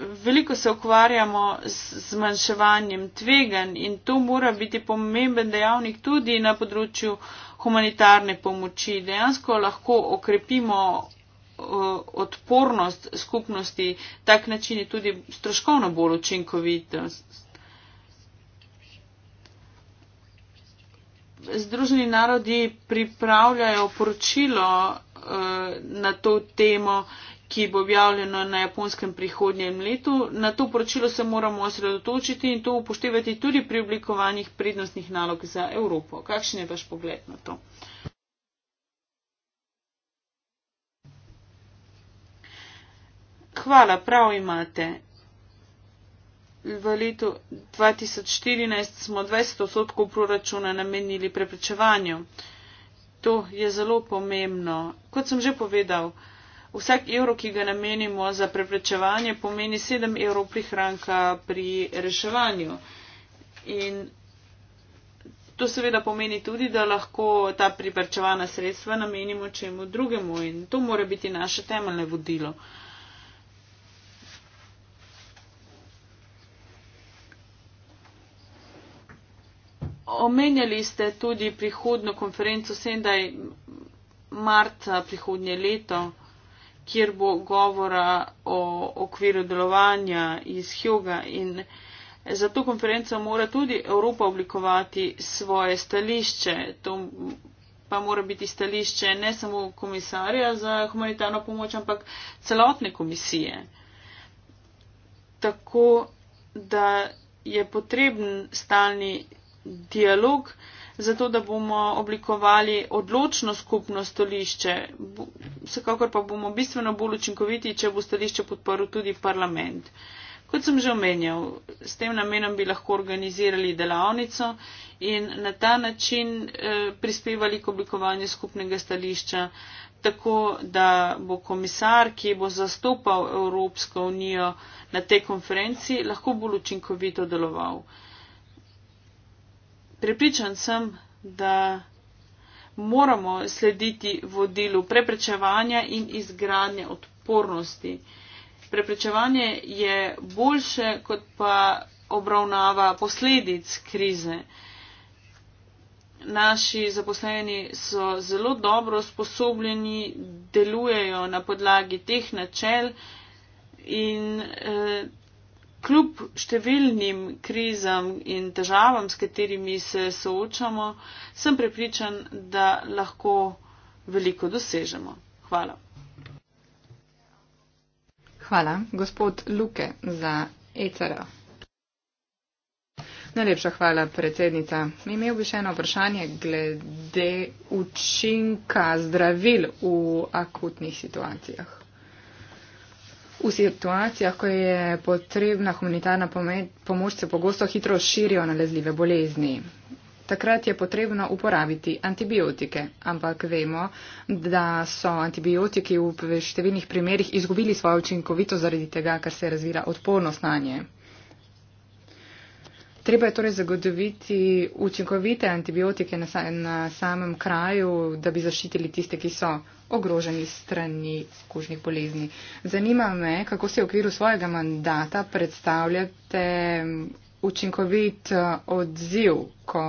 veliko se ukvarjamo z zmanjševanjem tveganj in to mora biti pomemben dejavnik tudi na področju humanitarne pomoči. Dejansko lahko okrepimo eh, odpornost skupnosti, tak način je tudi stroškovno bolj učinkovitost. Združeni narodi pripravljajo poročilo uh, na to temo uh, ki bo objavljeno na japonskem prihodnjem letu. Na to poročilo se moramo osredotočiti in to upoštevati tudi pri oblikovanjih prednostnih nalog za Evropo. Kakšen je vaš pogled na to? Hvala, prav imate. V letu 2014 smo 20% proračuna namenili preprečevanju. To je zelo pomembno. Kot sem že povedal, vsak evro, ki ga namenimo za preprečevanje, pomeni 7 evrov prihranka pri reševanju. In to seveda pomeni tudi, da lahko ta priprečevana sredstva namenimo čemu drugemu in to mora biti naše temeljne vodilo. Omenjali ste tudi prihodno konferenco Sendaj marca prihodnje leto kjer bo govora o okviru delovanja iz Hjoga in za to konferenco mora tudi Evropa oblikovati svoje stališče. To pa mora biti stališče ne samo komisarja za humanitarno pomoč, ampak celotne komisije. Tako da je potreben stalni dialog zato da bomo oblikovali odločno skupno stališče. Vsekakor pa bomo bistveno bolj učinkoviti, če bo stališče podporil tudi parlament. Kot sem že omenjal, s tem namenom bi lahko organizirali delavnico in na ta način eh, prispevali k oblikovanju skupnega stališča, tako da bo komisar, ki bo zastopal Evropsko unijo na tej konferenci, lahko bolj učinkovito deloval. Eh, Prepričan sem, da moramo slediti vodilu preprečevanja in izgradnje odpornosti. Preprečevanje je boljše, kot pa obravnava posledic krize. Naši zaposleni so zelo dobro sposobljeni, delujejo na podlagi teh načel in eh, kljub številnim krizam in težavam, s katerimi se soočamo, sem prepričan, da lahko veliko dosežemo. Hvala. Hvala, gospod Luke, za ECR. Najlepša hvala, predsednica. Imel bi še eno vprašanje glede učinka zdravil v akutnih situacijah. V situacijah, ko je potrebna humanitarna pomoč, se pogosto hitro širijo nalezljive bolezni. Takrat je potrebno uporabiti antibiotike, ampak vemo, da so antibiotiki v številnih primerjih izgubili svojo učinkovito zaradi tega, ker se je razvila odpornost na nje. Treba je torej zagotoviti učinkovite antibiotike na, na samem kraju, da bi zaščitili tiste, ki so ogroženi strani kužnih bolezni. Zanima me, kako se v okviru svojega mandata predstavljate učinkovit eh, odziv, ko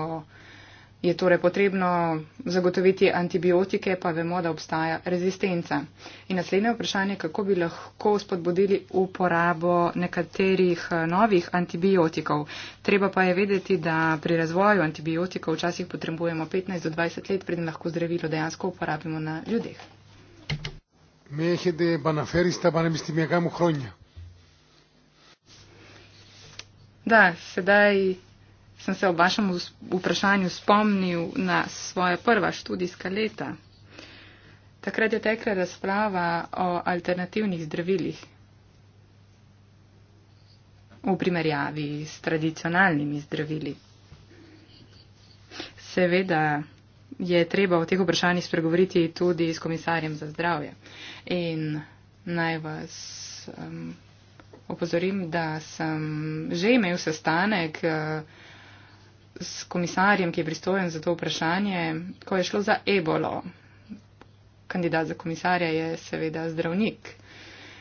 je torej potrebno zagotoviti antibiotike, pa vemo, da obstaja rezistenca. In naslednje vprašanje, kako bi lahko spodbudili uporabo nekaterih eh, novih antibiotikov. Treba pa je vedeti, da pri razvoju antibiotikov včasih potrebujemo 15 do 20 let, preden lahko zdravilo dejansko uporabimo na ljudeh. Da, sedaj sem se ob vašem vprašanju spomnil na svoja prva študijska leta. Takrat je tekla razprava o alternativnih zdravilih v primerjavi s tradicionalnimi zdravili. Seveda je treba o teh vprašanjih spregovoriti tudi s komisarjem za zdravje. In naj vas um, opozorim, da sem že imel sestanek uh, s komisarjem, ki je pristojen za to vprašanje, ko je šlo za ebolo. Kandidat za komisarja je seveda zdravnik.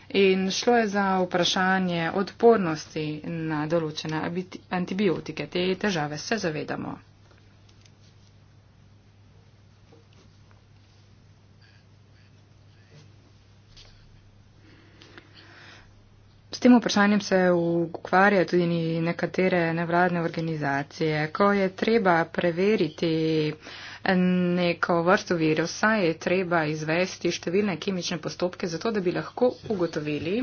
In šlo je za vprašanje odpornosti na določene antibiotike. Te težave se zavedamo. tem vprašanjem se ukvarja tudi nekatere nevladne organizacije. Ko je treba preveriti neko vrsto virusa, je treba izvesti številne kemične postopke, zato da bi lahko ugotovili,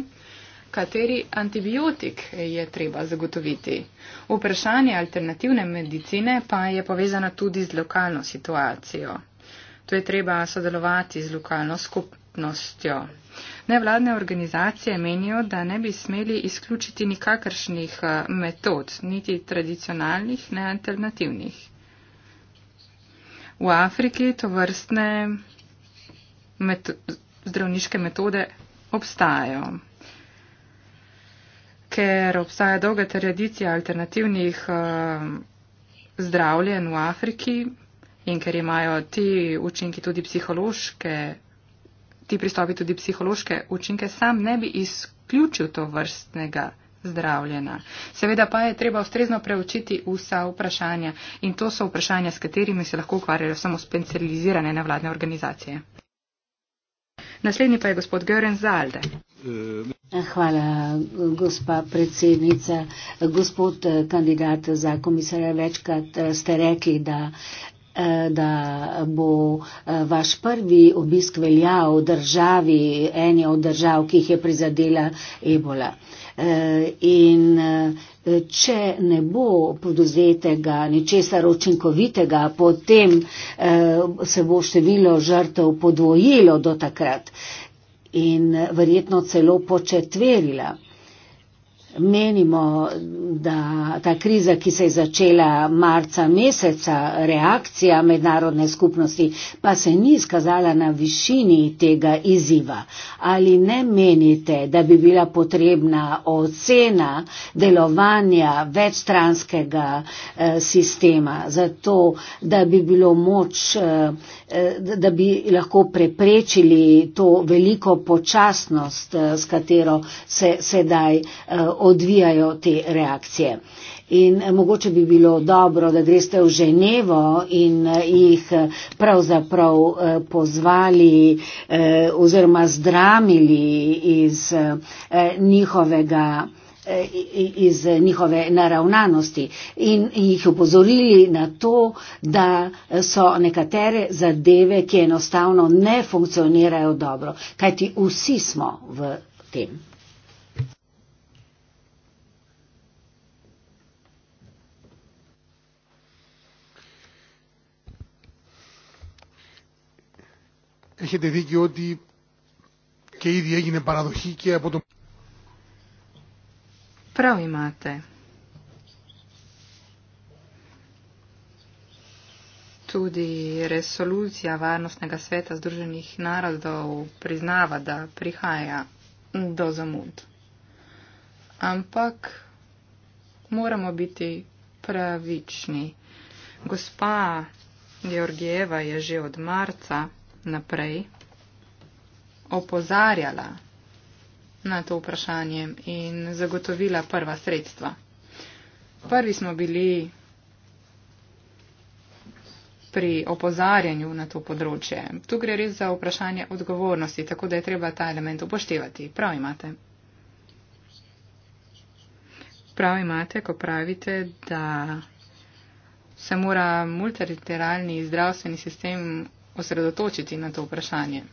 kateri antibiotik je treba zagotoviti. Vprašanje alternativne medicine pa je povezana tudi z lokalno situacijo. Tu je treba sodelovati z lokalno skupnostjo. Nevladne organizacije menijo, da ne bi smeli izključiti nikakršnih eh, metod, niti tradicionalnih, ne alternativnih. V Afriki to vrstne meto zdravniške metode obstajajo. Ker obstaja dolga tradicija alternativnih uh, eh, zdravljen v Afriki, In ker imajo ti učinki tudi psihološke, ti pristopi tudi psihološke učinke, sam ne bi izključil to vrstnega zdravljena. Seveda pa je treba ustrezno preučiti vsa vprašanja in to so vprašanja, s katerimi se lahko ukvarjajo samo specializirane nevladne organizacije. Naslednji pa je gospod Gören Zalde. Hvala, gospa predsednica. Gospod eh, kandidat za komisarja, večkrat eh, ste rekli, da Eh, da bo eh, vaš prvi obisk veljal v državi, eni od držav, ki jih je prizadela ebola. Eh, in če ne bo poduzetega ničesar učinkovitega, potem se bo število žrtev podvojilo do takrat in verjetno celo početverila menimo, da ta kriza, ki se je začela marca meseca, reakcija mednarodne skupnosti pa se ni izkazala na višini tega izziva. Ali ne menite, da bi bila potrebna ocena delovanja večstranskega eh, sistema za to, da bi bilo moč, eh, eh, da bi lahko preprečili to veliko počasnost, s katero se sedaj odločamo? odvijajo te reakcije. In eh, mogoče bi bilo dobro, da greste v Ženevo in eh, jih eh, pravzaprav pozvali oziroma zdramili iz njihovega iz njihove naravnanosti in jih upozorili na to, da so nekatere zadeve, ki enostavno ne funkcionirajo dobro, kajti vsi smo v tem. έχετε δίκιο ότι και ήδη έγινε παραδοχή και από το... Πράβο είμαστε. Tudi resolucija varnostnega sveta Združenih narodov priznava, da prihaja do zamud. Ampak moramo biti pravični. Gospa Georgieva je že od marca naprej opozarjala na to vprašanje in zagotovila prva sredstva. Prvi smo bili pri opozarjanju na to področje. Tu gre res za vprašanje odgovornosti, tako da je treba ta element upoštevati. Prav imate. Prav imate, ko pravite, da se mora multiliteralni zdravstveni sistem osredotočiti na to vprašanje.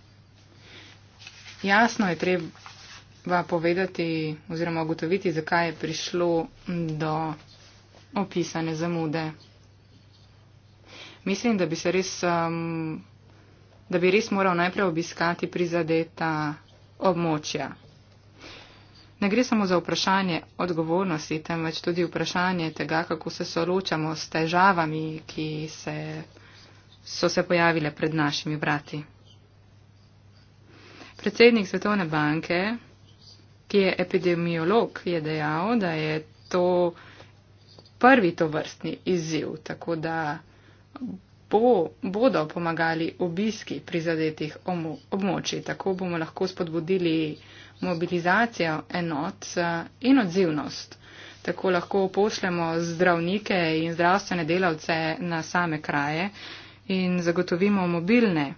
Jasno je treba povedati oziroma ugotoviti, zakaj je prišlo do opisane zamude. Mislim, da bi, res, um, da bi res moral najprej obiskati prizadeta območja. Ne gre samo za vprašanje odgovornosti, temveč tudi vprašanje tega, kako se soočamo s težavami, ki se so se pojavile pred našimi brati. Predsednik Svetovne banke, ki je epidemiolog, je dejal, da je to prvi to vrstni izziv, tako da bo, bodo pomagali obiski prizadetih območij, tako bomo lahko spodbudili mobilizacijo enot in odzivnost. Tako lahko pošljemo zdravnike in zdravstvene delavce na same kraje, in zagotovimo mobilne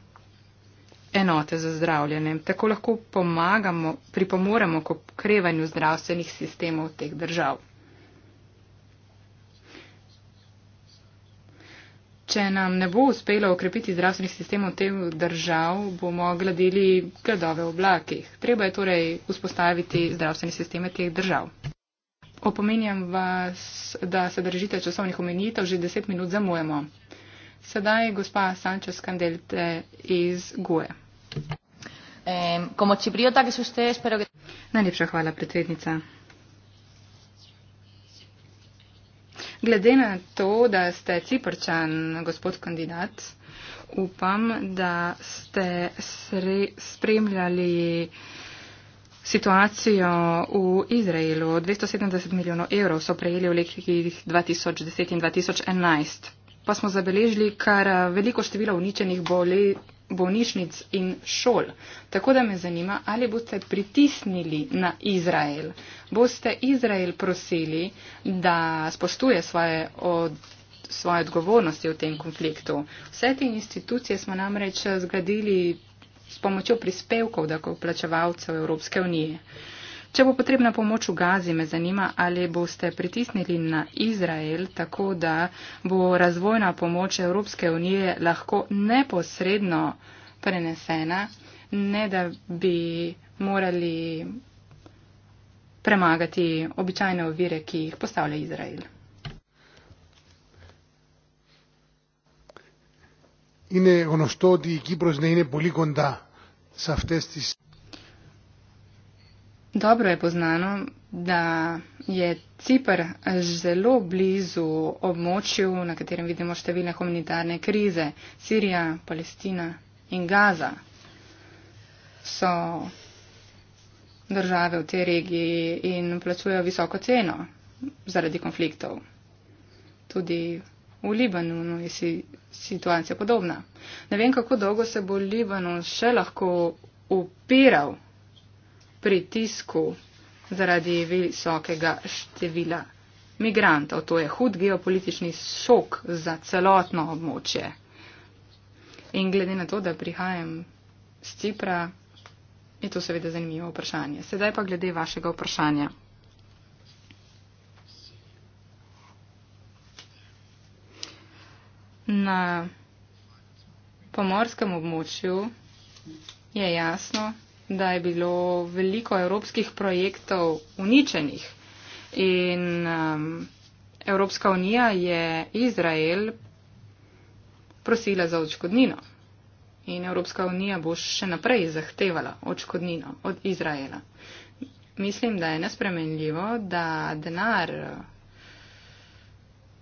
enote za zdravljenje. Tako lahko pomagamo, pripomoremo k okrevanju zdravstvenih sistemov teh držav. Če nam ne bo uspelo okrepiti zdravstvenih sistemov teh držav, bomo gledali gradove v oblakih. Treba je torej vzpostaviti zdravstvene sisteme teh držav. Opominjam vas, da se držite časovnih omenitev, že deset minut zamujemo. Sedaj gospa Sánchez Candel eh, iz GUE. Najlepša hvala, predsednica. Glede na to, da ste ciprčan, gospod kandidat, upam, da ste spremljali situacijo v Izraelu. 270 milijonov evrov so prejeli v letih 2010 in 2011 pa smo zabeležili kar eh, veliko število uničenih bole, bolnišnic in šol. Tako da me zanima, ali boste pritisnili na Izrael. Boste Izrael prosili, da spoštuje svoje, od, svoje odgovornosti v tem konfliktu. Vse te institucije smo namreč eh, zgradili s pomočjo prispevkov, tako plačevalcev Evropske unije. Uh, Če bo potrebna pomoč v Gazi, me zanima, ali boste pritisnili na Izrael, tako da bo razvojna pomoč Evropske unije lahko neposredno prenesena, ne da bi morali premagati običajne ovire, ki jih postavlja Izrael. Ine, ono što di Kipros ne ine poligon da saftestis. Dobro je poznano, da je Cipr zelo blizu območju, na katerem vidimo številne humanitarne krize. Sirija, Palestina in Gaza so države v tej regiji in plačujejo visoko ceno zaradi konfliktov. Tudi v Libanonu je si, situacija podobna. Ne vem, kako dolgo se bo Libanon še lahko upiral pritisku zaradi visokega števila migrantov. To je hud geopolitični šok za celotno območje. In glede na to, da prihajam z Cipra, je to seveda zanimivo vprašanje. Sedaj pa glede vašega vprašanja. Na pomorskem območju je jasno, da je bilo veliko evropskih projektov uničenih. In um, Evropska unija je Izrael prosila za očkodnino. In Evropska unija bo še naprej zahtevala očkodnino od Izraela. Mislim, da je nespremenljivo, da denar,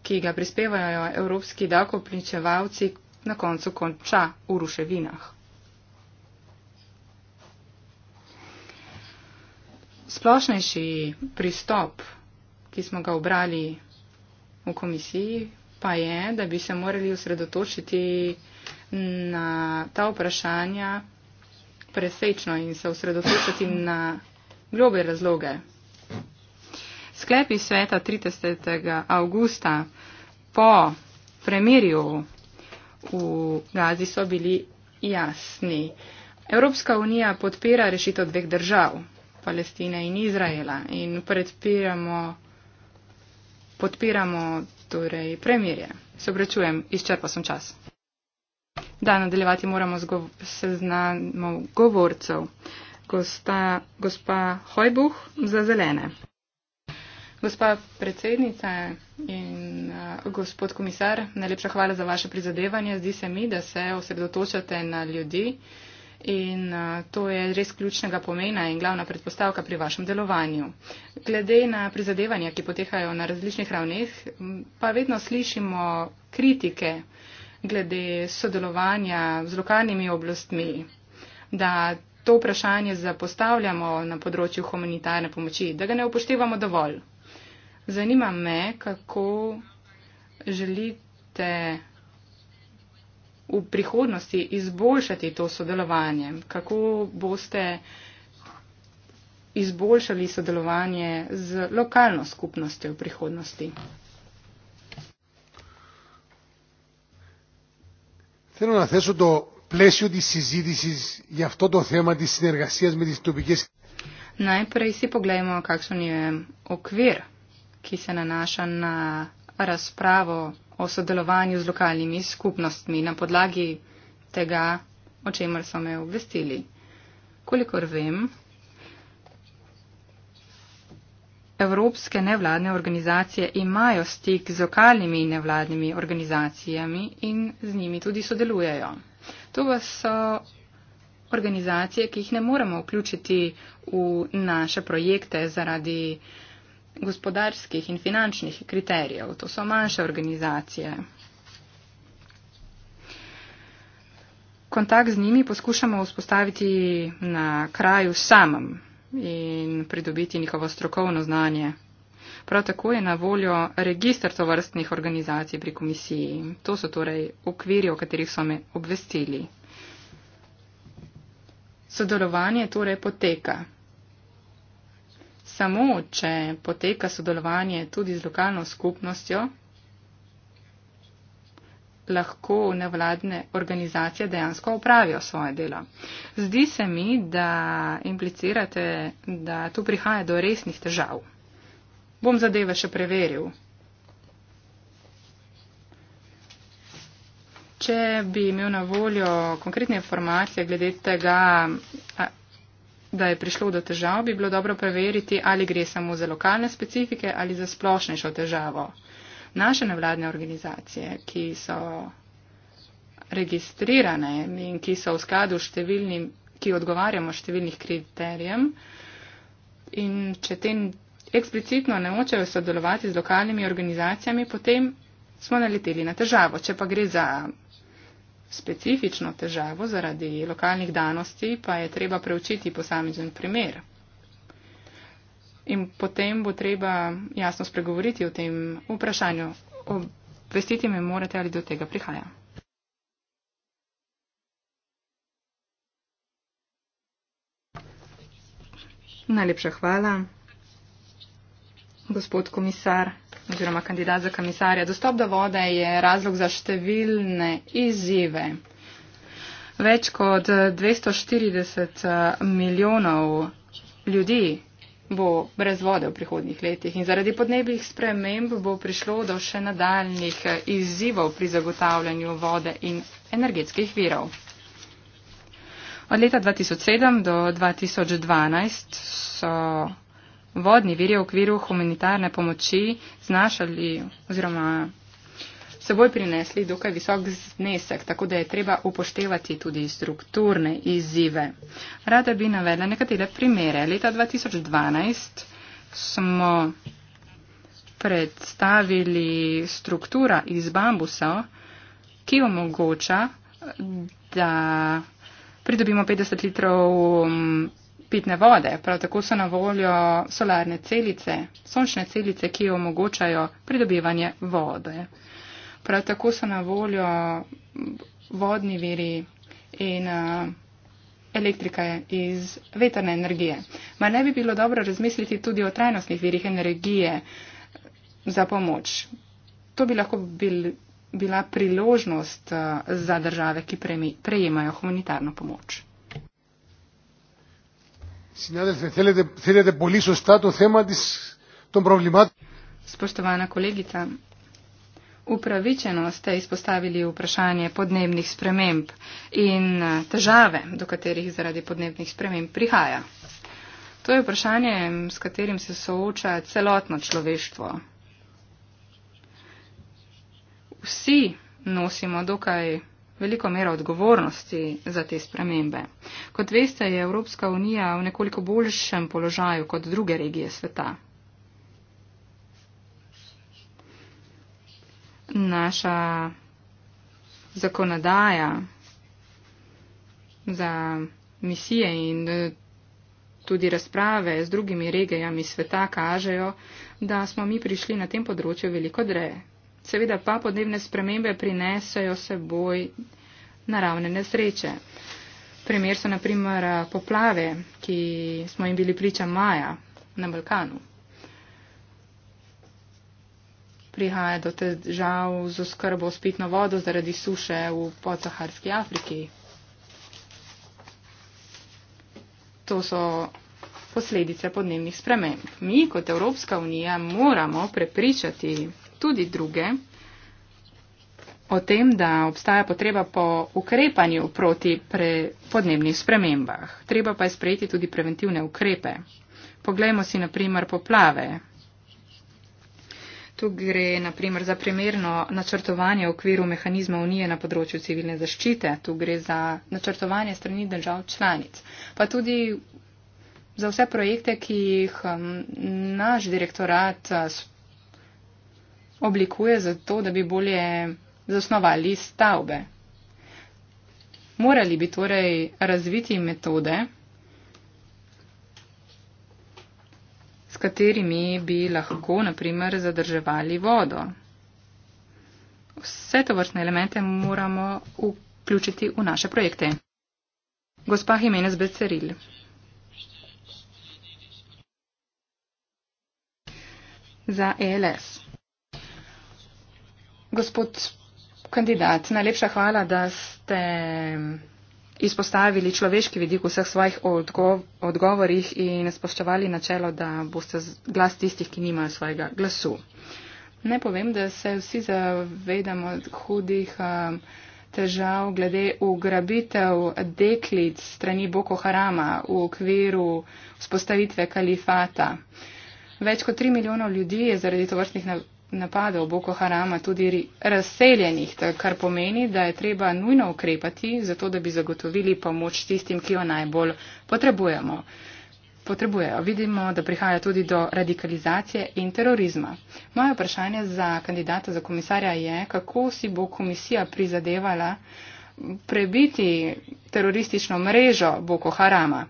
ki ga prispevajo evropski davkoplinčevalci, na koncu konča v ruševinah. splošnejši pristop, ki smo ga obrali v komisiji, pa je, da bi se morali osredotočiti na ta vprašanja presečno in se osredotočiti na globe razloge. Sklepi sveta 30. avgusta po premirju v Gazi so bili jasni. Evropska unija podpira rešitev dveh držav. Palestine in Izraela in predpiramo, podpiramo torej premirje. Se obračujem, izčrpa sem čas. Da, nadaljevati moramo z seznamom govorcev. Gosta, gospa Hojbuh za zelene. Gospa predsednica in uh, gospod komisar, najlepša hvala za vaše prizadevanje. Zdi se mi, da se osredotočate na ljudi. Uh, in to je res ključnega pomena in glavna predpostavka pri vašem delovanju. Glede na prizadevanja, ki potekajo na različnih ravneh, pa vedno slišimo kritike glede sodelovanja z lokalnimi oblastmi, da to vprašanje zapostavljamo na področju humanitarne pomoči, da ga ne upoštevamo dovolj. Zanima me, kako želite v prihodnosti izboljšati to sodelovanje? Kako boste izboljšali sodelovanje z lokalno skupnostjo v prihodnosti? Θέλω να θέσω το πλαίσιο της συζήτησης για αυτό το θέμα της συνεργασίας με τις τοπικές Να υπηρεσί πογλέμω κάξον η οκβίρ και σε να νάσαν να ρασπράβω o sodelovanju z lokalnimi skupnostmi na podlagi tega, o čemer so me obvestili. Kolikor vem, evropske nevladne organizacije imajo stik z lokalnimi nevladnimi organizacijami in z njimi tudi sodelujejo. To pa so organizacije, ki jih ne moremo vključiti v naše projekte zaradi gospodarskih in finančnih kriterijev. To so manjše organizacije. Kontakt z njimi poskušamo vzpostaviti na kraju samem in pridobiti njihovo strokovno znanje. Prav tako je na voljo registr tovrstnih organizacij pri komisiji. To so torej okviri, o katerih so me obvestili. Sodelovanje torej poteka. Samo, če poteka sodelovanje tudi z lokalno skupnostjo, lahko nevladne organizacije dejansko upravijo svoje delo. Zdi se mi, da implicirate, da tu prihaja do resnih težav. Bom zadeve še preveril. Če bi imel na voljo konkretne informacije glede tega, da je prišlo do težav, bi bilo dobro preveriti, ali gre samo za lokalne specifike ali za splošnejšo težavo. Naše nevladne organizacije, ki so registrirane in ki so v skladu s številnim, ki odgovarjamo številnih kriterijem in če tem eksplicitno ne očejo sodelovati z lokalnimi organizacijami, potem smo naleteli na težavo. Če pa gre za specifično težavo zaradi lokalnih danosti, pa je treba preučiti posamezen primer. In potem bo treba jasno spregovoriti o tem vprašanju. Obvestiti me morate, ali do tega prihaja. Najlepša hvala, gospod komisar oziroma kandidat za komisarja. Dostop do vode je razlog za številne izzive. Več kot 240 eh, milijonov ljudi bo brez vode v prihodnih letih in zaradi podnebnih sprememb bo prišlo do še nadaljnih eh, izzivov pri zagotavljanju vode in energetskih virov. Od leta 2007 do 2012 so vodni viri v okviru humanitarne pomoči znašali oziroma seboj prinesli dokaj visok znesek, tako da je treba upoštevati tudi strukturne izzive. Rada bi navedla nekatere primere. Leta 2012 smo predstavili struktura iz bambusa, ki omogoča, da pridobimo 50 litrov pitne vode. Prav tako so na voljo solarne celice, sončne celice, ki omogočajo pridobivanje vode. Prav tako so na voljo vodni viri in elektrika iz veterne energije. Ma ne bi bilo dobro razmisliti tudi o trajnostnih virih energije za pomoč. To bi lahko bil, bila priložnost za države, ki prejemajo humanitarno pomoč. Συνάδελφε, θέλετε, θέλετε πολύ σωστά το θέμα της, των προβλημάτων. Σποστοβάνα κολέγητα, Upravičeno ste izpostavili vprašanje podnebnih sprememb in eh, težave, do katerih zaradi podnebnih sprememb prihaja. To je vprašanje, s katerim se sooča celotno človeštvo. Vsi nosimo dokaj veliko mero odgovornosti za te spremembe. Kot veste, je Evropska unija v nekoliko boljšem položaju kot druge regije sveta. Naša zakonodaja za misije in eh, tudi razprave z drugimi regijami sveta kažejo, da smo mi prišli na tem področju veliko dreje. Seveda pa podnebne spremembe prinesejo seboj naravne nesreče. Primer so naprimer eh, poplave, ki smo jim bili priča maja na Balkanu. Prihaja do težav z oskrbo s pitno vodo zaradi suše v podsaharski Afriki. To so posledice podnebnih sprememb. Mi kot Evropska unija moramo prepričati tudi druge, o tem, da obstaja potreba po ukrepanju proti pre podnebnih spremembah. Treba pa je sprejeti tudi preventivne ukrepe. Poglejmo si naprimer poplave. Tu gre naprimer za primerno načrtovanje v okviru mehanizma Unije na področju civilne zaščite, tu gre za načrtovanje strani držav članic, pa tudi za vse projekte, ki jih um, naš direktorat uh, oblikuje zato, da bi bolje zasnovali stavbe. Morali bi torej razviti metode, s katerimi bi lahko, naprimer, zadrževali vodo. Vse to vrstne elemente moramo vključiti v naše projekte. Gospa Jimenez Beceril. Za ELS. Gospod kandidat, najlepša hvala, da ste izpostavili človeški vidik v vseh svojih odgo odgovorih in spoščevali načelo, da boste glas tistih, ki nimajo svojega glasu. Ne povem, da se vsi zavedamo hudih um, težav glede ugrabitev deklic strani Boko Harama v okviru vzpostavitve kalifata. Več kot tri milijonov ljudi je zaradi tovrstnih napadov Boko Harama tudi razseljenih, kar pomeni, da je treba nujno ukrepati, zato da bi zagotovili pomoč tistim, ki jo najbolj potrebujemo. Potrebujejo. Vidimo, da prihaja tudi do radikalizacije in terorizma. Moje vprašanje za kandidata za komisarja je, kako si bo komisija prizadevala prebiti teroristično mrežo Boko Harama.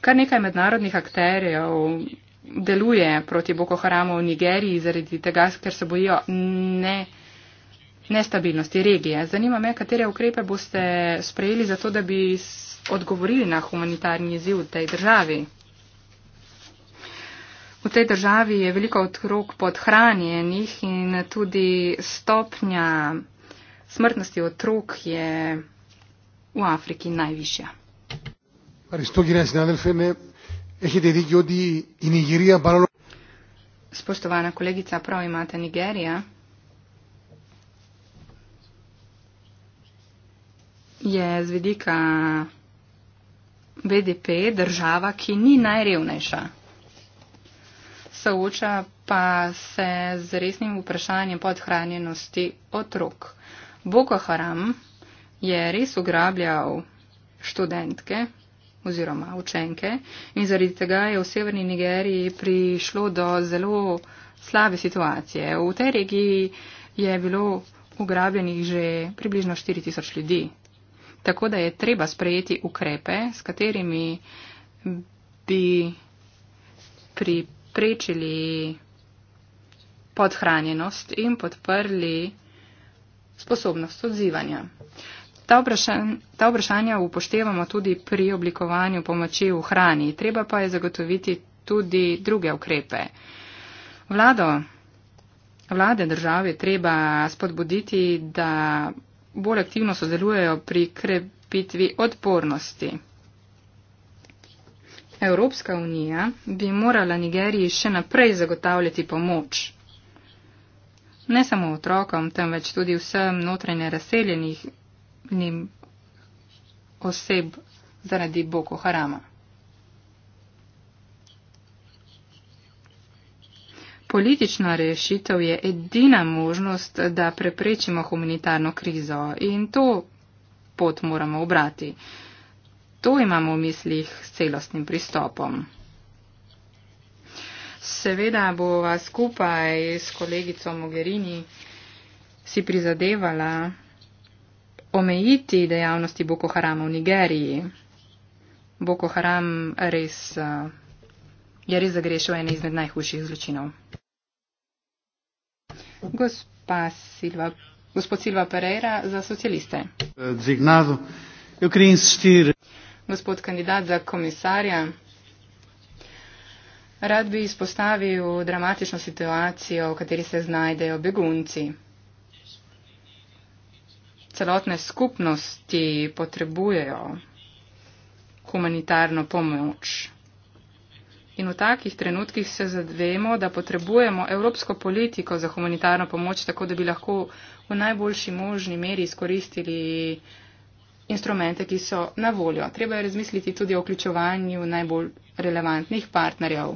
Kar nekaj mednarodnih akterjev deluje proti Boko Haramu v Nigeriji zaradi tega, ker se bojijo ne, nestabilnosti regije. Zanima me, katere ukrepe boste sprejeli za to, da bi odgovorili na humanitarni izziv v tej državi. V tej državi je veliko otrok podhranjenih in tudi stopnja smrtnosti otrok je v Afriki najvišja. Έχετε δίκιο ότι η Νιγηρία παρόλο. Σποστοβάνα, κολέγητσα, πρόημα, τα Νιγέρια. Yes, vidika BDP država, ki ni najrevnejša. Sooča pa se z resnim vprašanjem podhranjenosti otrok. Boko Haram je res ugrabljal študentke, oziroma učenke in zaradi tega je v severni Nigeriji prišlo do zelo slabe situacije. V tej regiji je bilo ugrabljenih že približno 4000 ljudi. Tako da je treba sprejeti ukrepe, s katerimi bi priprečili podhranjenost in podprli sposobnost odzivanja. Ta, vprašan, ta vprašanja upoštevamo tudi pri oblikovanju pomoči v hrani. Treba pa je zagotoviti tudi druge ukrepe. Vlado, vlade države treba spodbuditi, da bolj aktivno sodelujejo pri krepitvi odpornosti. Evropska unija bi morala Nigeriji še naprej zagotavljati pomoč. Ne samo otrokom, temveč tudi vsem notranje razseljenih njim oseb zaradi Boko Harama. Politična rešitev je edina možnost, da preprečimo humanitarno krizo in to pot moramo obrati. To imamo v mislih s celostnim pristopom. Seveda bova skupaj s kolegico Mogherini si prizadevala omejiti dejavnosti Boko Harama v Nigeriji. Boko Haram res, eh, je res zagrešil en izmed najhujših zločinov. Gospa Silva, gospod Silva Pereira za socialiste. Gospod kandidat za komisarja. Rad bi izpostavil dramatično situacijo, v kateri se znajdejo begunci celotne skupnosti potrebujejo humanitarno pomoč. In v takih trenutkih se zavemo, da potrebujemo evropsko politiko za humanitarno pomoč, tako da bi lahko v najboljši možni meri izkoristili instrumente, ki so na voljo. Treba je razmisliti tudi o vključevanju najbolj relevantnih partnerjev.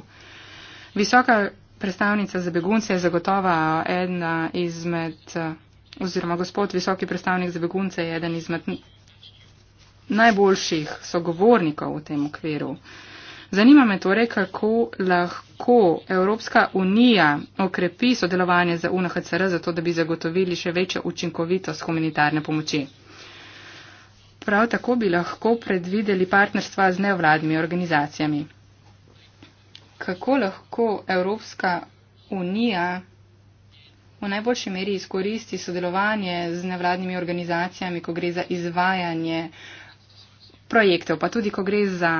Visoka predstavnica za begunce je zagotova ena izmed oziroma gospod visoki predstavnik za begunce je eden izmed najboljših sogovornikov v tem okviru. Zanima me torej, kako lahko Evropska unija okrepi sodelovanje za UNHCR, zato da bi zagotovili še večjo učinkovitost humanitarne pomoči. Prav tako bi lahko predvideli partnerstva z nevladnimi organizacijami. Kako lahko Evropska unija v najboljši meri izkoristi sodelovanje z nevladnimi organizacijami, ko gre za izvajanje projektov, pa tudi ko gre za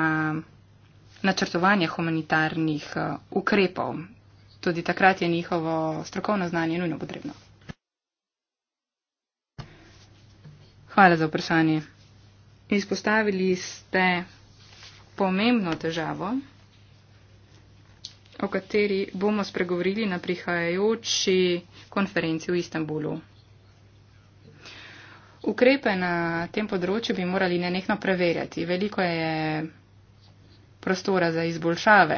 načrtovanje humanitarnih eh, ukrepov. Tudi takrat je njihovo strokovno znanje nujno potrebno. Hvala za vprašanje. Izpostavili ste pomembno težavo o kateri bomo spregovorili na prihajajoči konferenci v Istanbulu. Ukrepe na tem področju bi morali nenehno preverjati. Veliko je prostora za izboljšave.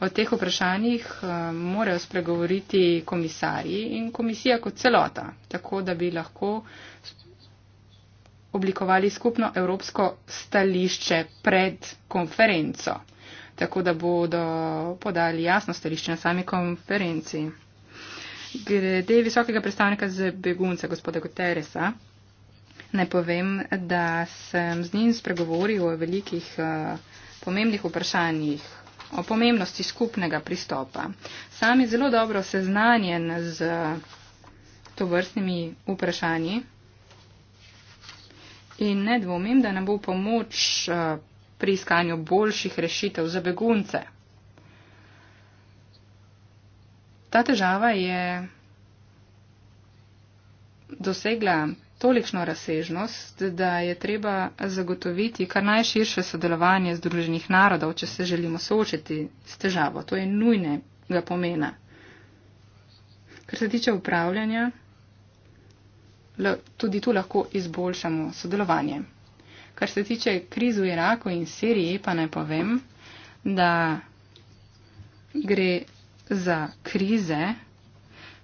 O teh vprašanjih eh, morajo spregovoriti komisarji in komisija kot celota, tako da bi lahko oblikovali skupno evropsko stališče pred konferenco tako da bodo podali jasno stališče na sami konferenci. Glede visokega predstavnika za begunce, gospoda Guterresa, naj povem, da sem z njim spregovoril o velikih eh, pomembnih vprašanjih, o pomembnosti skupnega pristopa. Sam je zelo dobro seznanjen z to vrstnimi vprašanji in ne dvomim, da nam bo pomoč eh, pri iskanju boljših rešitev za begunce. Ta težava je dosegla tolikšno razsežnost, da je treba zagotoviti kar najširše sodelovanje Združenih narodov, če se želimo soočiti s težavo. To je nujnega pomena. Kar se tiče upravljanja, tudi tu lahko izboljšamo sodelovanje. Kar se tiče kriz v Iraku in Siriji, pa naj povem, da gre za krize,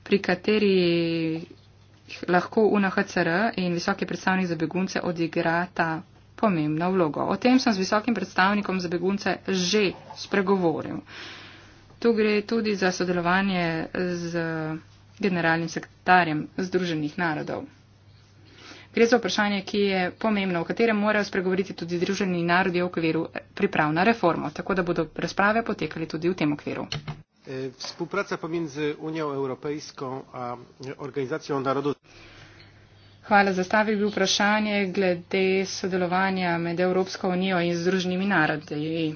pri kateri lahko UNHCR in visoki predstavnik za begunce odigrata pomembno vlogo. O tem sem z visokim predstavnikom za begunce že spregovoril. Tu gre tudi za sodelovanje z generalnim sekretarjem Združenih narodov. Gre za vprašanje, ki je pomembno, o katerem morajo spregovoriti tudi Združeni narodi v okviru priprav na reformo, tako da bodo razprave potekali tudi v tem okviru. E, Spolupraca pomeni Unijo Evropejsko organizacijo narodov. Hvala za stavek. Vprašanje glede sodelovanja med Evropsko unijo in Združenimi narodi.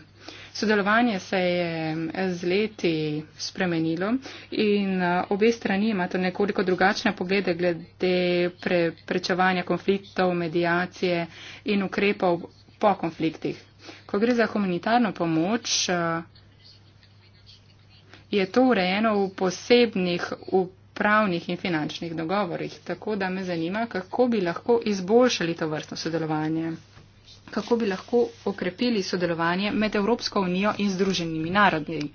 Sodelovanje se je eh, z leti spremenilo in eh, obe strani imate nekoliko drugačne poglede glede pre, prečevanja konfliktov, medijacije in ukrepov po konfliktih. Ko gre za humanitarno pomoč, eh, je to urejeno v posebnih upravnih in finančnih dogovorih. Tako da me zanima, kako bi lahko izboljšali to vrstno sodelovanje kako bi lahko okrepili sodelovanje med Evropsko unijo in Združenimi narodi.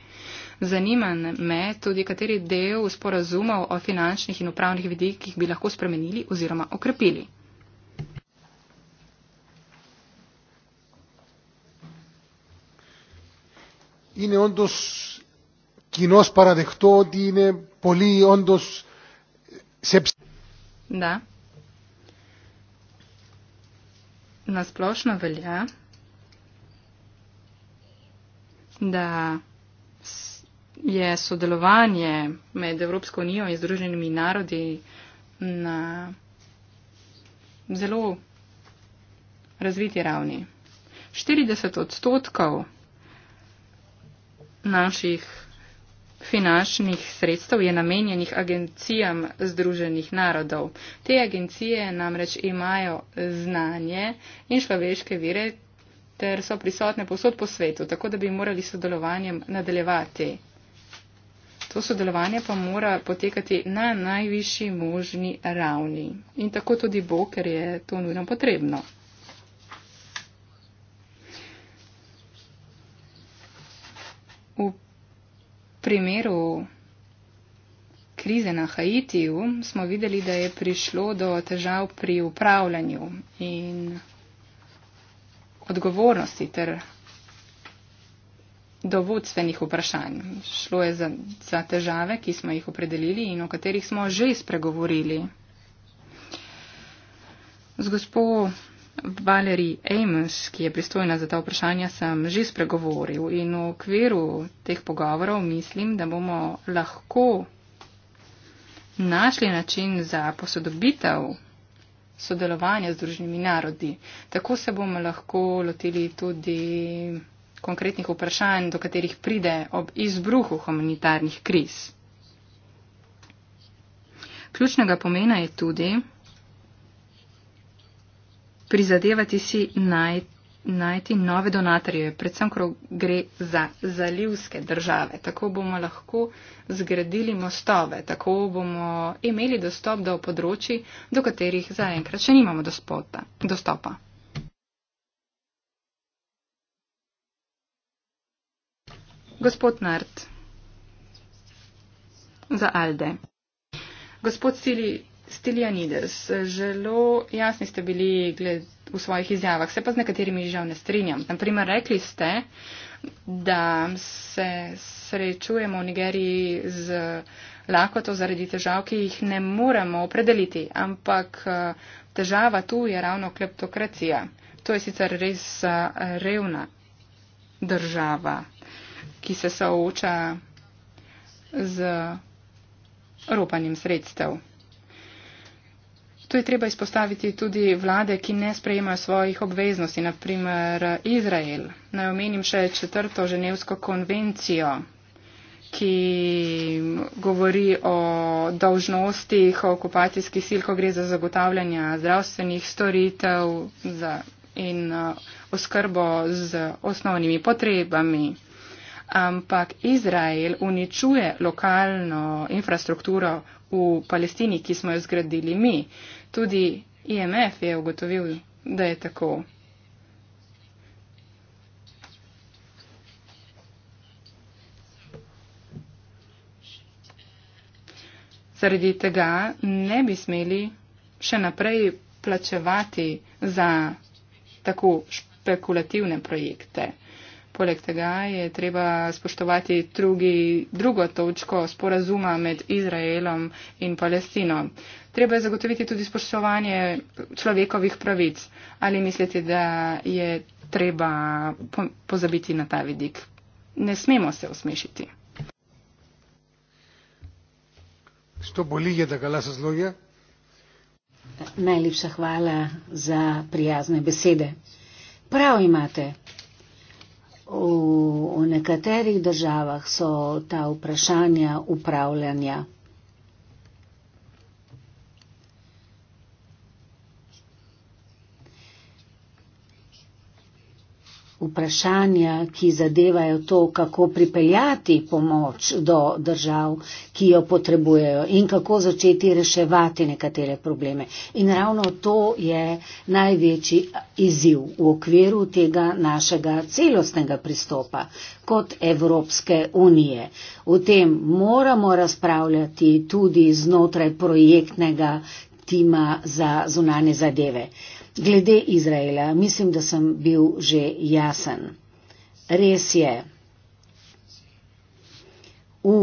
Zanima me tudi, kateri del sporazumov o finančnih in upravnih vidikih bi lahko spremenili oziroma okrepili. Ine ondos kinos paradekto, di ine poli ondos sepsi. Da. nasplošno velja, da je sodelovanje med Evropsko unijo in Združenimi narodi na zelo razviti ravni. 40 odstotkov naših finančnih sredstev je namenjenih agencijam Združenih narodov. Te agencije namreč imajo znanje in človeške vire, ter so prisotne posod po svetu, tako da bi morali sodelovanjem nadaljevati. To sodelovanje pa mora potekati na najvišji možni ravni. In tako tudi bo, ker je to nujno potrebno. V primeru krize na Haitiju smo videli, da je prišlo do težav pri upravljanju in odgovornosti ter do vodstvenih vprašanj. Šlo je za, za težave, ki smo jih opredelili in o katerih smo že spregovorili. Z gospodom Valerij Amos, ki je pristojna za ta vprašanja, sem že spregovoril in v okviru teh pogovorov mislim, da bomo lahko našli način za posodobitev sodelovanja z družnimi narodi. Tako se bomo lahko lotili tudi konkretnih vprašanj, do katerih pride ob izbruhu humanitarnih kriz. Ključnega pomena je tudi, prizadevati si naj, najti nove donatorje, predvsem, ko gre za zalivske države. Tako bomo lahko zgradili mostove, tako bomo imeli dostop do področji, do katerih zaenkrat še nimamo dospota, dostopa. Gospod Nart, za Alde. Gospod Sili, Stilianides, zelo jasni ste bili gled, v svojih izjavah, se pa z nekaterimi žal ne strinjam. Naprimer, rekli ste, da se srečujemo v Nigeriji z lakoto zaradi težav, ki jih ne moremo opredeliti, ampak težava tu je ravno kleptokracija. To je sicer res revna država, ki se sooča z ropanjem sredstev. Tu je treba izpostaviti tudi vlade, ki ne sprejemajo svojih obveznosti, naprimer Izrael. Naj omenim še četrto ženevsko konvencijo, ki govori o dožnostih okupacijskih sil, ko gre za zagotavljanje zdravstvenih storitev za, in uh, oskrbo z osnovnimi potrebami. Ampak Izrael uničuje lokalno infrastrukturo v Palestini, ki smo jo zgradili mi tudi IMF je ugotovil, da je tako. Zaradi tega ne bi smeli še naprej plačevati za tako špekulativne projekte. Poleg tega je treba spoštovati drugi, drugo točko sporazuma med Izraelom in Palestino. Treba je zagotoviti tudi spoštovanje človekovih pravic. Ali mislite, da je treba pozabiti na ta vidik? Ne smemo se osmešiti. Što boli je, da ga lasa zloje? Najlepša hvala za prijazne besede. Prav imate. V nekaterih državah so ta vprašanja upravljanja vprašanja, ki zadevajo to, kako pripeljati pomoč do držav, ki jo potrebujejo in kako začeti reševati nekatere probleme. In ravno to je največji izziv v okviru tega našega celostnega pristopa kot Evropske unije. O tem moramo razpravljati tudi znotraj projektnega tima za zunanje zadeve. Glede Izraela mislim, da sem bil že jasen. Res je, v,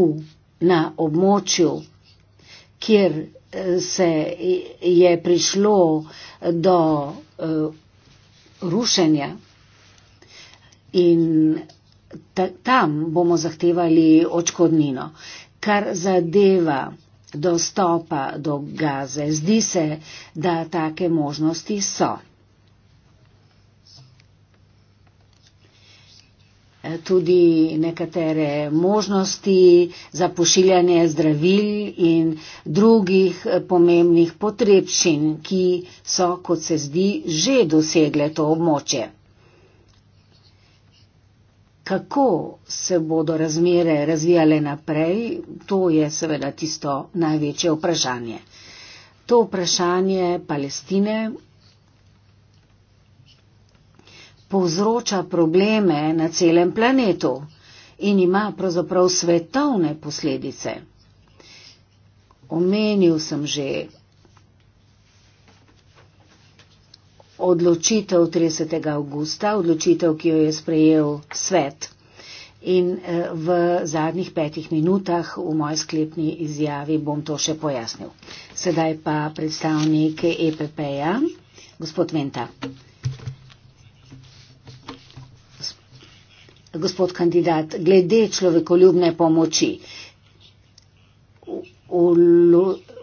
na območju, kjer eh, se eh, je prišlo eh, do uh, rušenja in ta, tam bomo zahtevali očkodnino. Kar zadeva dostopa do gaze. Zdi se, da take možnosti so. Tudi nekatere možnosti za pošiljanje zdravil in drugih pomembnih potrebšin, ki so, kot se zdi, že dosegle to območje kako se bodo razmere razvijale naprej, to je seveda tisto največje vprašanje. To vprašanje Palestine povzroča probleme na celem planetu in ima pravzaprav svetovne posledice. Omenil sem že odločitev 30. augusta, odločitev, ki jo je sprejel svet. In eh, v zadnjih petih minutah v moji sklepni izjavi bom to še pojasnil. Sedaj pa predstavnike EPP-ja, gospod Venta. Gospod kandidat, glede človekoljubne pomoči,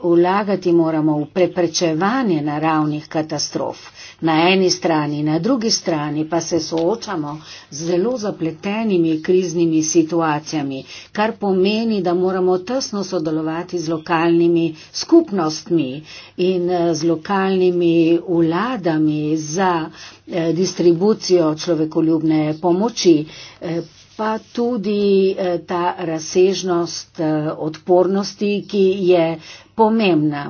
vlagati moramo v preprečevanje naravnih katastrof. Na eni strani, na drugi strani pa se soočamo z zelo zapletenimi kriznimi situacijami, kar pomeni, da moramo tesno sodelovati z lokalnimi skupnostmi in eh, z lokalnimi vladami za eh, distribucijo človekoljubne pomoči. Eh, pa tudi eh, ta razsežnost eh, odpornosti, ki je pomembna.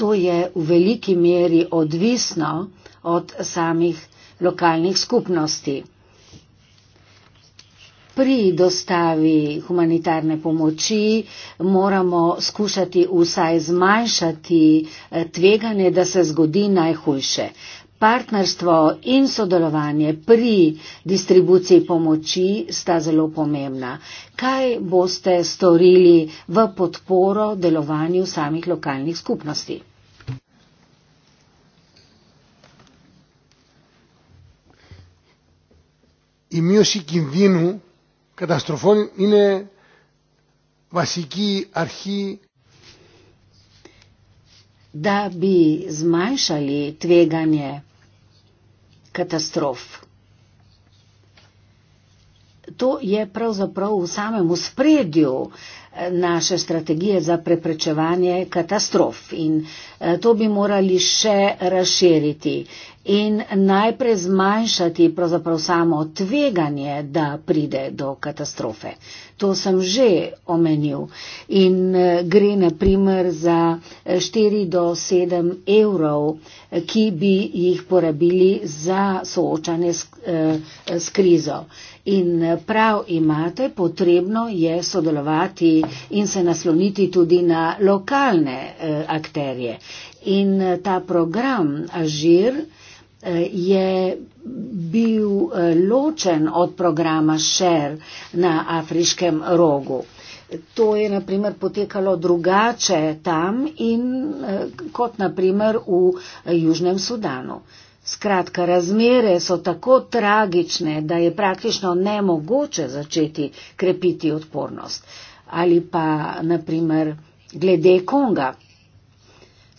To je v veliki meri odvisno od samih lokalnih skupnosti. Pri dostavi humanitarne pomoči moramo skušati vsaj zmanjšati eh, tveganje, da se zgodi najhujše partnerstvo in sodelovanje pri distribuciji pomoči sta zelo pomembna. Kaj boste storili v podporo delovanju samih lokalnih skupnosti? Η μείωση κινδύνου καταστροφών είναι βασική αρχή. Da bi zmanjšali tveganje katastrof. To je pravzaprav v samem spredju eh, naše strategije za preprečevanje katastrof in eh, to bi morali še razširiti in najprej zmanjšati pravzaprav samo tveganje, da pride do katastrofe. To sem že omenil in eh, gre na primer za 4 eh, do 7 evrov, ki bi jih porabili za soočanje s, s krizo. In prav imate, potrebno je sodelovati in se nasloniti tudi na lokalne eh, akterje. In eh, ta program Azir eh, je bil ločen od programa Šer na afriškem rogu. To je naprimer potekalo drugače tam in kot naprimer v Južnem Sudanu. Skratka, razmere so tako tragične, da je praktično nemogoče začeti krepiti odpornost. Uh, ali pa naprimer glede Konga.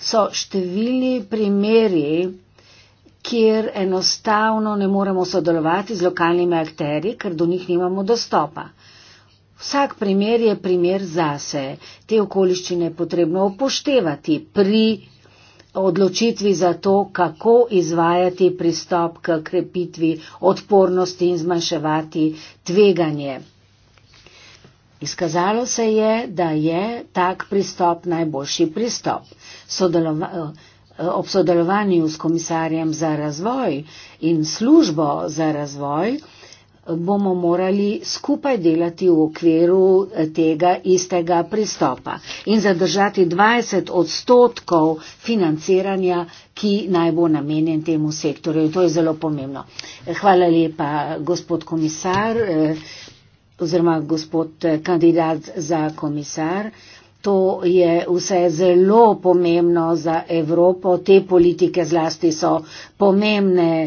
So številni primeri, kjer enostavno ne moremo sodelovati z lokalnimi akteri, ker do njih nimamo dostopa. Vsak primer je primer zase. Te okoliščine je potrebno upoštevati pri odločitvi za to, kako izvajati pristop k krepitvi odpornosti in zmanjševati tveganje. Izkazalo se je, da je tak pristop najboljši pristop. Sodelova, ob sodelovanju s komisarjem za razvoj in službo za razvoj bomo morali skupaj delati v okviru tega istega pristopa in zadržati 20 odstotkov financiranja, ki naj bo namenjen temu sektorju. In to je zelo pomembno. Hvala lepa, gospod komisar oziroma gospod eh, kandidat za komisar. To je vse zelo pomembno za Evropo, te politike zlasti so pomembne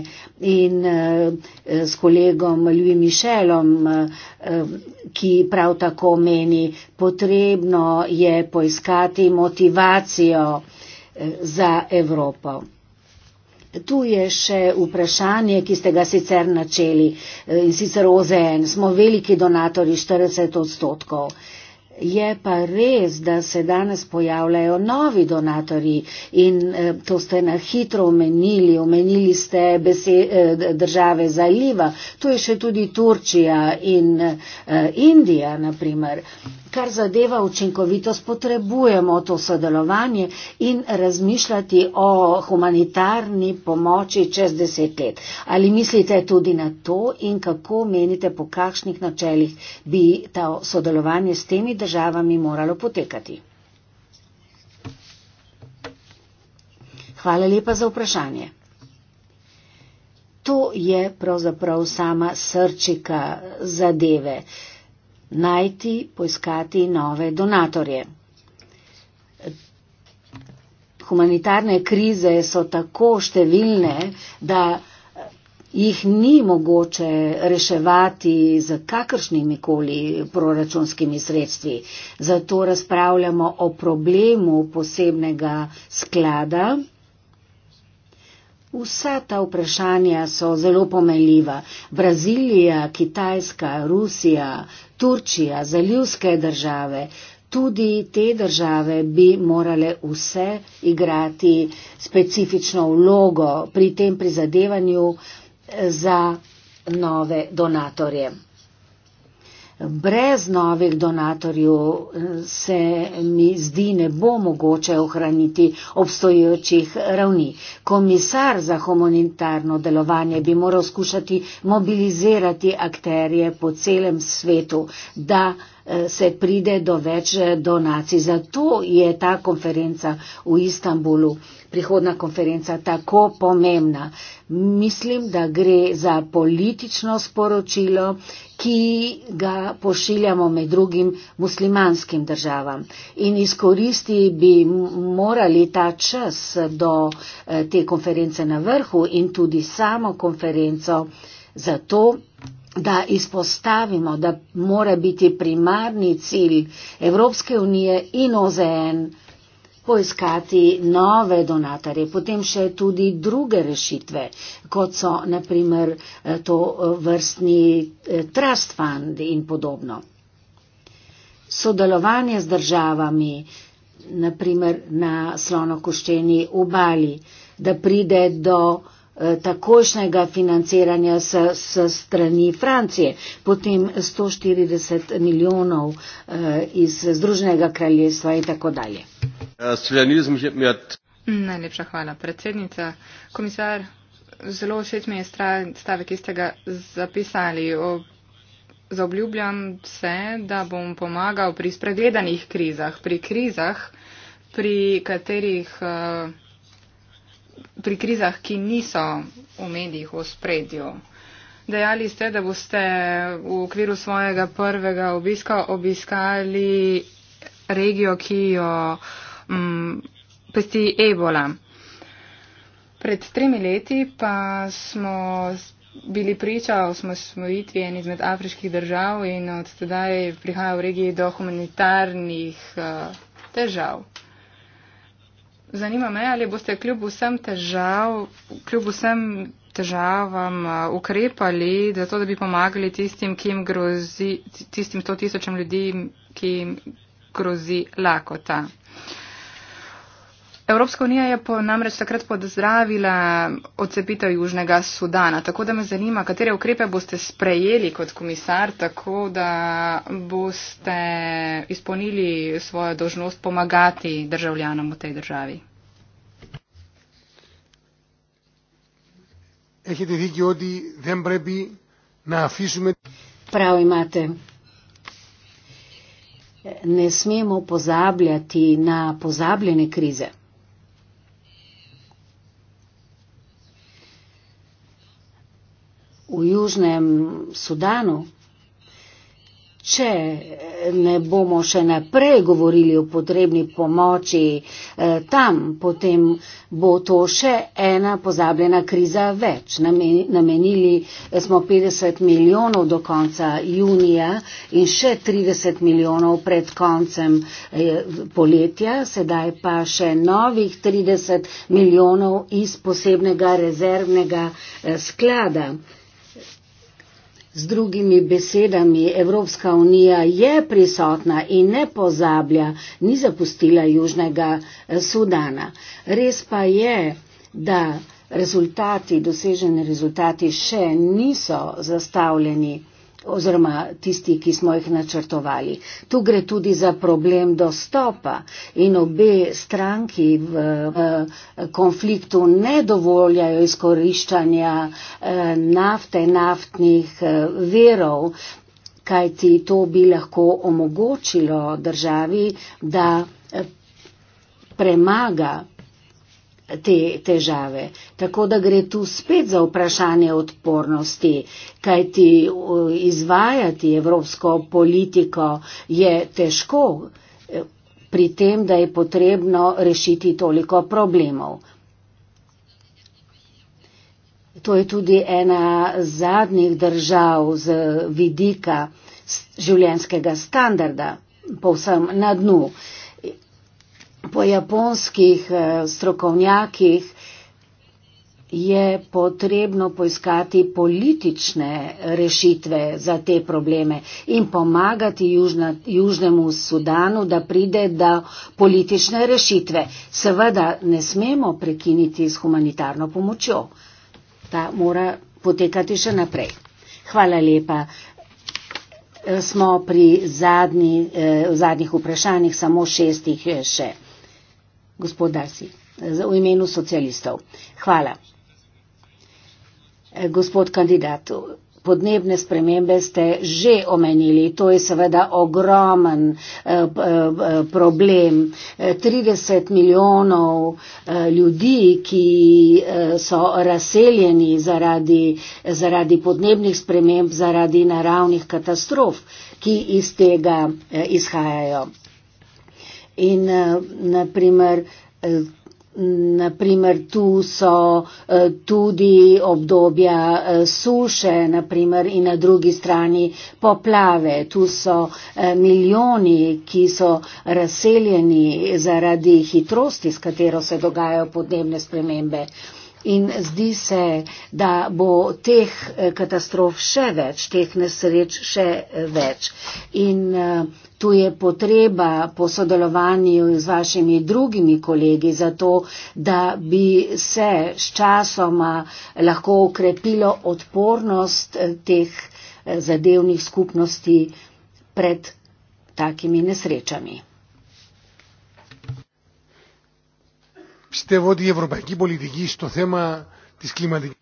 in eh, s kolegom Ljubim Mišelom, eh, ki prav tako meni, potrebno je poiskati motivacijo za Evropo. Tu je še vprašanje, ki ste ga sicer načeli eh, in sicer OZN. Smo veliki donatori, 40 odstotkov. Je pa res, da se danes pojavljajo novi donatori in eh, to ste na hitro omenili. Omenili ste besed, eh, države zaliva, tu je še tudi Turčija in Indija, naprimer kar zadeva učinkovitost, potrebujemo to sodelovanje in razmišljati o humanitarni pomoči čez deset let. Ali mislite tudi na to in kako menite, po kakšnih načelih bi ta sodelovanje s temi državami moralo potekati? Hvala lepa za vprašanje. To je pravzaprav sama srčika zadeve. Uh, najti, poiskati nove donatorje. Humanitarne krize so tako številne, da jih ni mogoče reševati z kakršnimi koli proračunskimi sredstvi. Zato razpravljamo o problemu posebnega sklada. Vsa ta vprašanja so zelo pomenljiva. Brazilija, Kitajska, Rusija, Turčija, zalivske države, tudi te države bi morale vse igrati specifično vlogo pri tem prizadevanju za nove donatorje brez novih donatorjev eh, se mi zdi ne bo mogoče ohraniti obstoječih ravni. Komisar za humanitarno delovanje bi moral skušati mobilizirati akterje po celem svetu, da Eh, se pride do več eh, donacij. Zato je ta konferenca v Istanbulu, prihodna konferenca, tako pomembna. Mislim, da gre za politično sporočilo, ki ga pošiljamo med drugim muslimanskim državam. In izkoristi bi morali ta čas do eh, te konference na vrhu in tudi samo konferenco za to, da izpostavimo, da mora biti primarni cilj Evropske unije in OZN poiskati nove donatare, potem še tudi druge rešitve, kot so naprimer eh, to eh, vrstni eh, trust fund in podobno. Sodelovanje z državami, naprimer na slonokoščeni obali, da pride do Eh, takošnjega financiranja s, s strani Francije, potem 140 milijonov eh, iz Združenega kraljestva in tako dalje. Najlepša hvala, predsednica. Komisar, zelo všeč mi je stavek, ki ste ga zapisali. Zobljubljam se, da bom pomagal pri spregledanih krizah, pri krizah, pri katerih eh, pri krizah, ki niso v medijih v spredju. Dejali ste, da boste v okviru svojega prvega obiska obiskali regijo, ki jo mm, pesti ebola. Pred tremi leti pa smo bili priča o smojitvi en izmed afriških držav in od tedaj prihaja v regiji do humanitarnih uh, težav. Zanima me, ali boste kljub vsem, težav, kljub vsem težavam ukrepali za to, da bi pomagali tistim, ki jim grozi, tistim 100 tisočem ljudi, ki jim grozi lakota. Uh, Evropska unija je po, namreč takrat pozdravila odcepitev Južnega Sudana, tako da me zanima, katere ukrepe boste sprejeli kot komisar, tako da boste izpolnili svojo dožnost pomagati državljanom v tej državi. Prav imate. Ne smemo pozabljati na pozabljene krize. v Južnem Sudanu. Če ne bomo še naprej govorili o potrebni pomoči eh, tam, potem bo to še ena pozabljena kriza več. Namenili smo 50 milijonov do konca junija in še 30 milijonov pred koncem eh, poletja, sedaj pa še novih 30 milijonov iz posebnega rezervnega eh, sklada. Z drugimi besedami, Evropska unija je prisotna in ne pozablja, ni zapustila Južnega eh, Sudana. Res pa je, da rezultati, doseženi rezultati še niso zastavljeni oziroma tisti, ki smo jih načrtovali. Tu gre tudi za problem dostopa in obe stranki v, v konfliktu ne dovoljajo izkoriščanja eh, nafte, naftnih eh, verov, kajti to bi lahko omogočilo državi, da eh, premaga te težave. Tako da gre tu spet za vprašanje odpornosti, kajti izvajati evropsko politiko je težko eh, pri tem, da je potrebno rešiti toliko problemov. To je tudi ena zadnjih držav z vidika življenskega standarda, povsem na dnu po japonskih eh, strokovnjakih je potrebno poiskati politične rešitve za te probleme in pomagati južna, Južnemu Sudanu, da pride do politične rešitve. Seveda ne smemo prekiniti s humanitarno pomočjo. Ta mora potekati še naprej. Hvala lepa. Eh, smo pri zadnji, eh, zadnjih vprašanjih, samo šestih eh, še gospod Darsi, v imenu socialistov. Hvala. E, gospod kandidat, podnebne spremembe ste že omenili. To je seveda ogromen e, e, problem. 30 milijonov ljudi, ki so razseljeni zaradi, zaradi podnebnih sprememb, zaradi naravnih katastrof, ki iz tega izhajajo. In eh, naprimer, eh, naprimer tu so eh, tudi obdobja suše, naprimer in na drugi strani poplave. Tu so milijoni, ki so razseljeni zaradi hitrosti, s katero se dogajajo podnebne spremembe in zdi se, da bo teh eh, katastrof še več, teh nesreč še eh, več. In eh, tu je potreba po sodelovanju z vašimi drugimi kolegi za to, da bi se s časoma lahko ukrepilo odpornost teh zadevnih skupnosti pred takimi nesrečami. πιστεύω ότι η ευρωπαϊκή πολιτική στο θέμα της κλιματικής...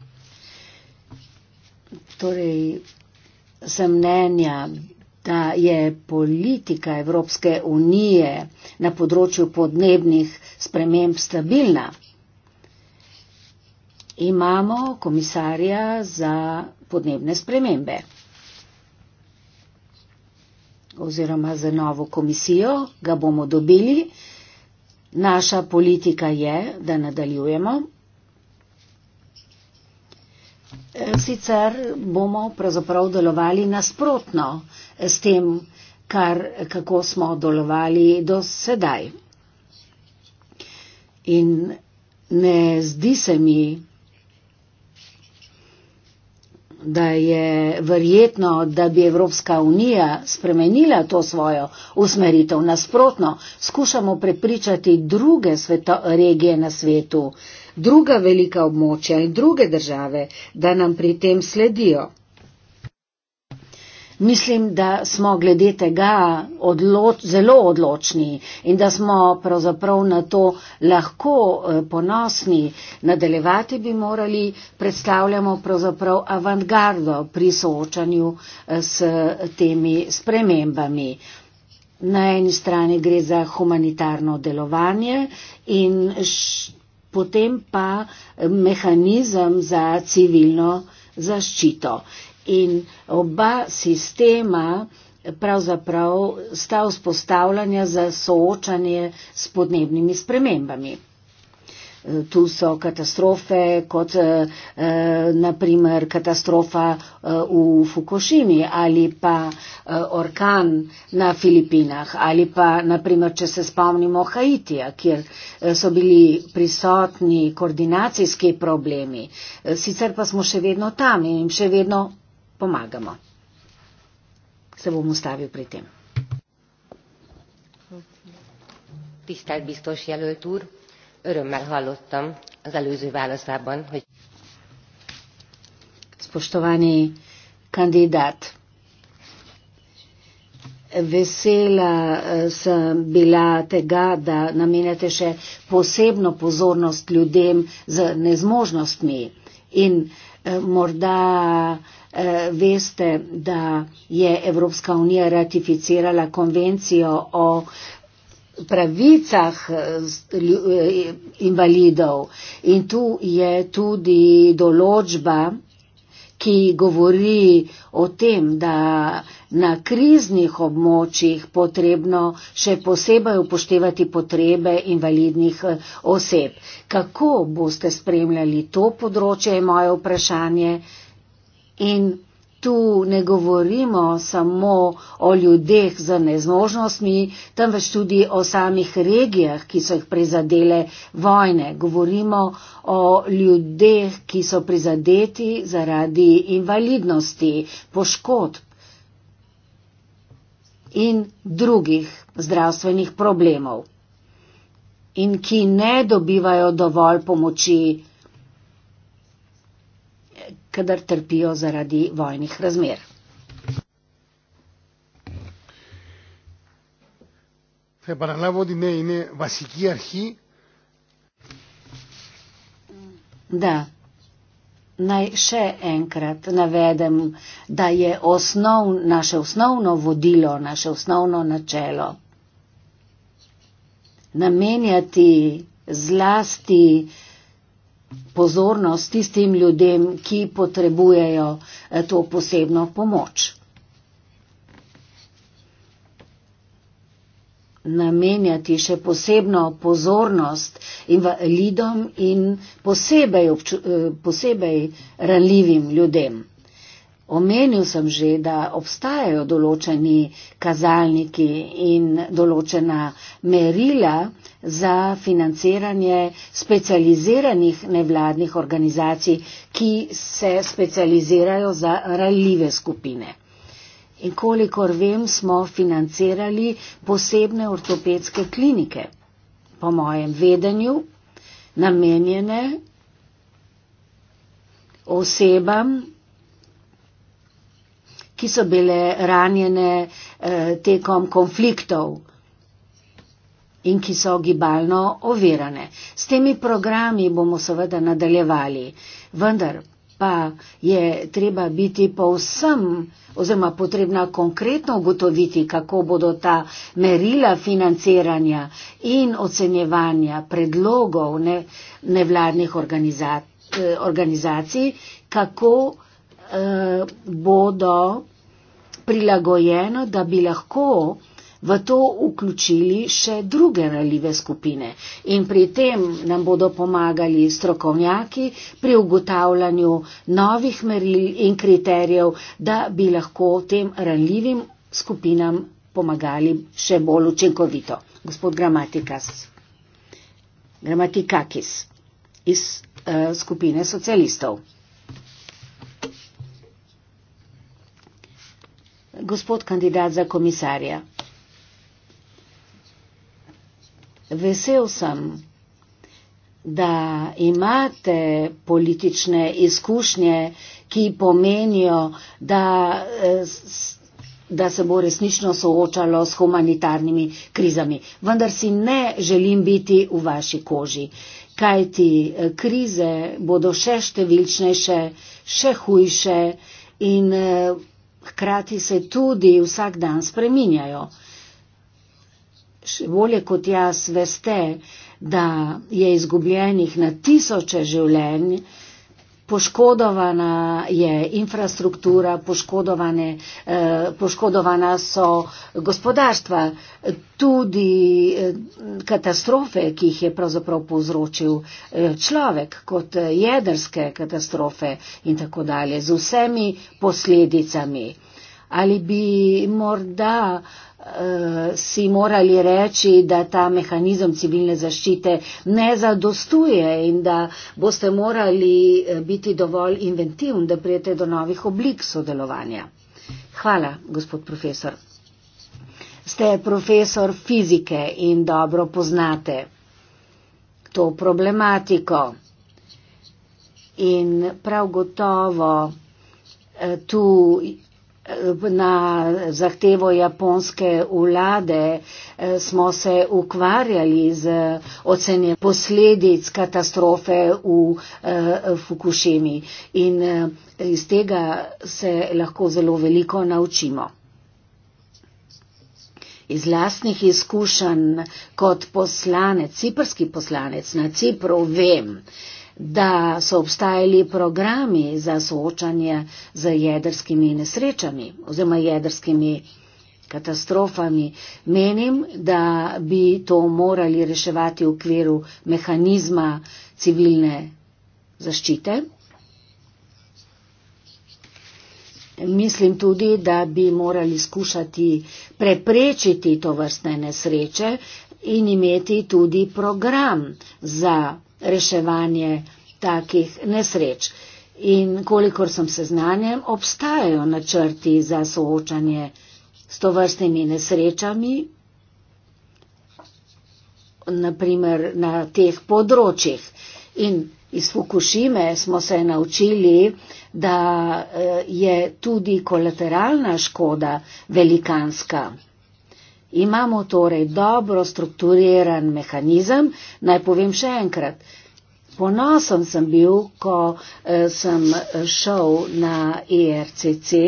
Τώρα, σε μνένια, τα η πολιτικά Ευρώπη Ουνία να ποδρότσιο podnebnih σπρεμέμ στабиλνα. Είμαμε κομισάρια για podnebne σπρεμέμπε. Οζήραμα за ново комисио, га бомо добили. Naša politika je, da nadaljujemo. E, sicer bomo pravzaprav delovali nasprotno s tem, kar, kako smo delovali do sedaj. In ne zdi se mi, da je verjetno, da bi Evropska unija spremenila to svojo usmeritev. Nasprotno, skušamo prepričati druge sveto, regije na svetu, druga velika območja in druge države, da nam pri tem sledijo. Mislim, da smo glede tega odloč, zelo odločni in da smo pravzaprav na to lahko eh, ponosni. Nadaljevati bi morali, predstavljamo pravzaprav avantgardo pri soočanju eh, s temi spremembami. Na eni strani gre za humanitarno delovanje in š, potem pa eh, mehanizem za civilno zaščito in oba sistema pravzaprav sta vzpostavljanja za soočanje s podnebnimi spremembami. E, tu so katastrofe, kot e, e, naprimer katastrofa v Fukushimi ali pa orkan na Filipinah ali pa naprimer, če se spomnimo Haitija, kjer so bili prisotni koordinacijski problemi. Sicer pa smo še vedno tam in še vedno pomagamo. Se bom ustavil pri tem. Tisztelt biztos jelölt úr, örömmel hallottam az előző válaszában, hogy... Spostovani kandidát, vesela eh, sem bila tega, da namenjate še posebno pozornost ljudem z nezmožnostmi in eh, morda... Eh, veste, da je Evropska unija ratificirala konvencijo o pravicah eh, eh, invalidov in tu je tudi določba, ki govori o tem, da na kriznih območjih potrebno še posebej upoštevati potrebe invalidnih oseb. Kako boste spremljali to področje, je moje vprašanje. In tu ne govorimo samo o ljudeh z neznožnostmi, temveč tudi o samih regijah, ki so jih prizadele vojne. Govorimo o ljudeh, ki so prizadeti zaradi invalidnosti, poškodb in drugih zdravstvenih problemov in ki ne dobivajo dovolj pomoči kadar trpijo zaradi vojnih razmer. Da, naj še enkrat navedem, da je osnov, naše osnovno vodilo, naše osnovno načelo namenjati zlasti uh, pozornost tistim ljudem, ki potrebujejo eh, to posebno pomoč. Namenjati še posebno pozornost invalidom in posebej, eh, posebej ranljivim ljudem. Omenil sem že, da obstajajo določeni kazalniki in določena merila za financiranje specializiranih nevladnih organizacij, ki se specializirajo za ranljive skupine. In kolikor vem, smo financirali posebne ortopedske klinike, po mojem vedenju, namenjene osebam, ki so bile ranjene eh, tekom konfliktov in ki so gibalno ovirane. S temi programi bomo seveda nadaljevali, vendar pa je treba biti povsem oziroma potrebna konkretno ugotoviti, kako bodo ta merila financiranja in ocenjevanja predlogov ne, nevladnih organizacij, eh, organizacij kako eh, bodo prilagojeno, da bi lahko v to vključili še druge ranljive skupine. In pri tem nam bodo pomagali strokovnjaki pri ugotavljanju novih meril in kriterijev, da bi lahko tem ranljivim skupinam pomagali še bolj učinkovito. Gospod Gramatikas, Gramatikakis iz uh, skupine socialistov. Gospod kandidat za komisarja, vesel sem, da imate politične izkušnje, ki pomenijo, da, eh, da se bo resnično soočalo s humanitarnimi krizami. Vendar si ne želim biti v vaši koži, kajti eh, krize bodo še številčnejše, še hujše in. Eh, hkrati se tudi vsak dan spreminjajo. Še bolje kot jaz veste, da je izgubljenih na tisoče življenj, Poškodovana je infrastruktura, poškodovane, eh, poškodovana so gospodarstva, tudi eh, katastrofe, ki jih je pravzaprav povzročil eh, človek, kot jedrske katastrofe in tako dalje, z vsemi posledicami ali bi morda uh, si morali reči, da ta mehanizem civilne zaščite ne zadostuje in da boste morali eh, biti dovolj inventivni, da prijete do novih oblik sodelovanja. Hvala, gospod profesor. Ste profesor fizike in dobro poznate to problematiko. In prav gotovo eh, tu Eh, na zahtevo japonske vlade eh, smo se ukvarjali z ocenje posledic katastrofe v eh, Fukushimi in iz tega se lahko zelo veliko naučimo. Iz lastnih izkušenj kot poslanec, ciprski poslanec na Cipru, vem, da so obstajali programi za soočanje z jedrskimi nesrečami oziroma jedrskimi katastrofami. Menim, da bi to morali reševati v okviru mehanizma civilne zaščite. Mislim tudi, da bi morali skušati preprečiti to vrstne nesreče in imeti tudi program za reševanje takih nesreč. In kolikor sem seznanjen, obstajajo načrti za soočanje s to vrstnimi nesrečami, naprimer na teh področjih. In iz Fukushime smo se naučili, da eh, je tudi kolateralna škoda velikanska. Imamo torej dobro strukturiran mehanizem. Naj povem še enkrat, ponosen sem bil, ko eh, sem eh, šel na ERCC,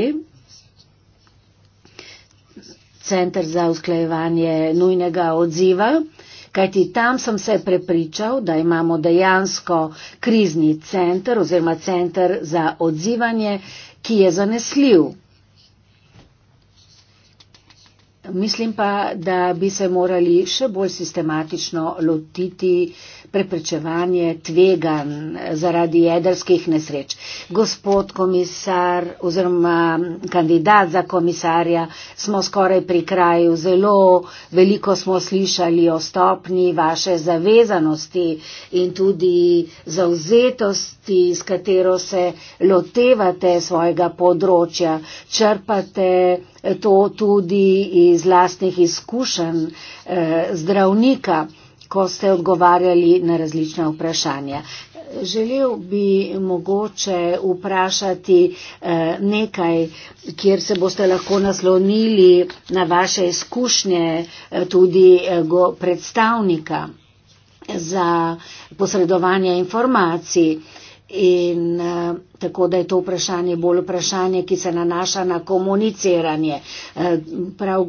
Center za usklajevanje nujnega odziva, kajti tam sem se prepričal, da imamo dejansko krizni center oziroma center za odzivanje, ki je zanesljiv. Mislim pa, da bi se morali še bolj sistematično lotiti preprečevanje tveganj zaradi jedrskih nesreč. Gospod komisar oziroma kandidat za komisarja, smo skoraj pri kraju. Zelo veliko smo slišali o stopni vaše zavezanosti in tudi zauzetosti, s katero se lotevate svojega področja. Črpate to tudi iz iz lastnih izkušenj eh, zdravnika, ko ste odgovarjali na različne vprašanja. Želel bi mogoče vprašati eh, nekaj, kjer se boste lahko naslonili na vaše izkušnje eh, tudi predstavnika za posredovanje informacij. In uh, tako da je to vprašanje bolj vprašanje, ki se nanaša na komuniciranje. Uh, prav,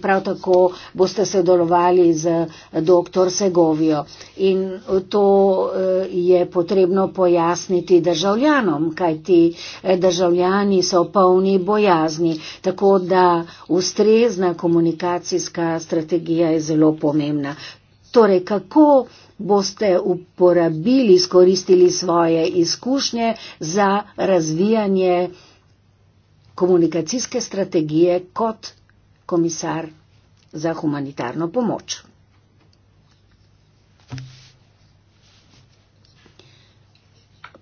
prav tako boste sodelovali z eh, dr. Segovijo. In to uh, je potrebno pojasniti državljanom, kaj ti državljani so polni bojazni. Tako da ustrezna komunikacijska strategija je zelo pomembna. Torej, kako boste uporabili, skoristili svoje izkušnje za razvijanje komunikacijske strategije kot komisar za humanitarno pomoč.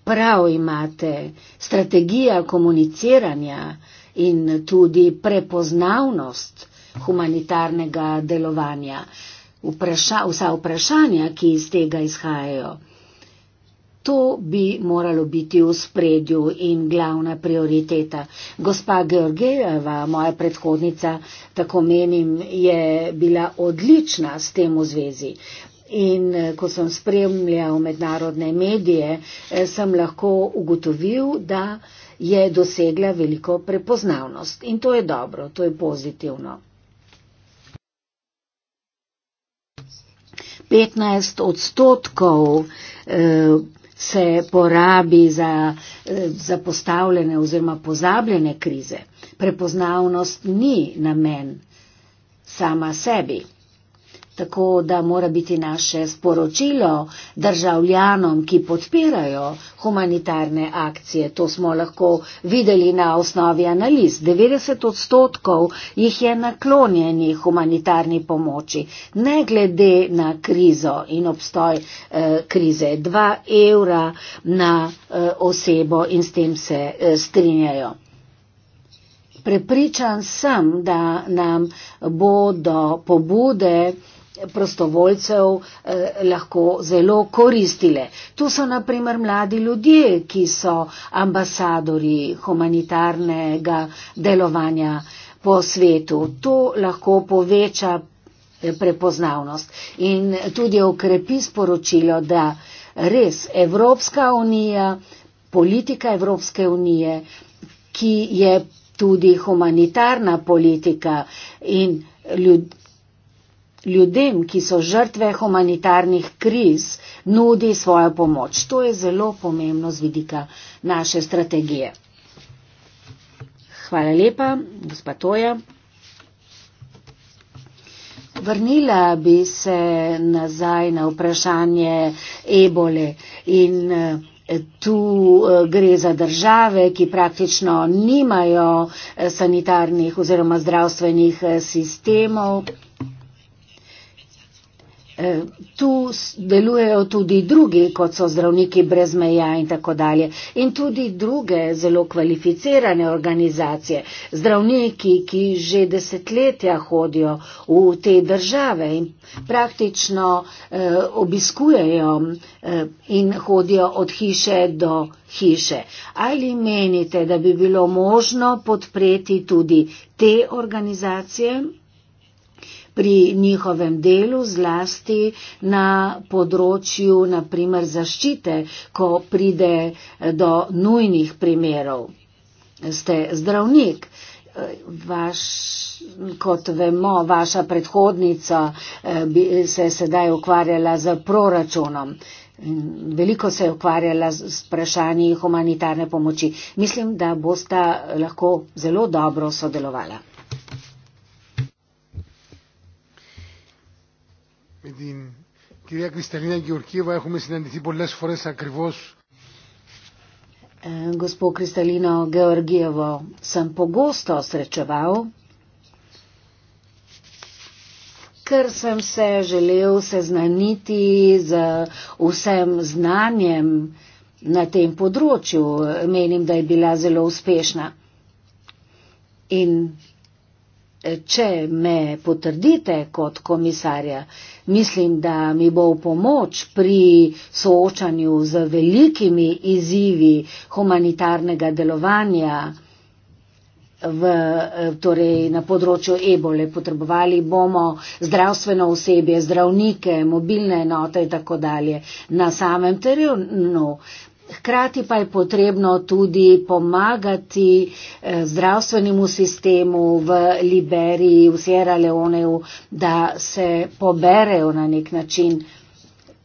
Prav imate, strategija komuniciranja in tudi prepoznavnost humanitarnega delovanja vpraša, vsa vprašanja, ki iz tega izhajajo. To bi moralo biti v spredju in glavna prioriteta. Gospa Georgijeva, moja predhodnica, tako menim, je bila odlična s tem v zvezi. In eh, ko sem spremljal mednarodne medije, eh, sem lahko ugotovil, da je dosegla veliko prepoznavnost. In to je dobro, to je pozitivno. 15 odstotkov eh, se porabi za, eh, za postavljene oziroma pozabljene krize. Prepoznavnost ni namen sama sebi. Tako da mora biti naše sporočilo državljanom, ki podpirajo humanitarne akcije, to smo lahko videli na osnovi analiz, 90 odstotkov jih je naklonjeni humanitarni pomoči, ne glede na krizo in obstoj eh, krize. Dva evra na eh, osebo in s tem se eh, strinjajo. Prepričan sem, da nam bodo pobude, prostovoljcev eh, lahko zelo koristile. Tu so naprimer mladi ljudje, ki so ambasadori humanitarnega delovanja po svetu. To lahko poveča eh, prepoznavnost in tudi okrepi sporočilo, da res Evropska unija, politika Evropske unije, ki je tudi humanitarna politika in ljudem, ki so žrtve humanitarnih kriz, nudi svojo pomoč. To je zelo pomembno z vidika naše strategije. Hvala lepa, gospa Toja. Vrnila bi se nazaj na vprašanje ebole in eh, tu eh, gre za države, ki praktično nimajo eh, sanitarnih oziroma zdravstvenih sistemov. E, tu delujejo tudi drugi, kot so zdravniki brez meja in tako dalje. In tudi druge zelo kvalificirane organizacije, zdravniki, ki že desetletja hodijo v te države in praktično eh, obiskujejo eh, in hodijo od hiše do hiše. Ali menite, da bi bilo možno podpreti tudi te organizacije? pri njihovem delu, zlasti na področju naprimer zaščite, ko pride eh, do nujnih primerov. Ste zdravnik. Eh, vaš, kot vemo, vaša predhodnica eh, bi se sedaj ukvarjala z proračunom. Veliko se je ukvarjala s vprašanji humanitarne pomoči. Mislim, da bosta lahko zelo dobro sodelovala. με την κυρία Κρυσταλίνα Γεωργίεβα έχουμε συναντηθεί πολλές φορές ακριβώς. Gospo Kristalino Georgijevo, sem pogosto srečeval, ker sem se želel seznaniti z vsem znanjem na tem področju. Menim, da je bila zelo uspešna. In če me potrdite kot komisarja, mislim, da mi bo v pomoč pri soočanju z velikimi izzivi humanitarnega delovanja. V, torej na področju ebole potrebovali bomo zdravstveno osebje, zdravnike, mobilne enote in tako dalje. Na samem terenu Hkrati pa je potrebno tudi pomagati eh, zdravstvenemu sistemu v Liberiji, v Sierra Leoneju, da se poberejo na nek način,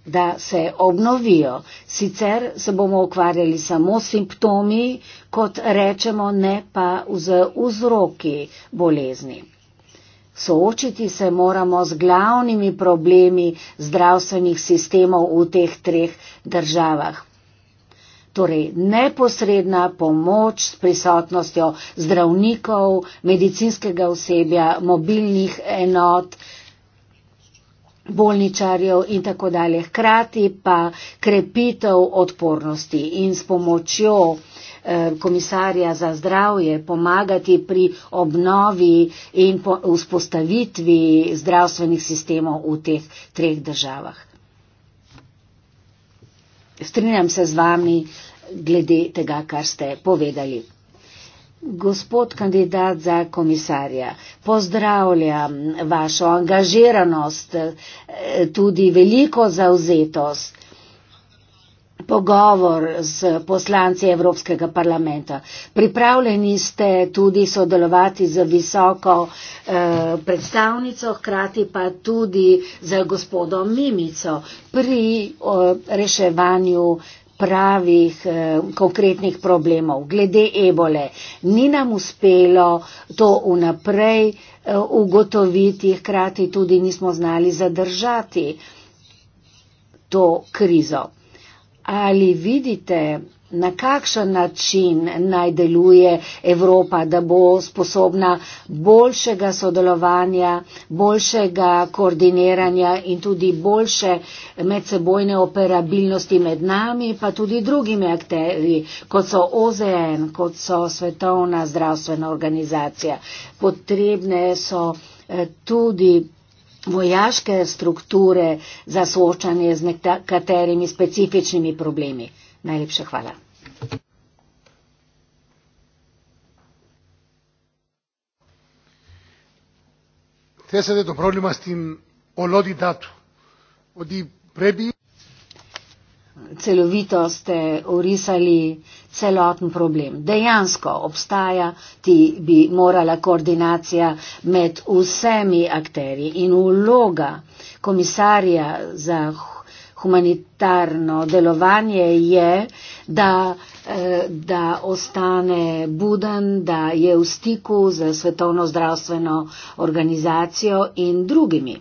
da se obnovijo. Sicer se bomo ukvarjali samo s simptomi, kot rečemo, ne pa z vzroki bolezni. Soočiti se moramo z glavnimi problemi zdravstvenih sistemov v teh treh državah torej neposredna pomoč s prisotnostjo zdravnikov, medicinskega osebja, mobilnih enot, bolničarjev in tako dalje. Hkrati pa krepitev odpornosti in s pomočjo eh, komisarja za zdravje pomagati pri obnovi in vzpostavitvi zdravstvenih sistemov v teh treh državah. Strinjam se z vami, glede tega, kar ste povedali. Gospod kandidat za komisarja, pozdravljam vašo angažiranost, eh, tudi veliko zauzetost. Pogovor z poslanci Evropskega parlamenta. Pripravljeni ste tudi sodelovati z visoko eh, predstavnico, hkrati pa tudi z gospodom Mimico pri eh, reševanju pravih, eh, konkretnih problemov. Glede ebole, ni nam uspelo to vnaprej eh, ugotoviti, hkrati tudi nismo znali zadržati to krizo. Ali vidite, na kakšen način naj deluje Evropa, da bo sposobna boljšega sodelovanja, boljšega koordiniranja in tudi boljše medsebojne operabilnosti med nami, pa tudi drugimi akteri, kot so OZN, kot so Svetovna zdravstvena organizacija. Potrebne so eh, tudi vojaške strukture za soočanje z nekaterimi specifičnimi problemi. Najlepša hvala. θέσετε το πρόβλημα στην ολότητά του. Ότι πρέπει... Celovito ste orisali celoten problem. Dejansko obstaja, ti bi morala koordinacija med vsemi akteri in vloga komisarja za humanitarno delovanje je, da Eh, da ostane buden, da je v stiku z Svetovno zdravstveno organizacijo in drugimi.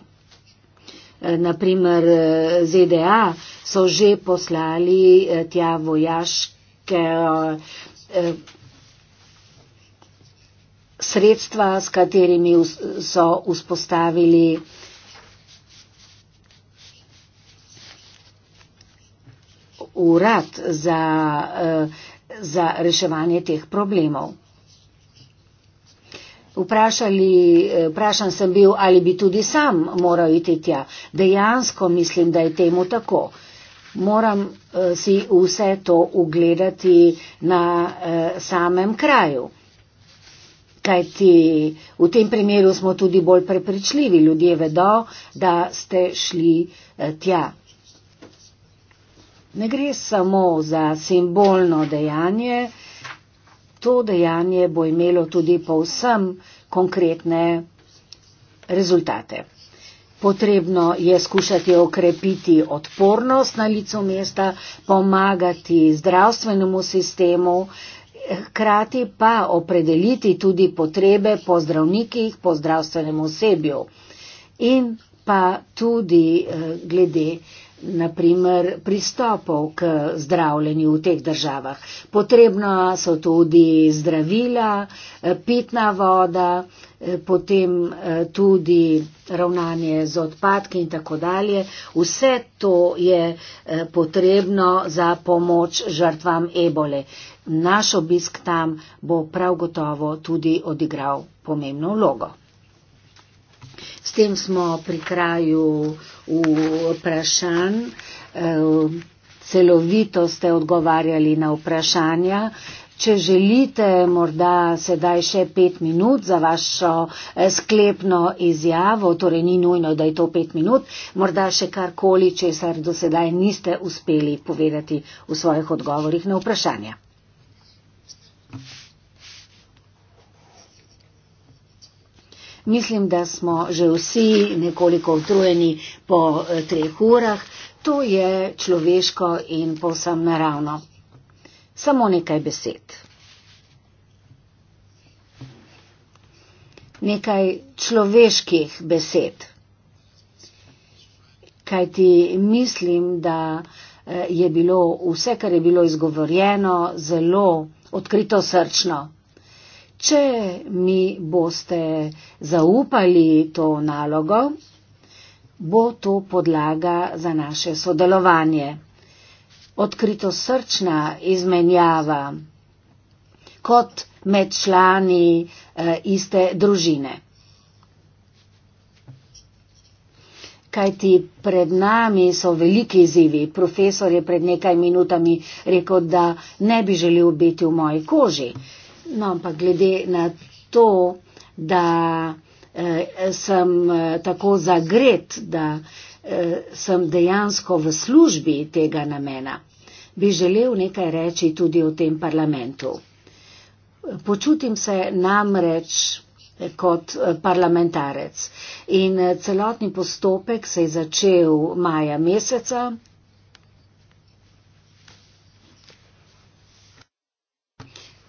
Eh, Naprimer, eh, ZDA so že poslali tja vojaške sredstva, s katerimi so vzpostavili urad za, eh, za reševanje teh problemov. Vprašali, eh, vprašan sem bil, ali bi tudi sam moral iti tja. Dejansko mislim, da je temu tako. Moram eh, si vse to ugledati na samem kraju. Kajti v tem primeru smo tudi bolj prepričljivi, ljudje vedo, da ste šli tja ne gre samo za simbolno dejanje, to dejanje bo imelo tudi povsem konkretne rezultate. Potrebno je skušati okrepiti odpornost na licu mesta, pomagati zdravstvenemu sistemu, hkrati pa opredeliti tudi potrebe po zdravnikih, po zdravstvenem osebju in pa tudi eh, glede naprimer, pristopov k zdravljenju v teh državah. Potrebna so tudi zdravila, eh, pitna voda, eh, potem eh, tudi ravnanje z odpadki in tako dalje. Vse to je potrebno za pomoč žrtvam ebole. Naš obisk tam bo prav gotovo tudi odigral pomembno vlogo. S tem smo pri kraju vprašanj, eh, celovito ste odgovarjali na vprašanja. Če želite morda sedaj še pet minut za vašo eh, sklepno izjavo, torej ni nujno, da je to pet minut, morda še karkoli, česar do sedaj niste uspeli povedati v svojih odgovorih na vprašanja. Thank you. Mislim, da smo že vsi nekoliko utrujeni po eh, treh urah. To je človeško in povsem naravno. Samo nekaj besed. Nekaj človeških besed. Kaj ti mislim, da eh, je bilo vse, kar je bilo izgovorjeno, zelo odkrito srčno če mi boste zaupali to nalogo, bo to podlaga za naše sodelovanje. Odkrito srčna izmenjava kot med člani eh, iste družine. Kaj ti pred nami so veliki izzivi. Profesor je pred nekaj minutami rekel, da ne bi želel biti v moji koži. Uh, No, ampak glede na to, da eh, sem eh, tako zagret, da eh, sem dejansko v službi tega namena, bi želel nekaj reči tudi o tem parlamentu. Počutim se namreč eh, kot eh, parlamentarec in eh, celotni postopek se je začel maja meseca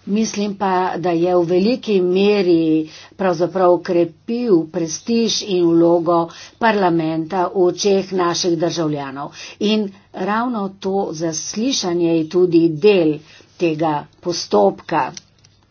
Mislim pa, da je v veliki meri pravzaprav ukrepil prestiž in vlogo parlamenta v očeh naših državljanov. In ravno to zaslišanje je tudi del tega postopka,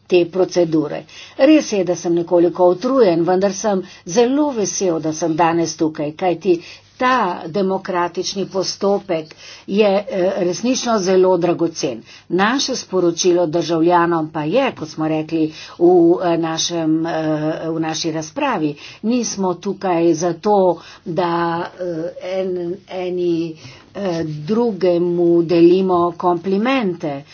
te procedure. Res je, da sem nekoliko utrujen, vendar sem zelo vesel, da sem danes tukaj, kajti ta demokratični postopek je eh, resnično zelo dragocen. Naše sporočilo državljanom pa je, kot smo rekli v, eh, našem, eh, v naši razpravi, nismo tukaj zato, da en, eni drugemu delimo komplimente.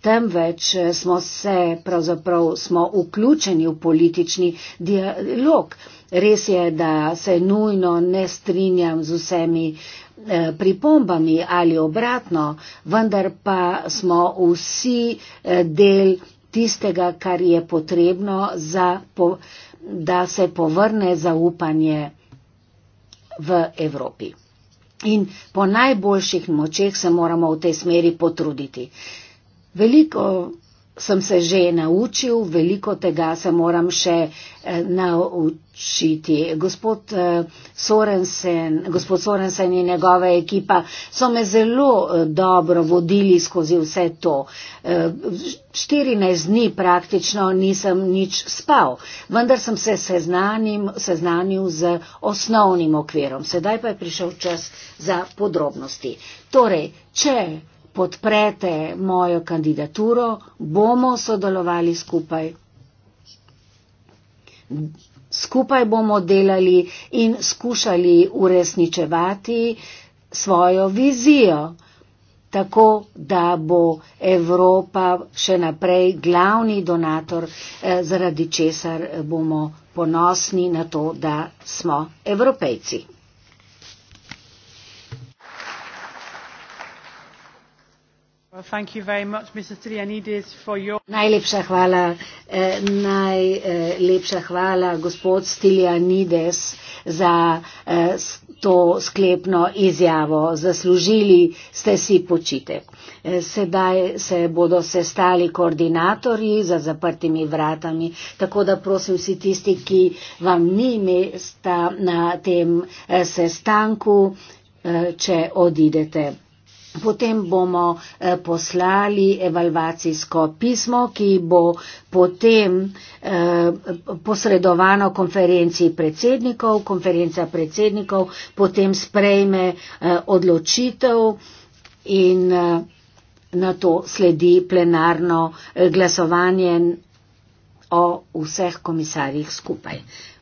Temveč smo se, pravzaprav smo vključeni v politični dialog. Res je, da se nujno ne strinjam z vsemi eh, pripombami ali obratno, vendar pa smo vsi eh, del tistega, kar je potrebno, za, da se povrne zaupanje v Evropi. In po najboljših močeh se moramo v tej smeri potruditi. Veliko sem se že naučil, veliko tega se moram še eh, naučiti. Gospod eh, Sorensen, gospod Sorensen in njegova ekipa so me zelo eh, dobro vodili skozi vse to. 14 dni praktično nisem nič spal, vendar sem se seznanim, seznanil z osnovnim okvirom. Sedaj pa je prišel čas za podrobnosti. Torej, če podprete mojo kandidaturo, bomo sodelovali skupaj. Skupaj bomo delali in skušali uresničevati svojo vizijo, tako da bo Evropa še naprej glavni donator, eh, zaradi česar bomo ponosni na to, da smo evropejci. Najlepša hvala, eh, najlepša hvala gospod Stilianides za eh, to sklepno izjavo. Zaslužili ste si počitek. Eh, sedaj se bodo sestali koordinatorji za zaprtimi vratami, tako da prosim si tisti, ki vam ni mesta na tem eh, sestanku, eh, če odidete. Potem bomo eh, poslali evalvacijsko pismo, ki bo potem eh, posredovano konferenciji predsednikov. Konferenca predsednikov potem sprejme eh, odločitev in na to sledi plenarno glasovanje o vseh komisarjih skupaj.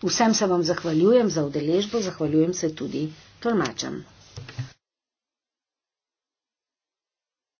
Vsem se vam zahvaljujem za udeležbo, zahvaljujem se tudi tolmačem.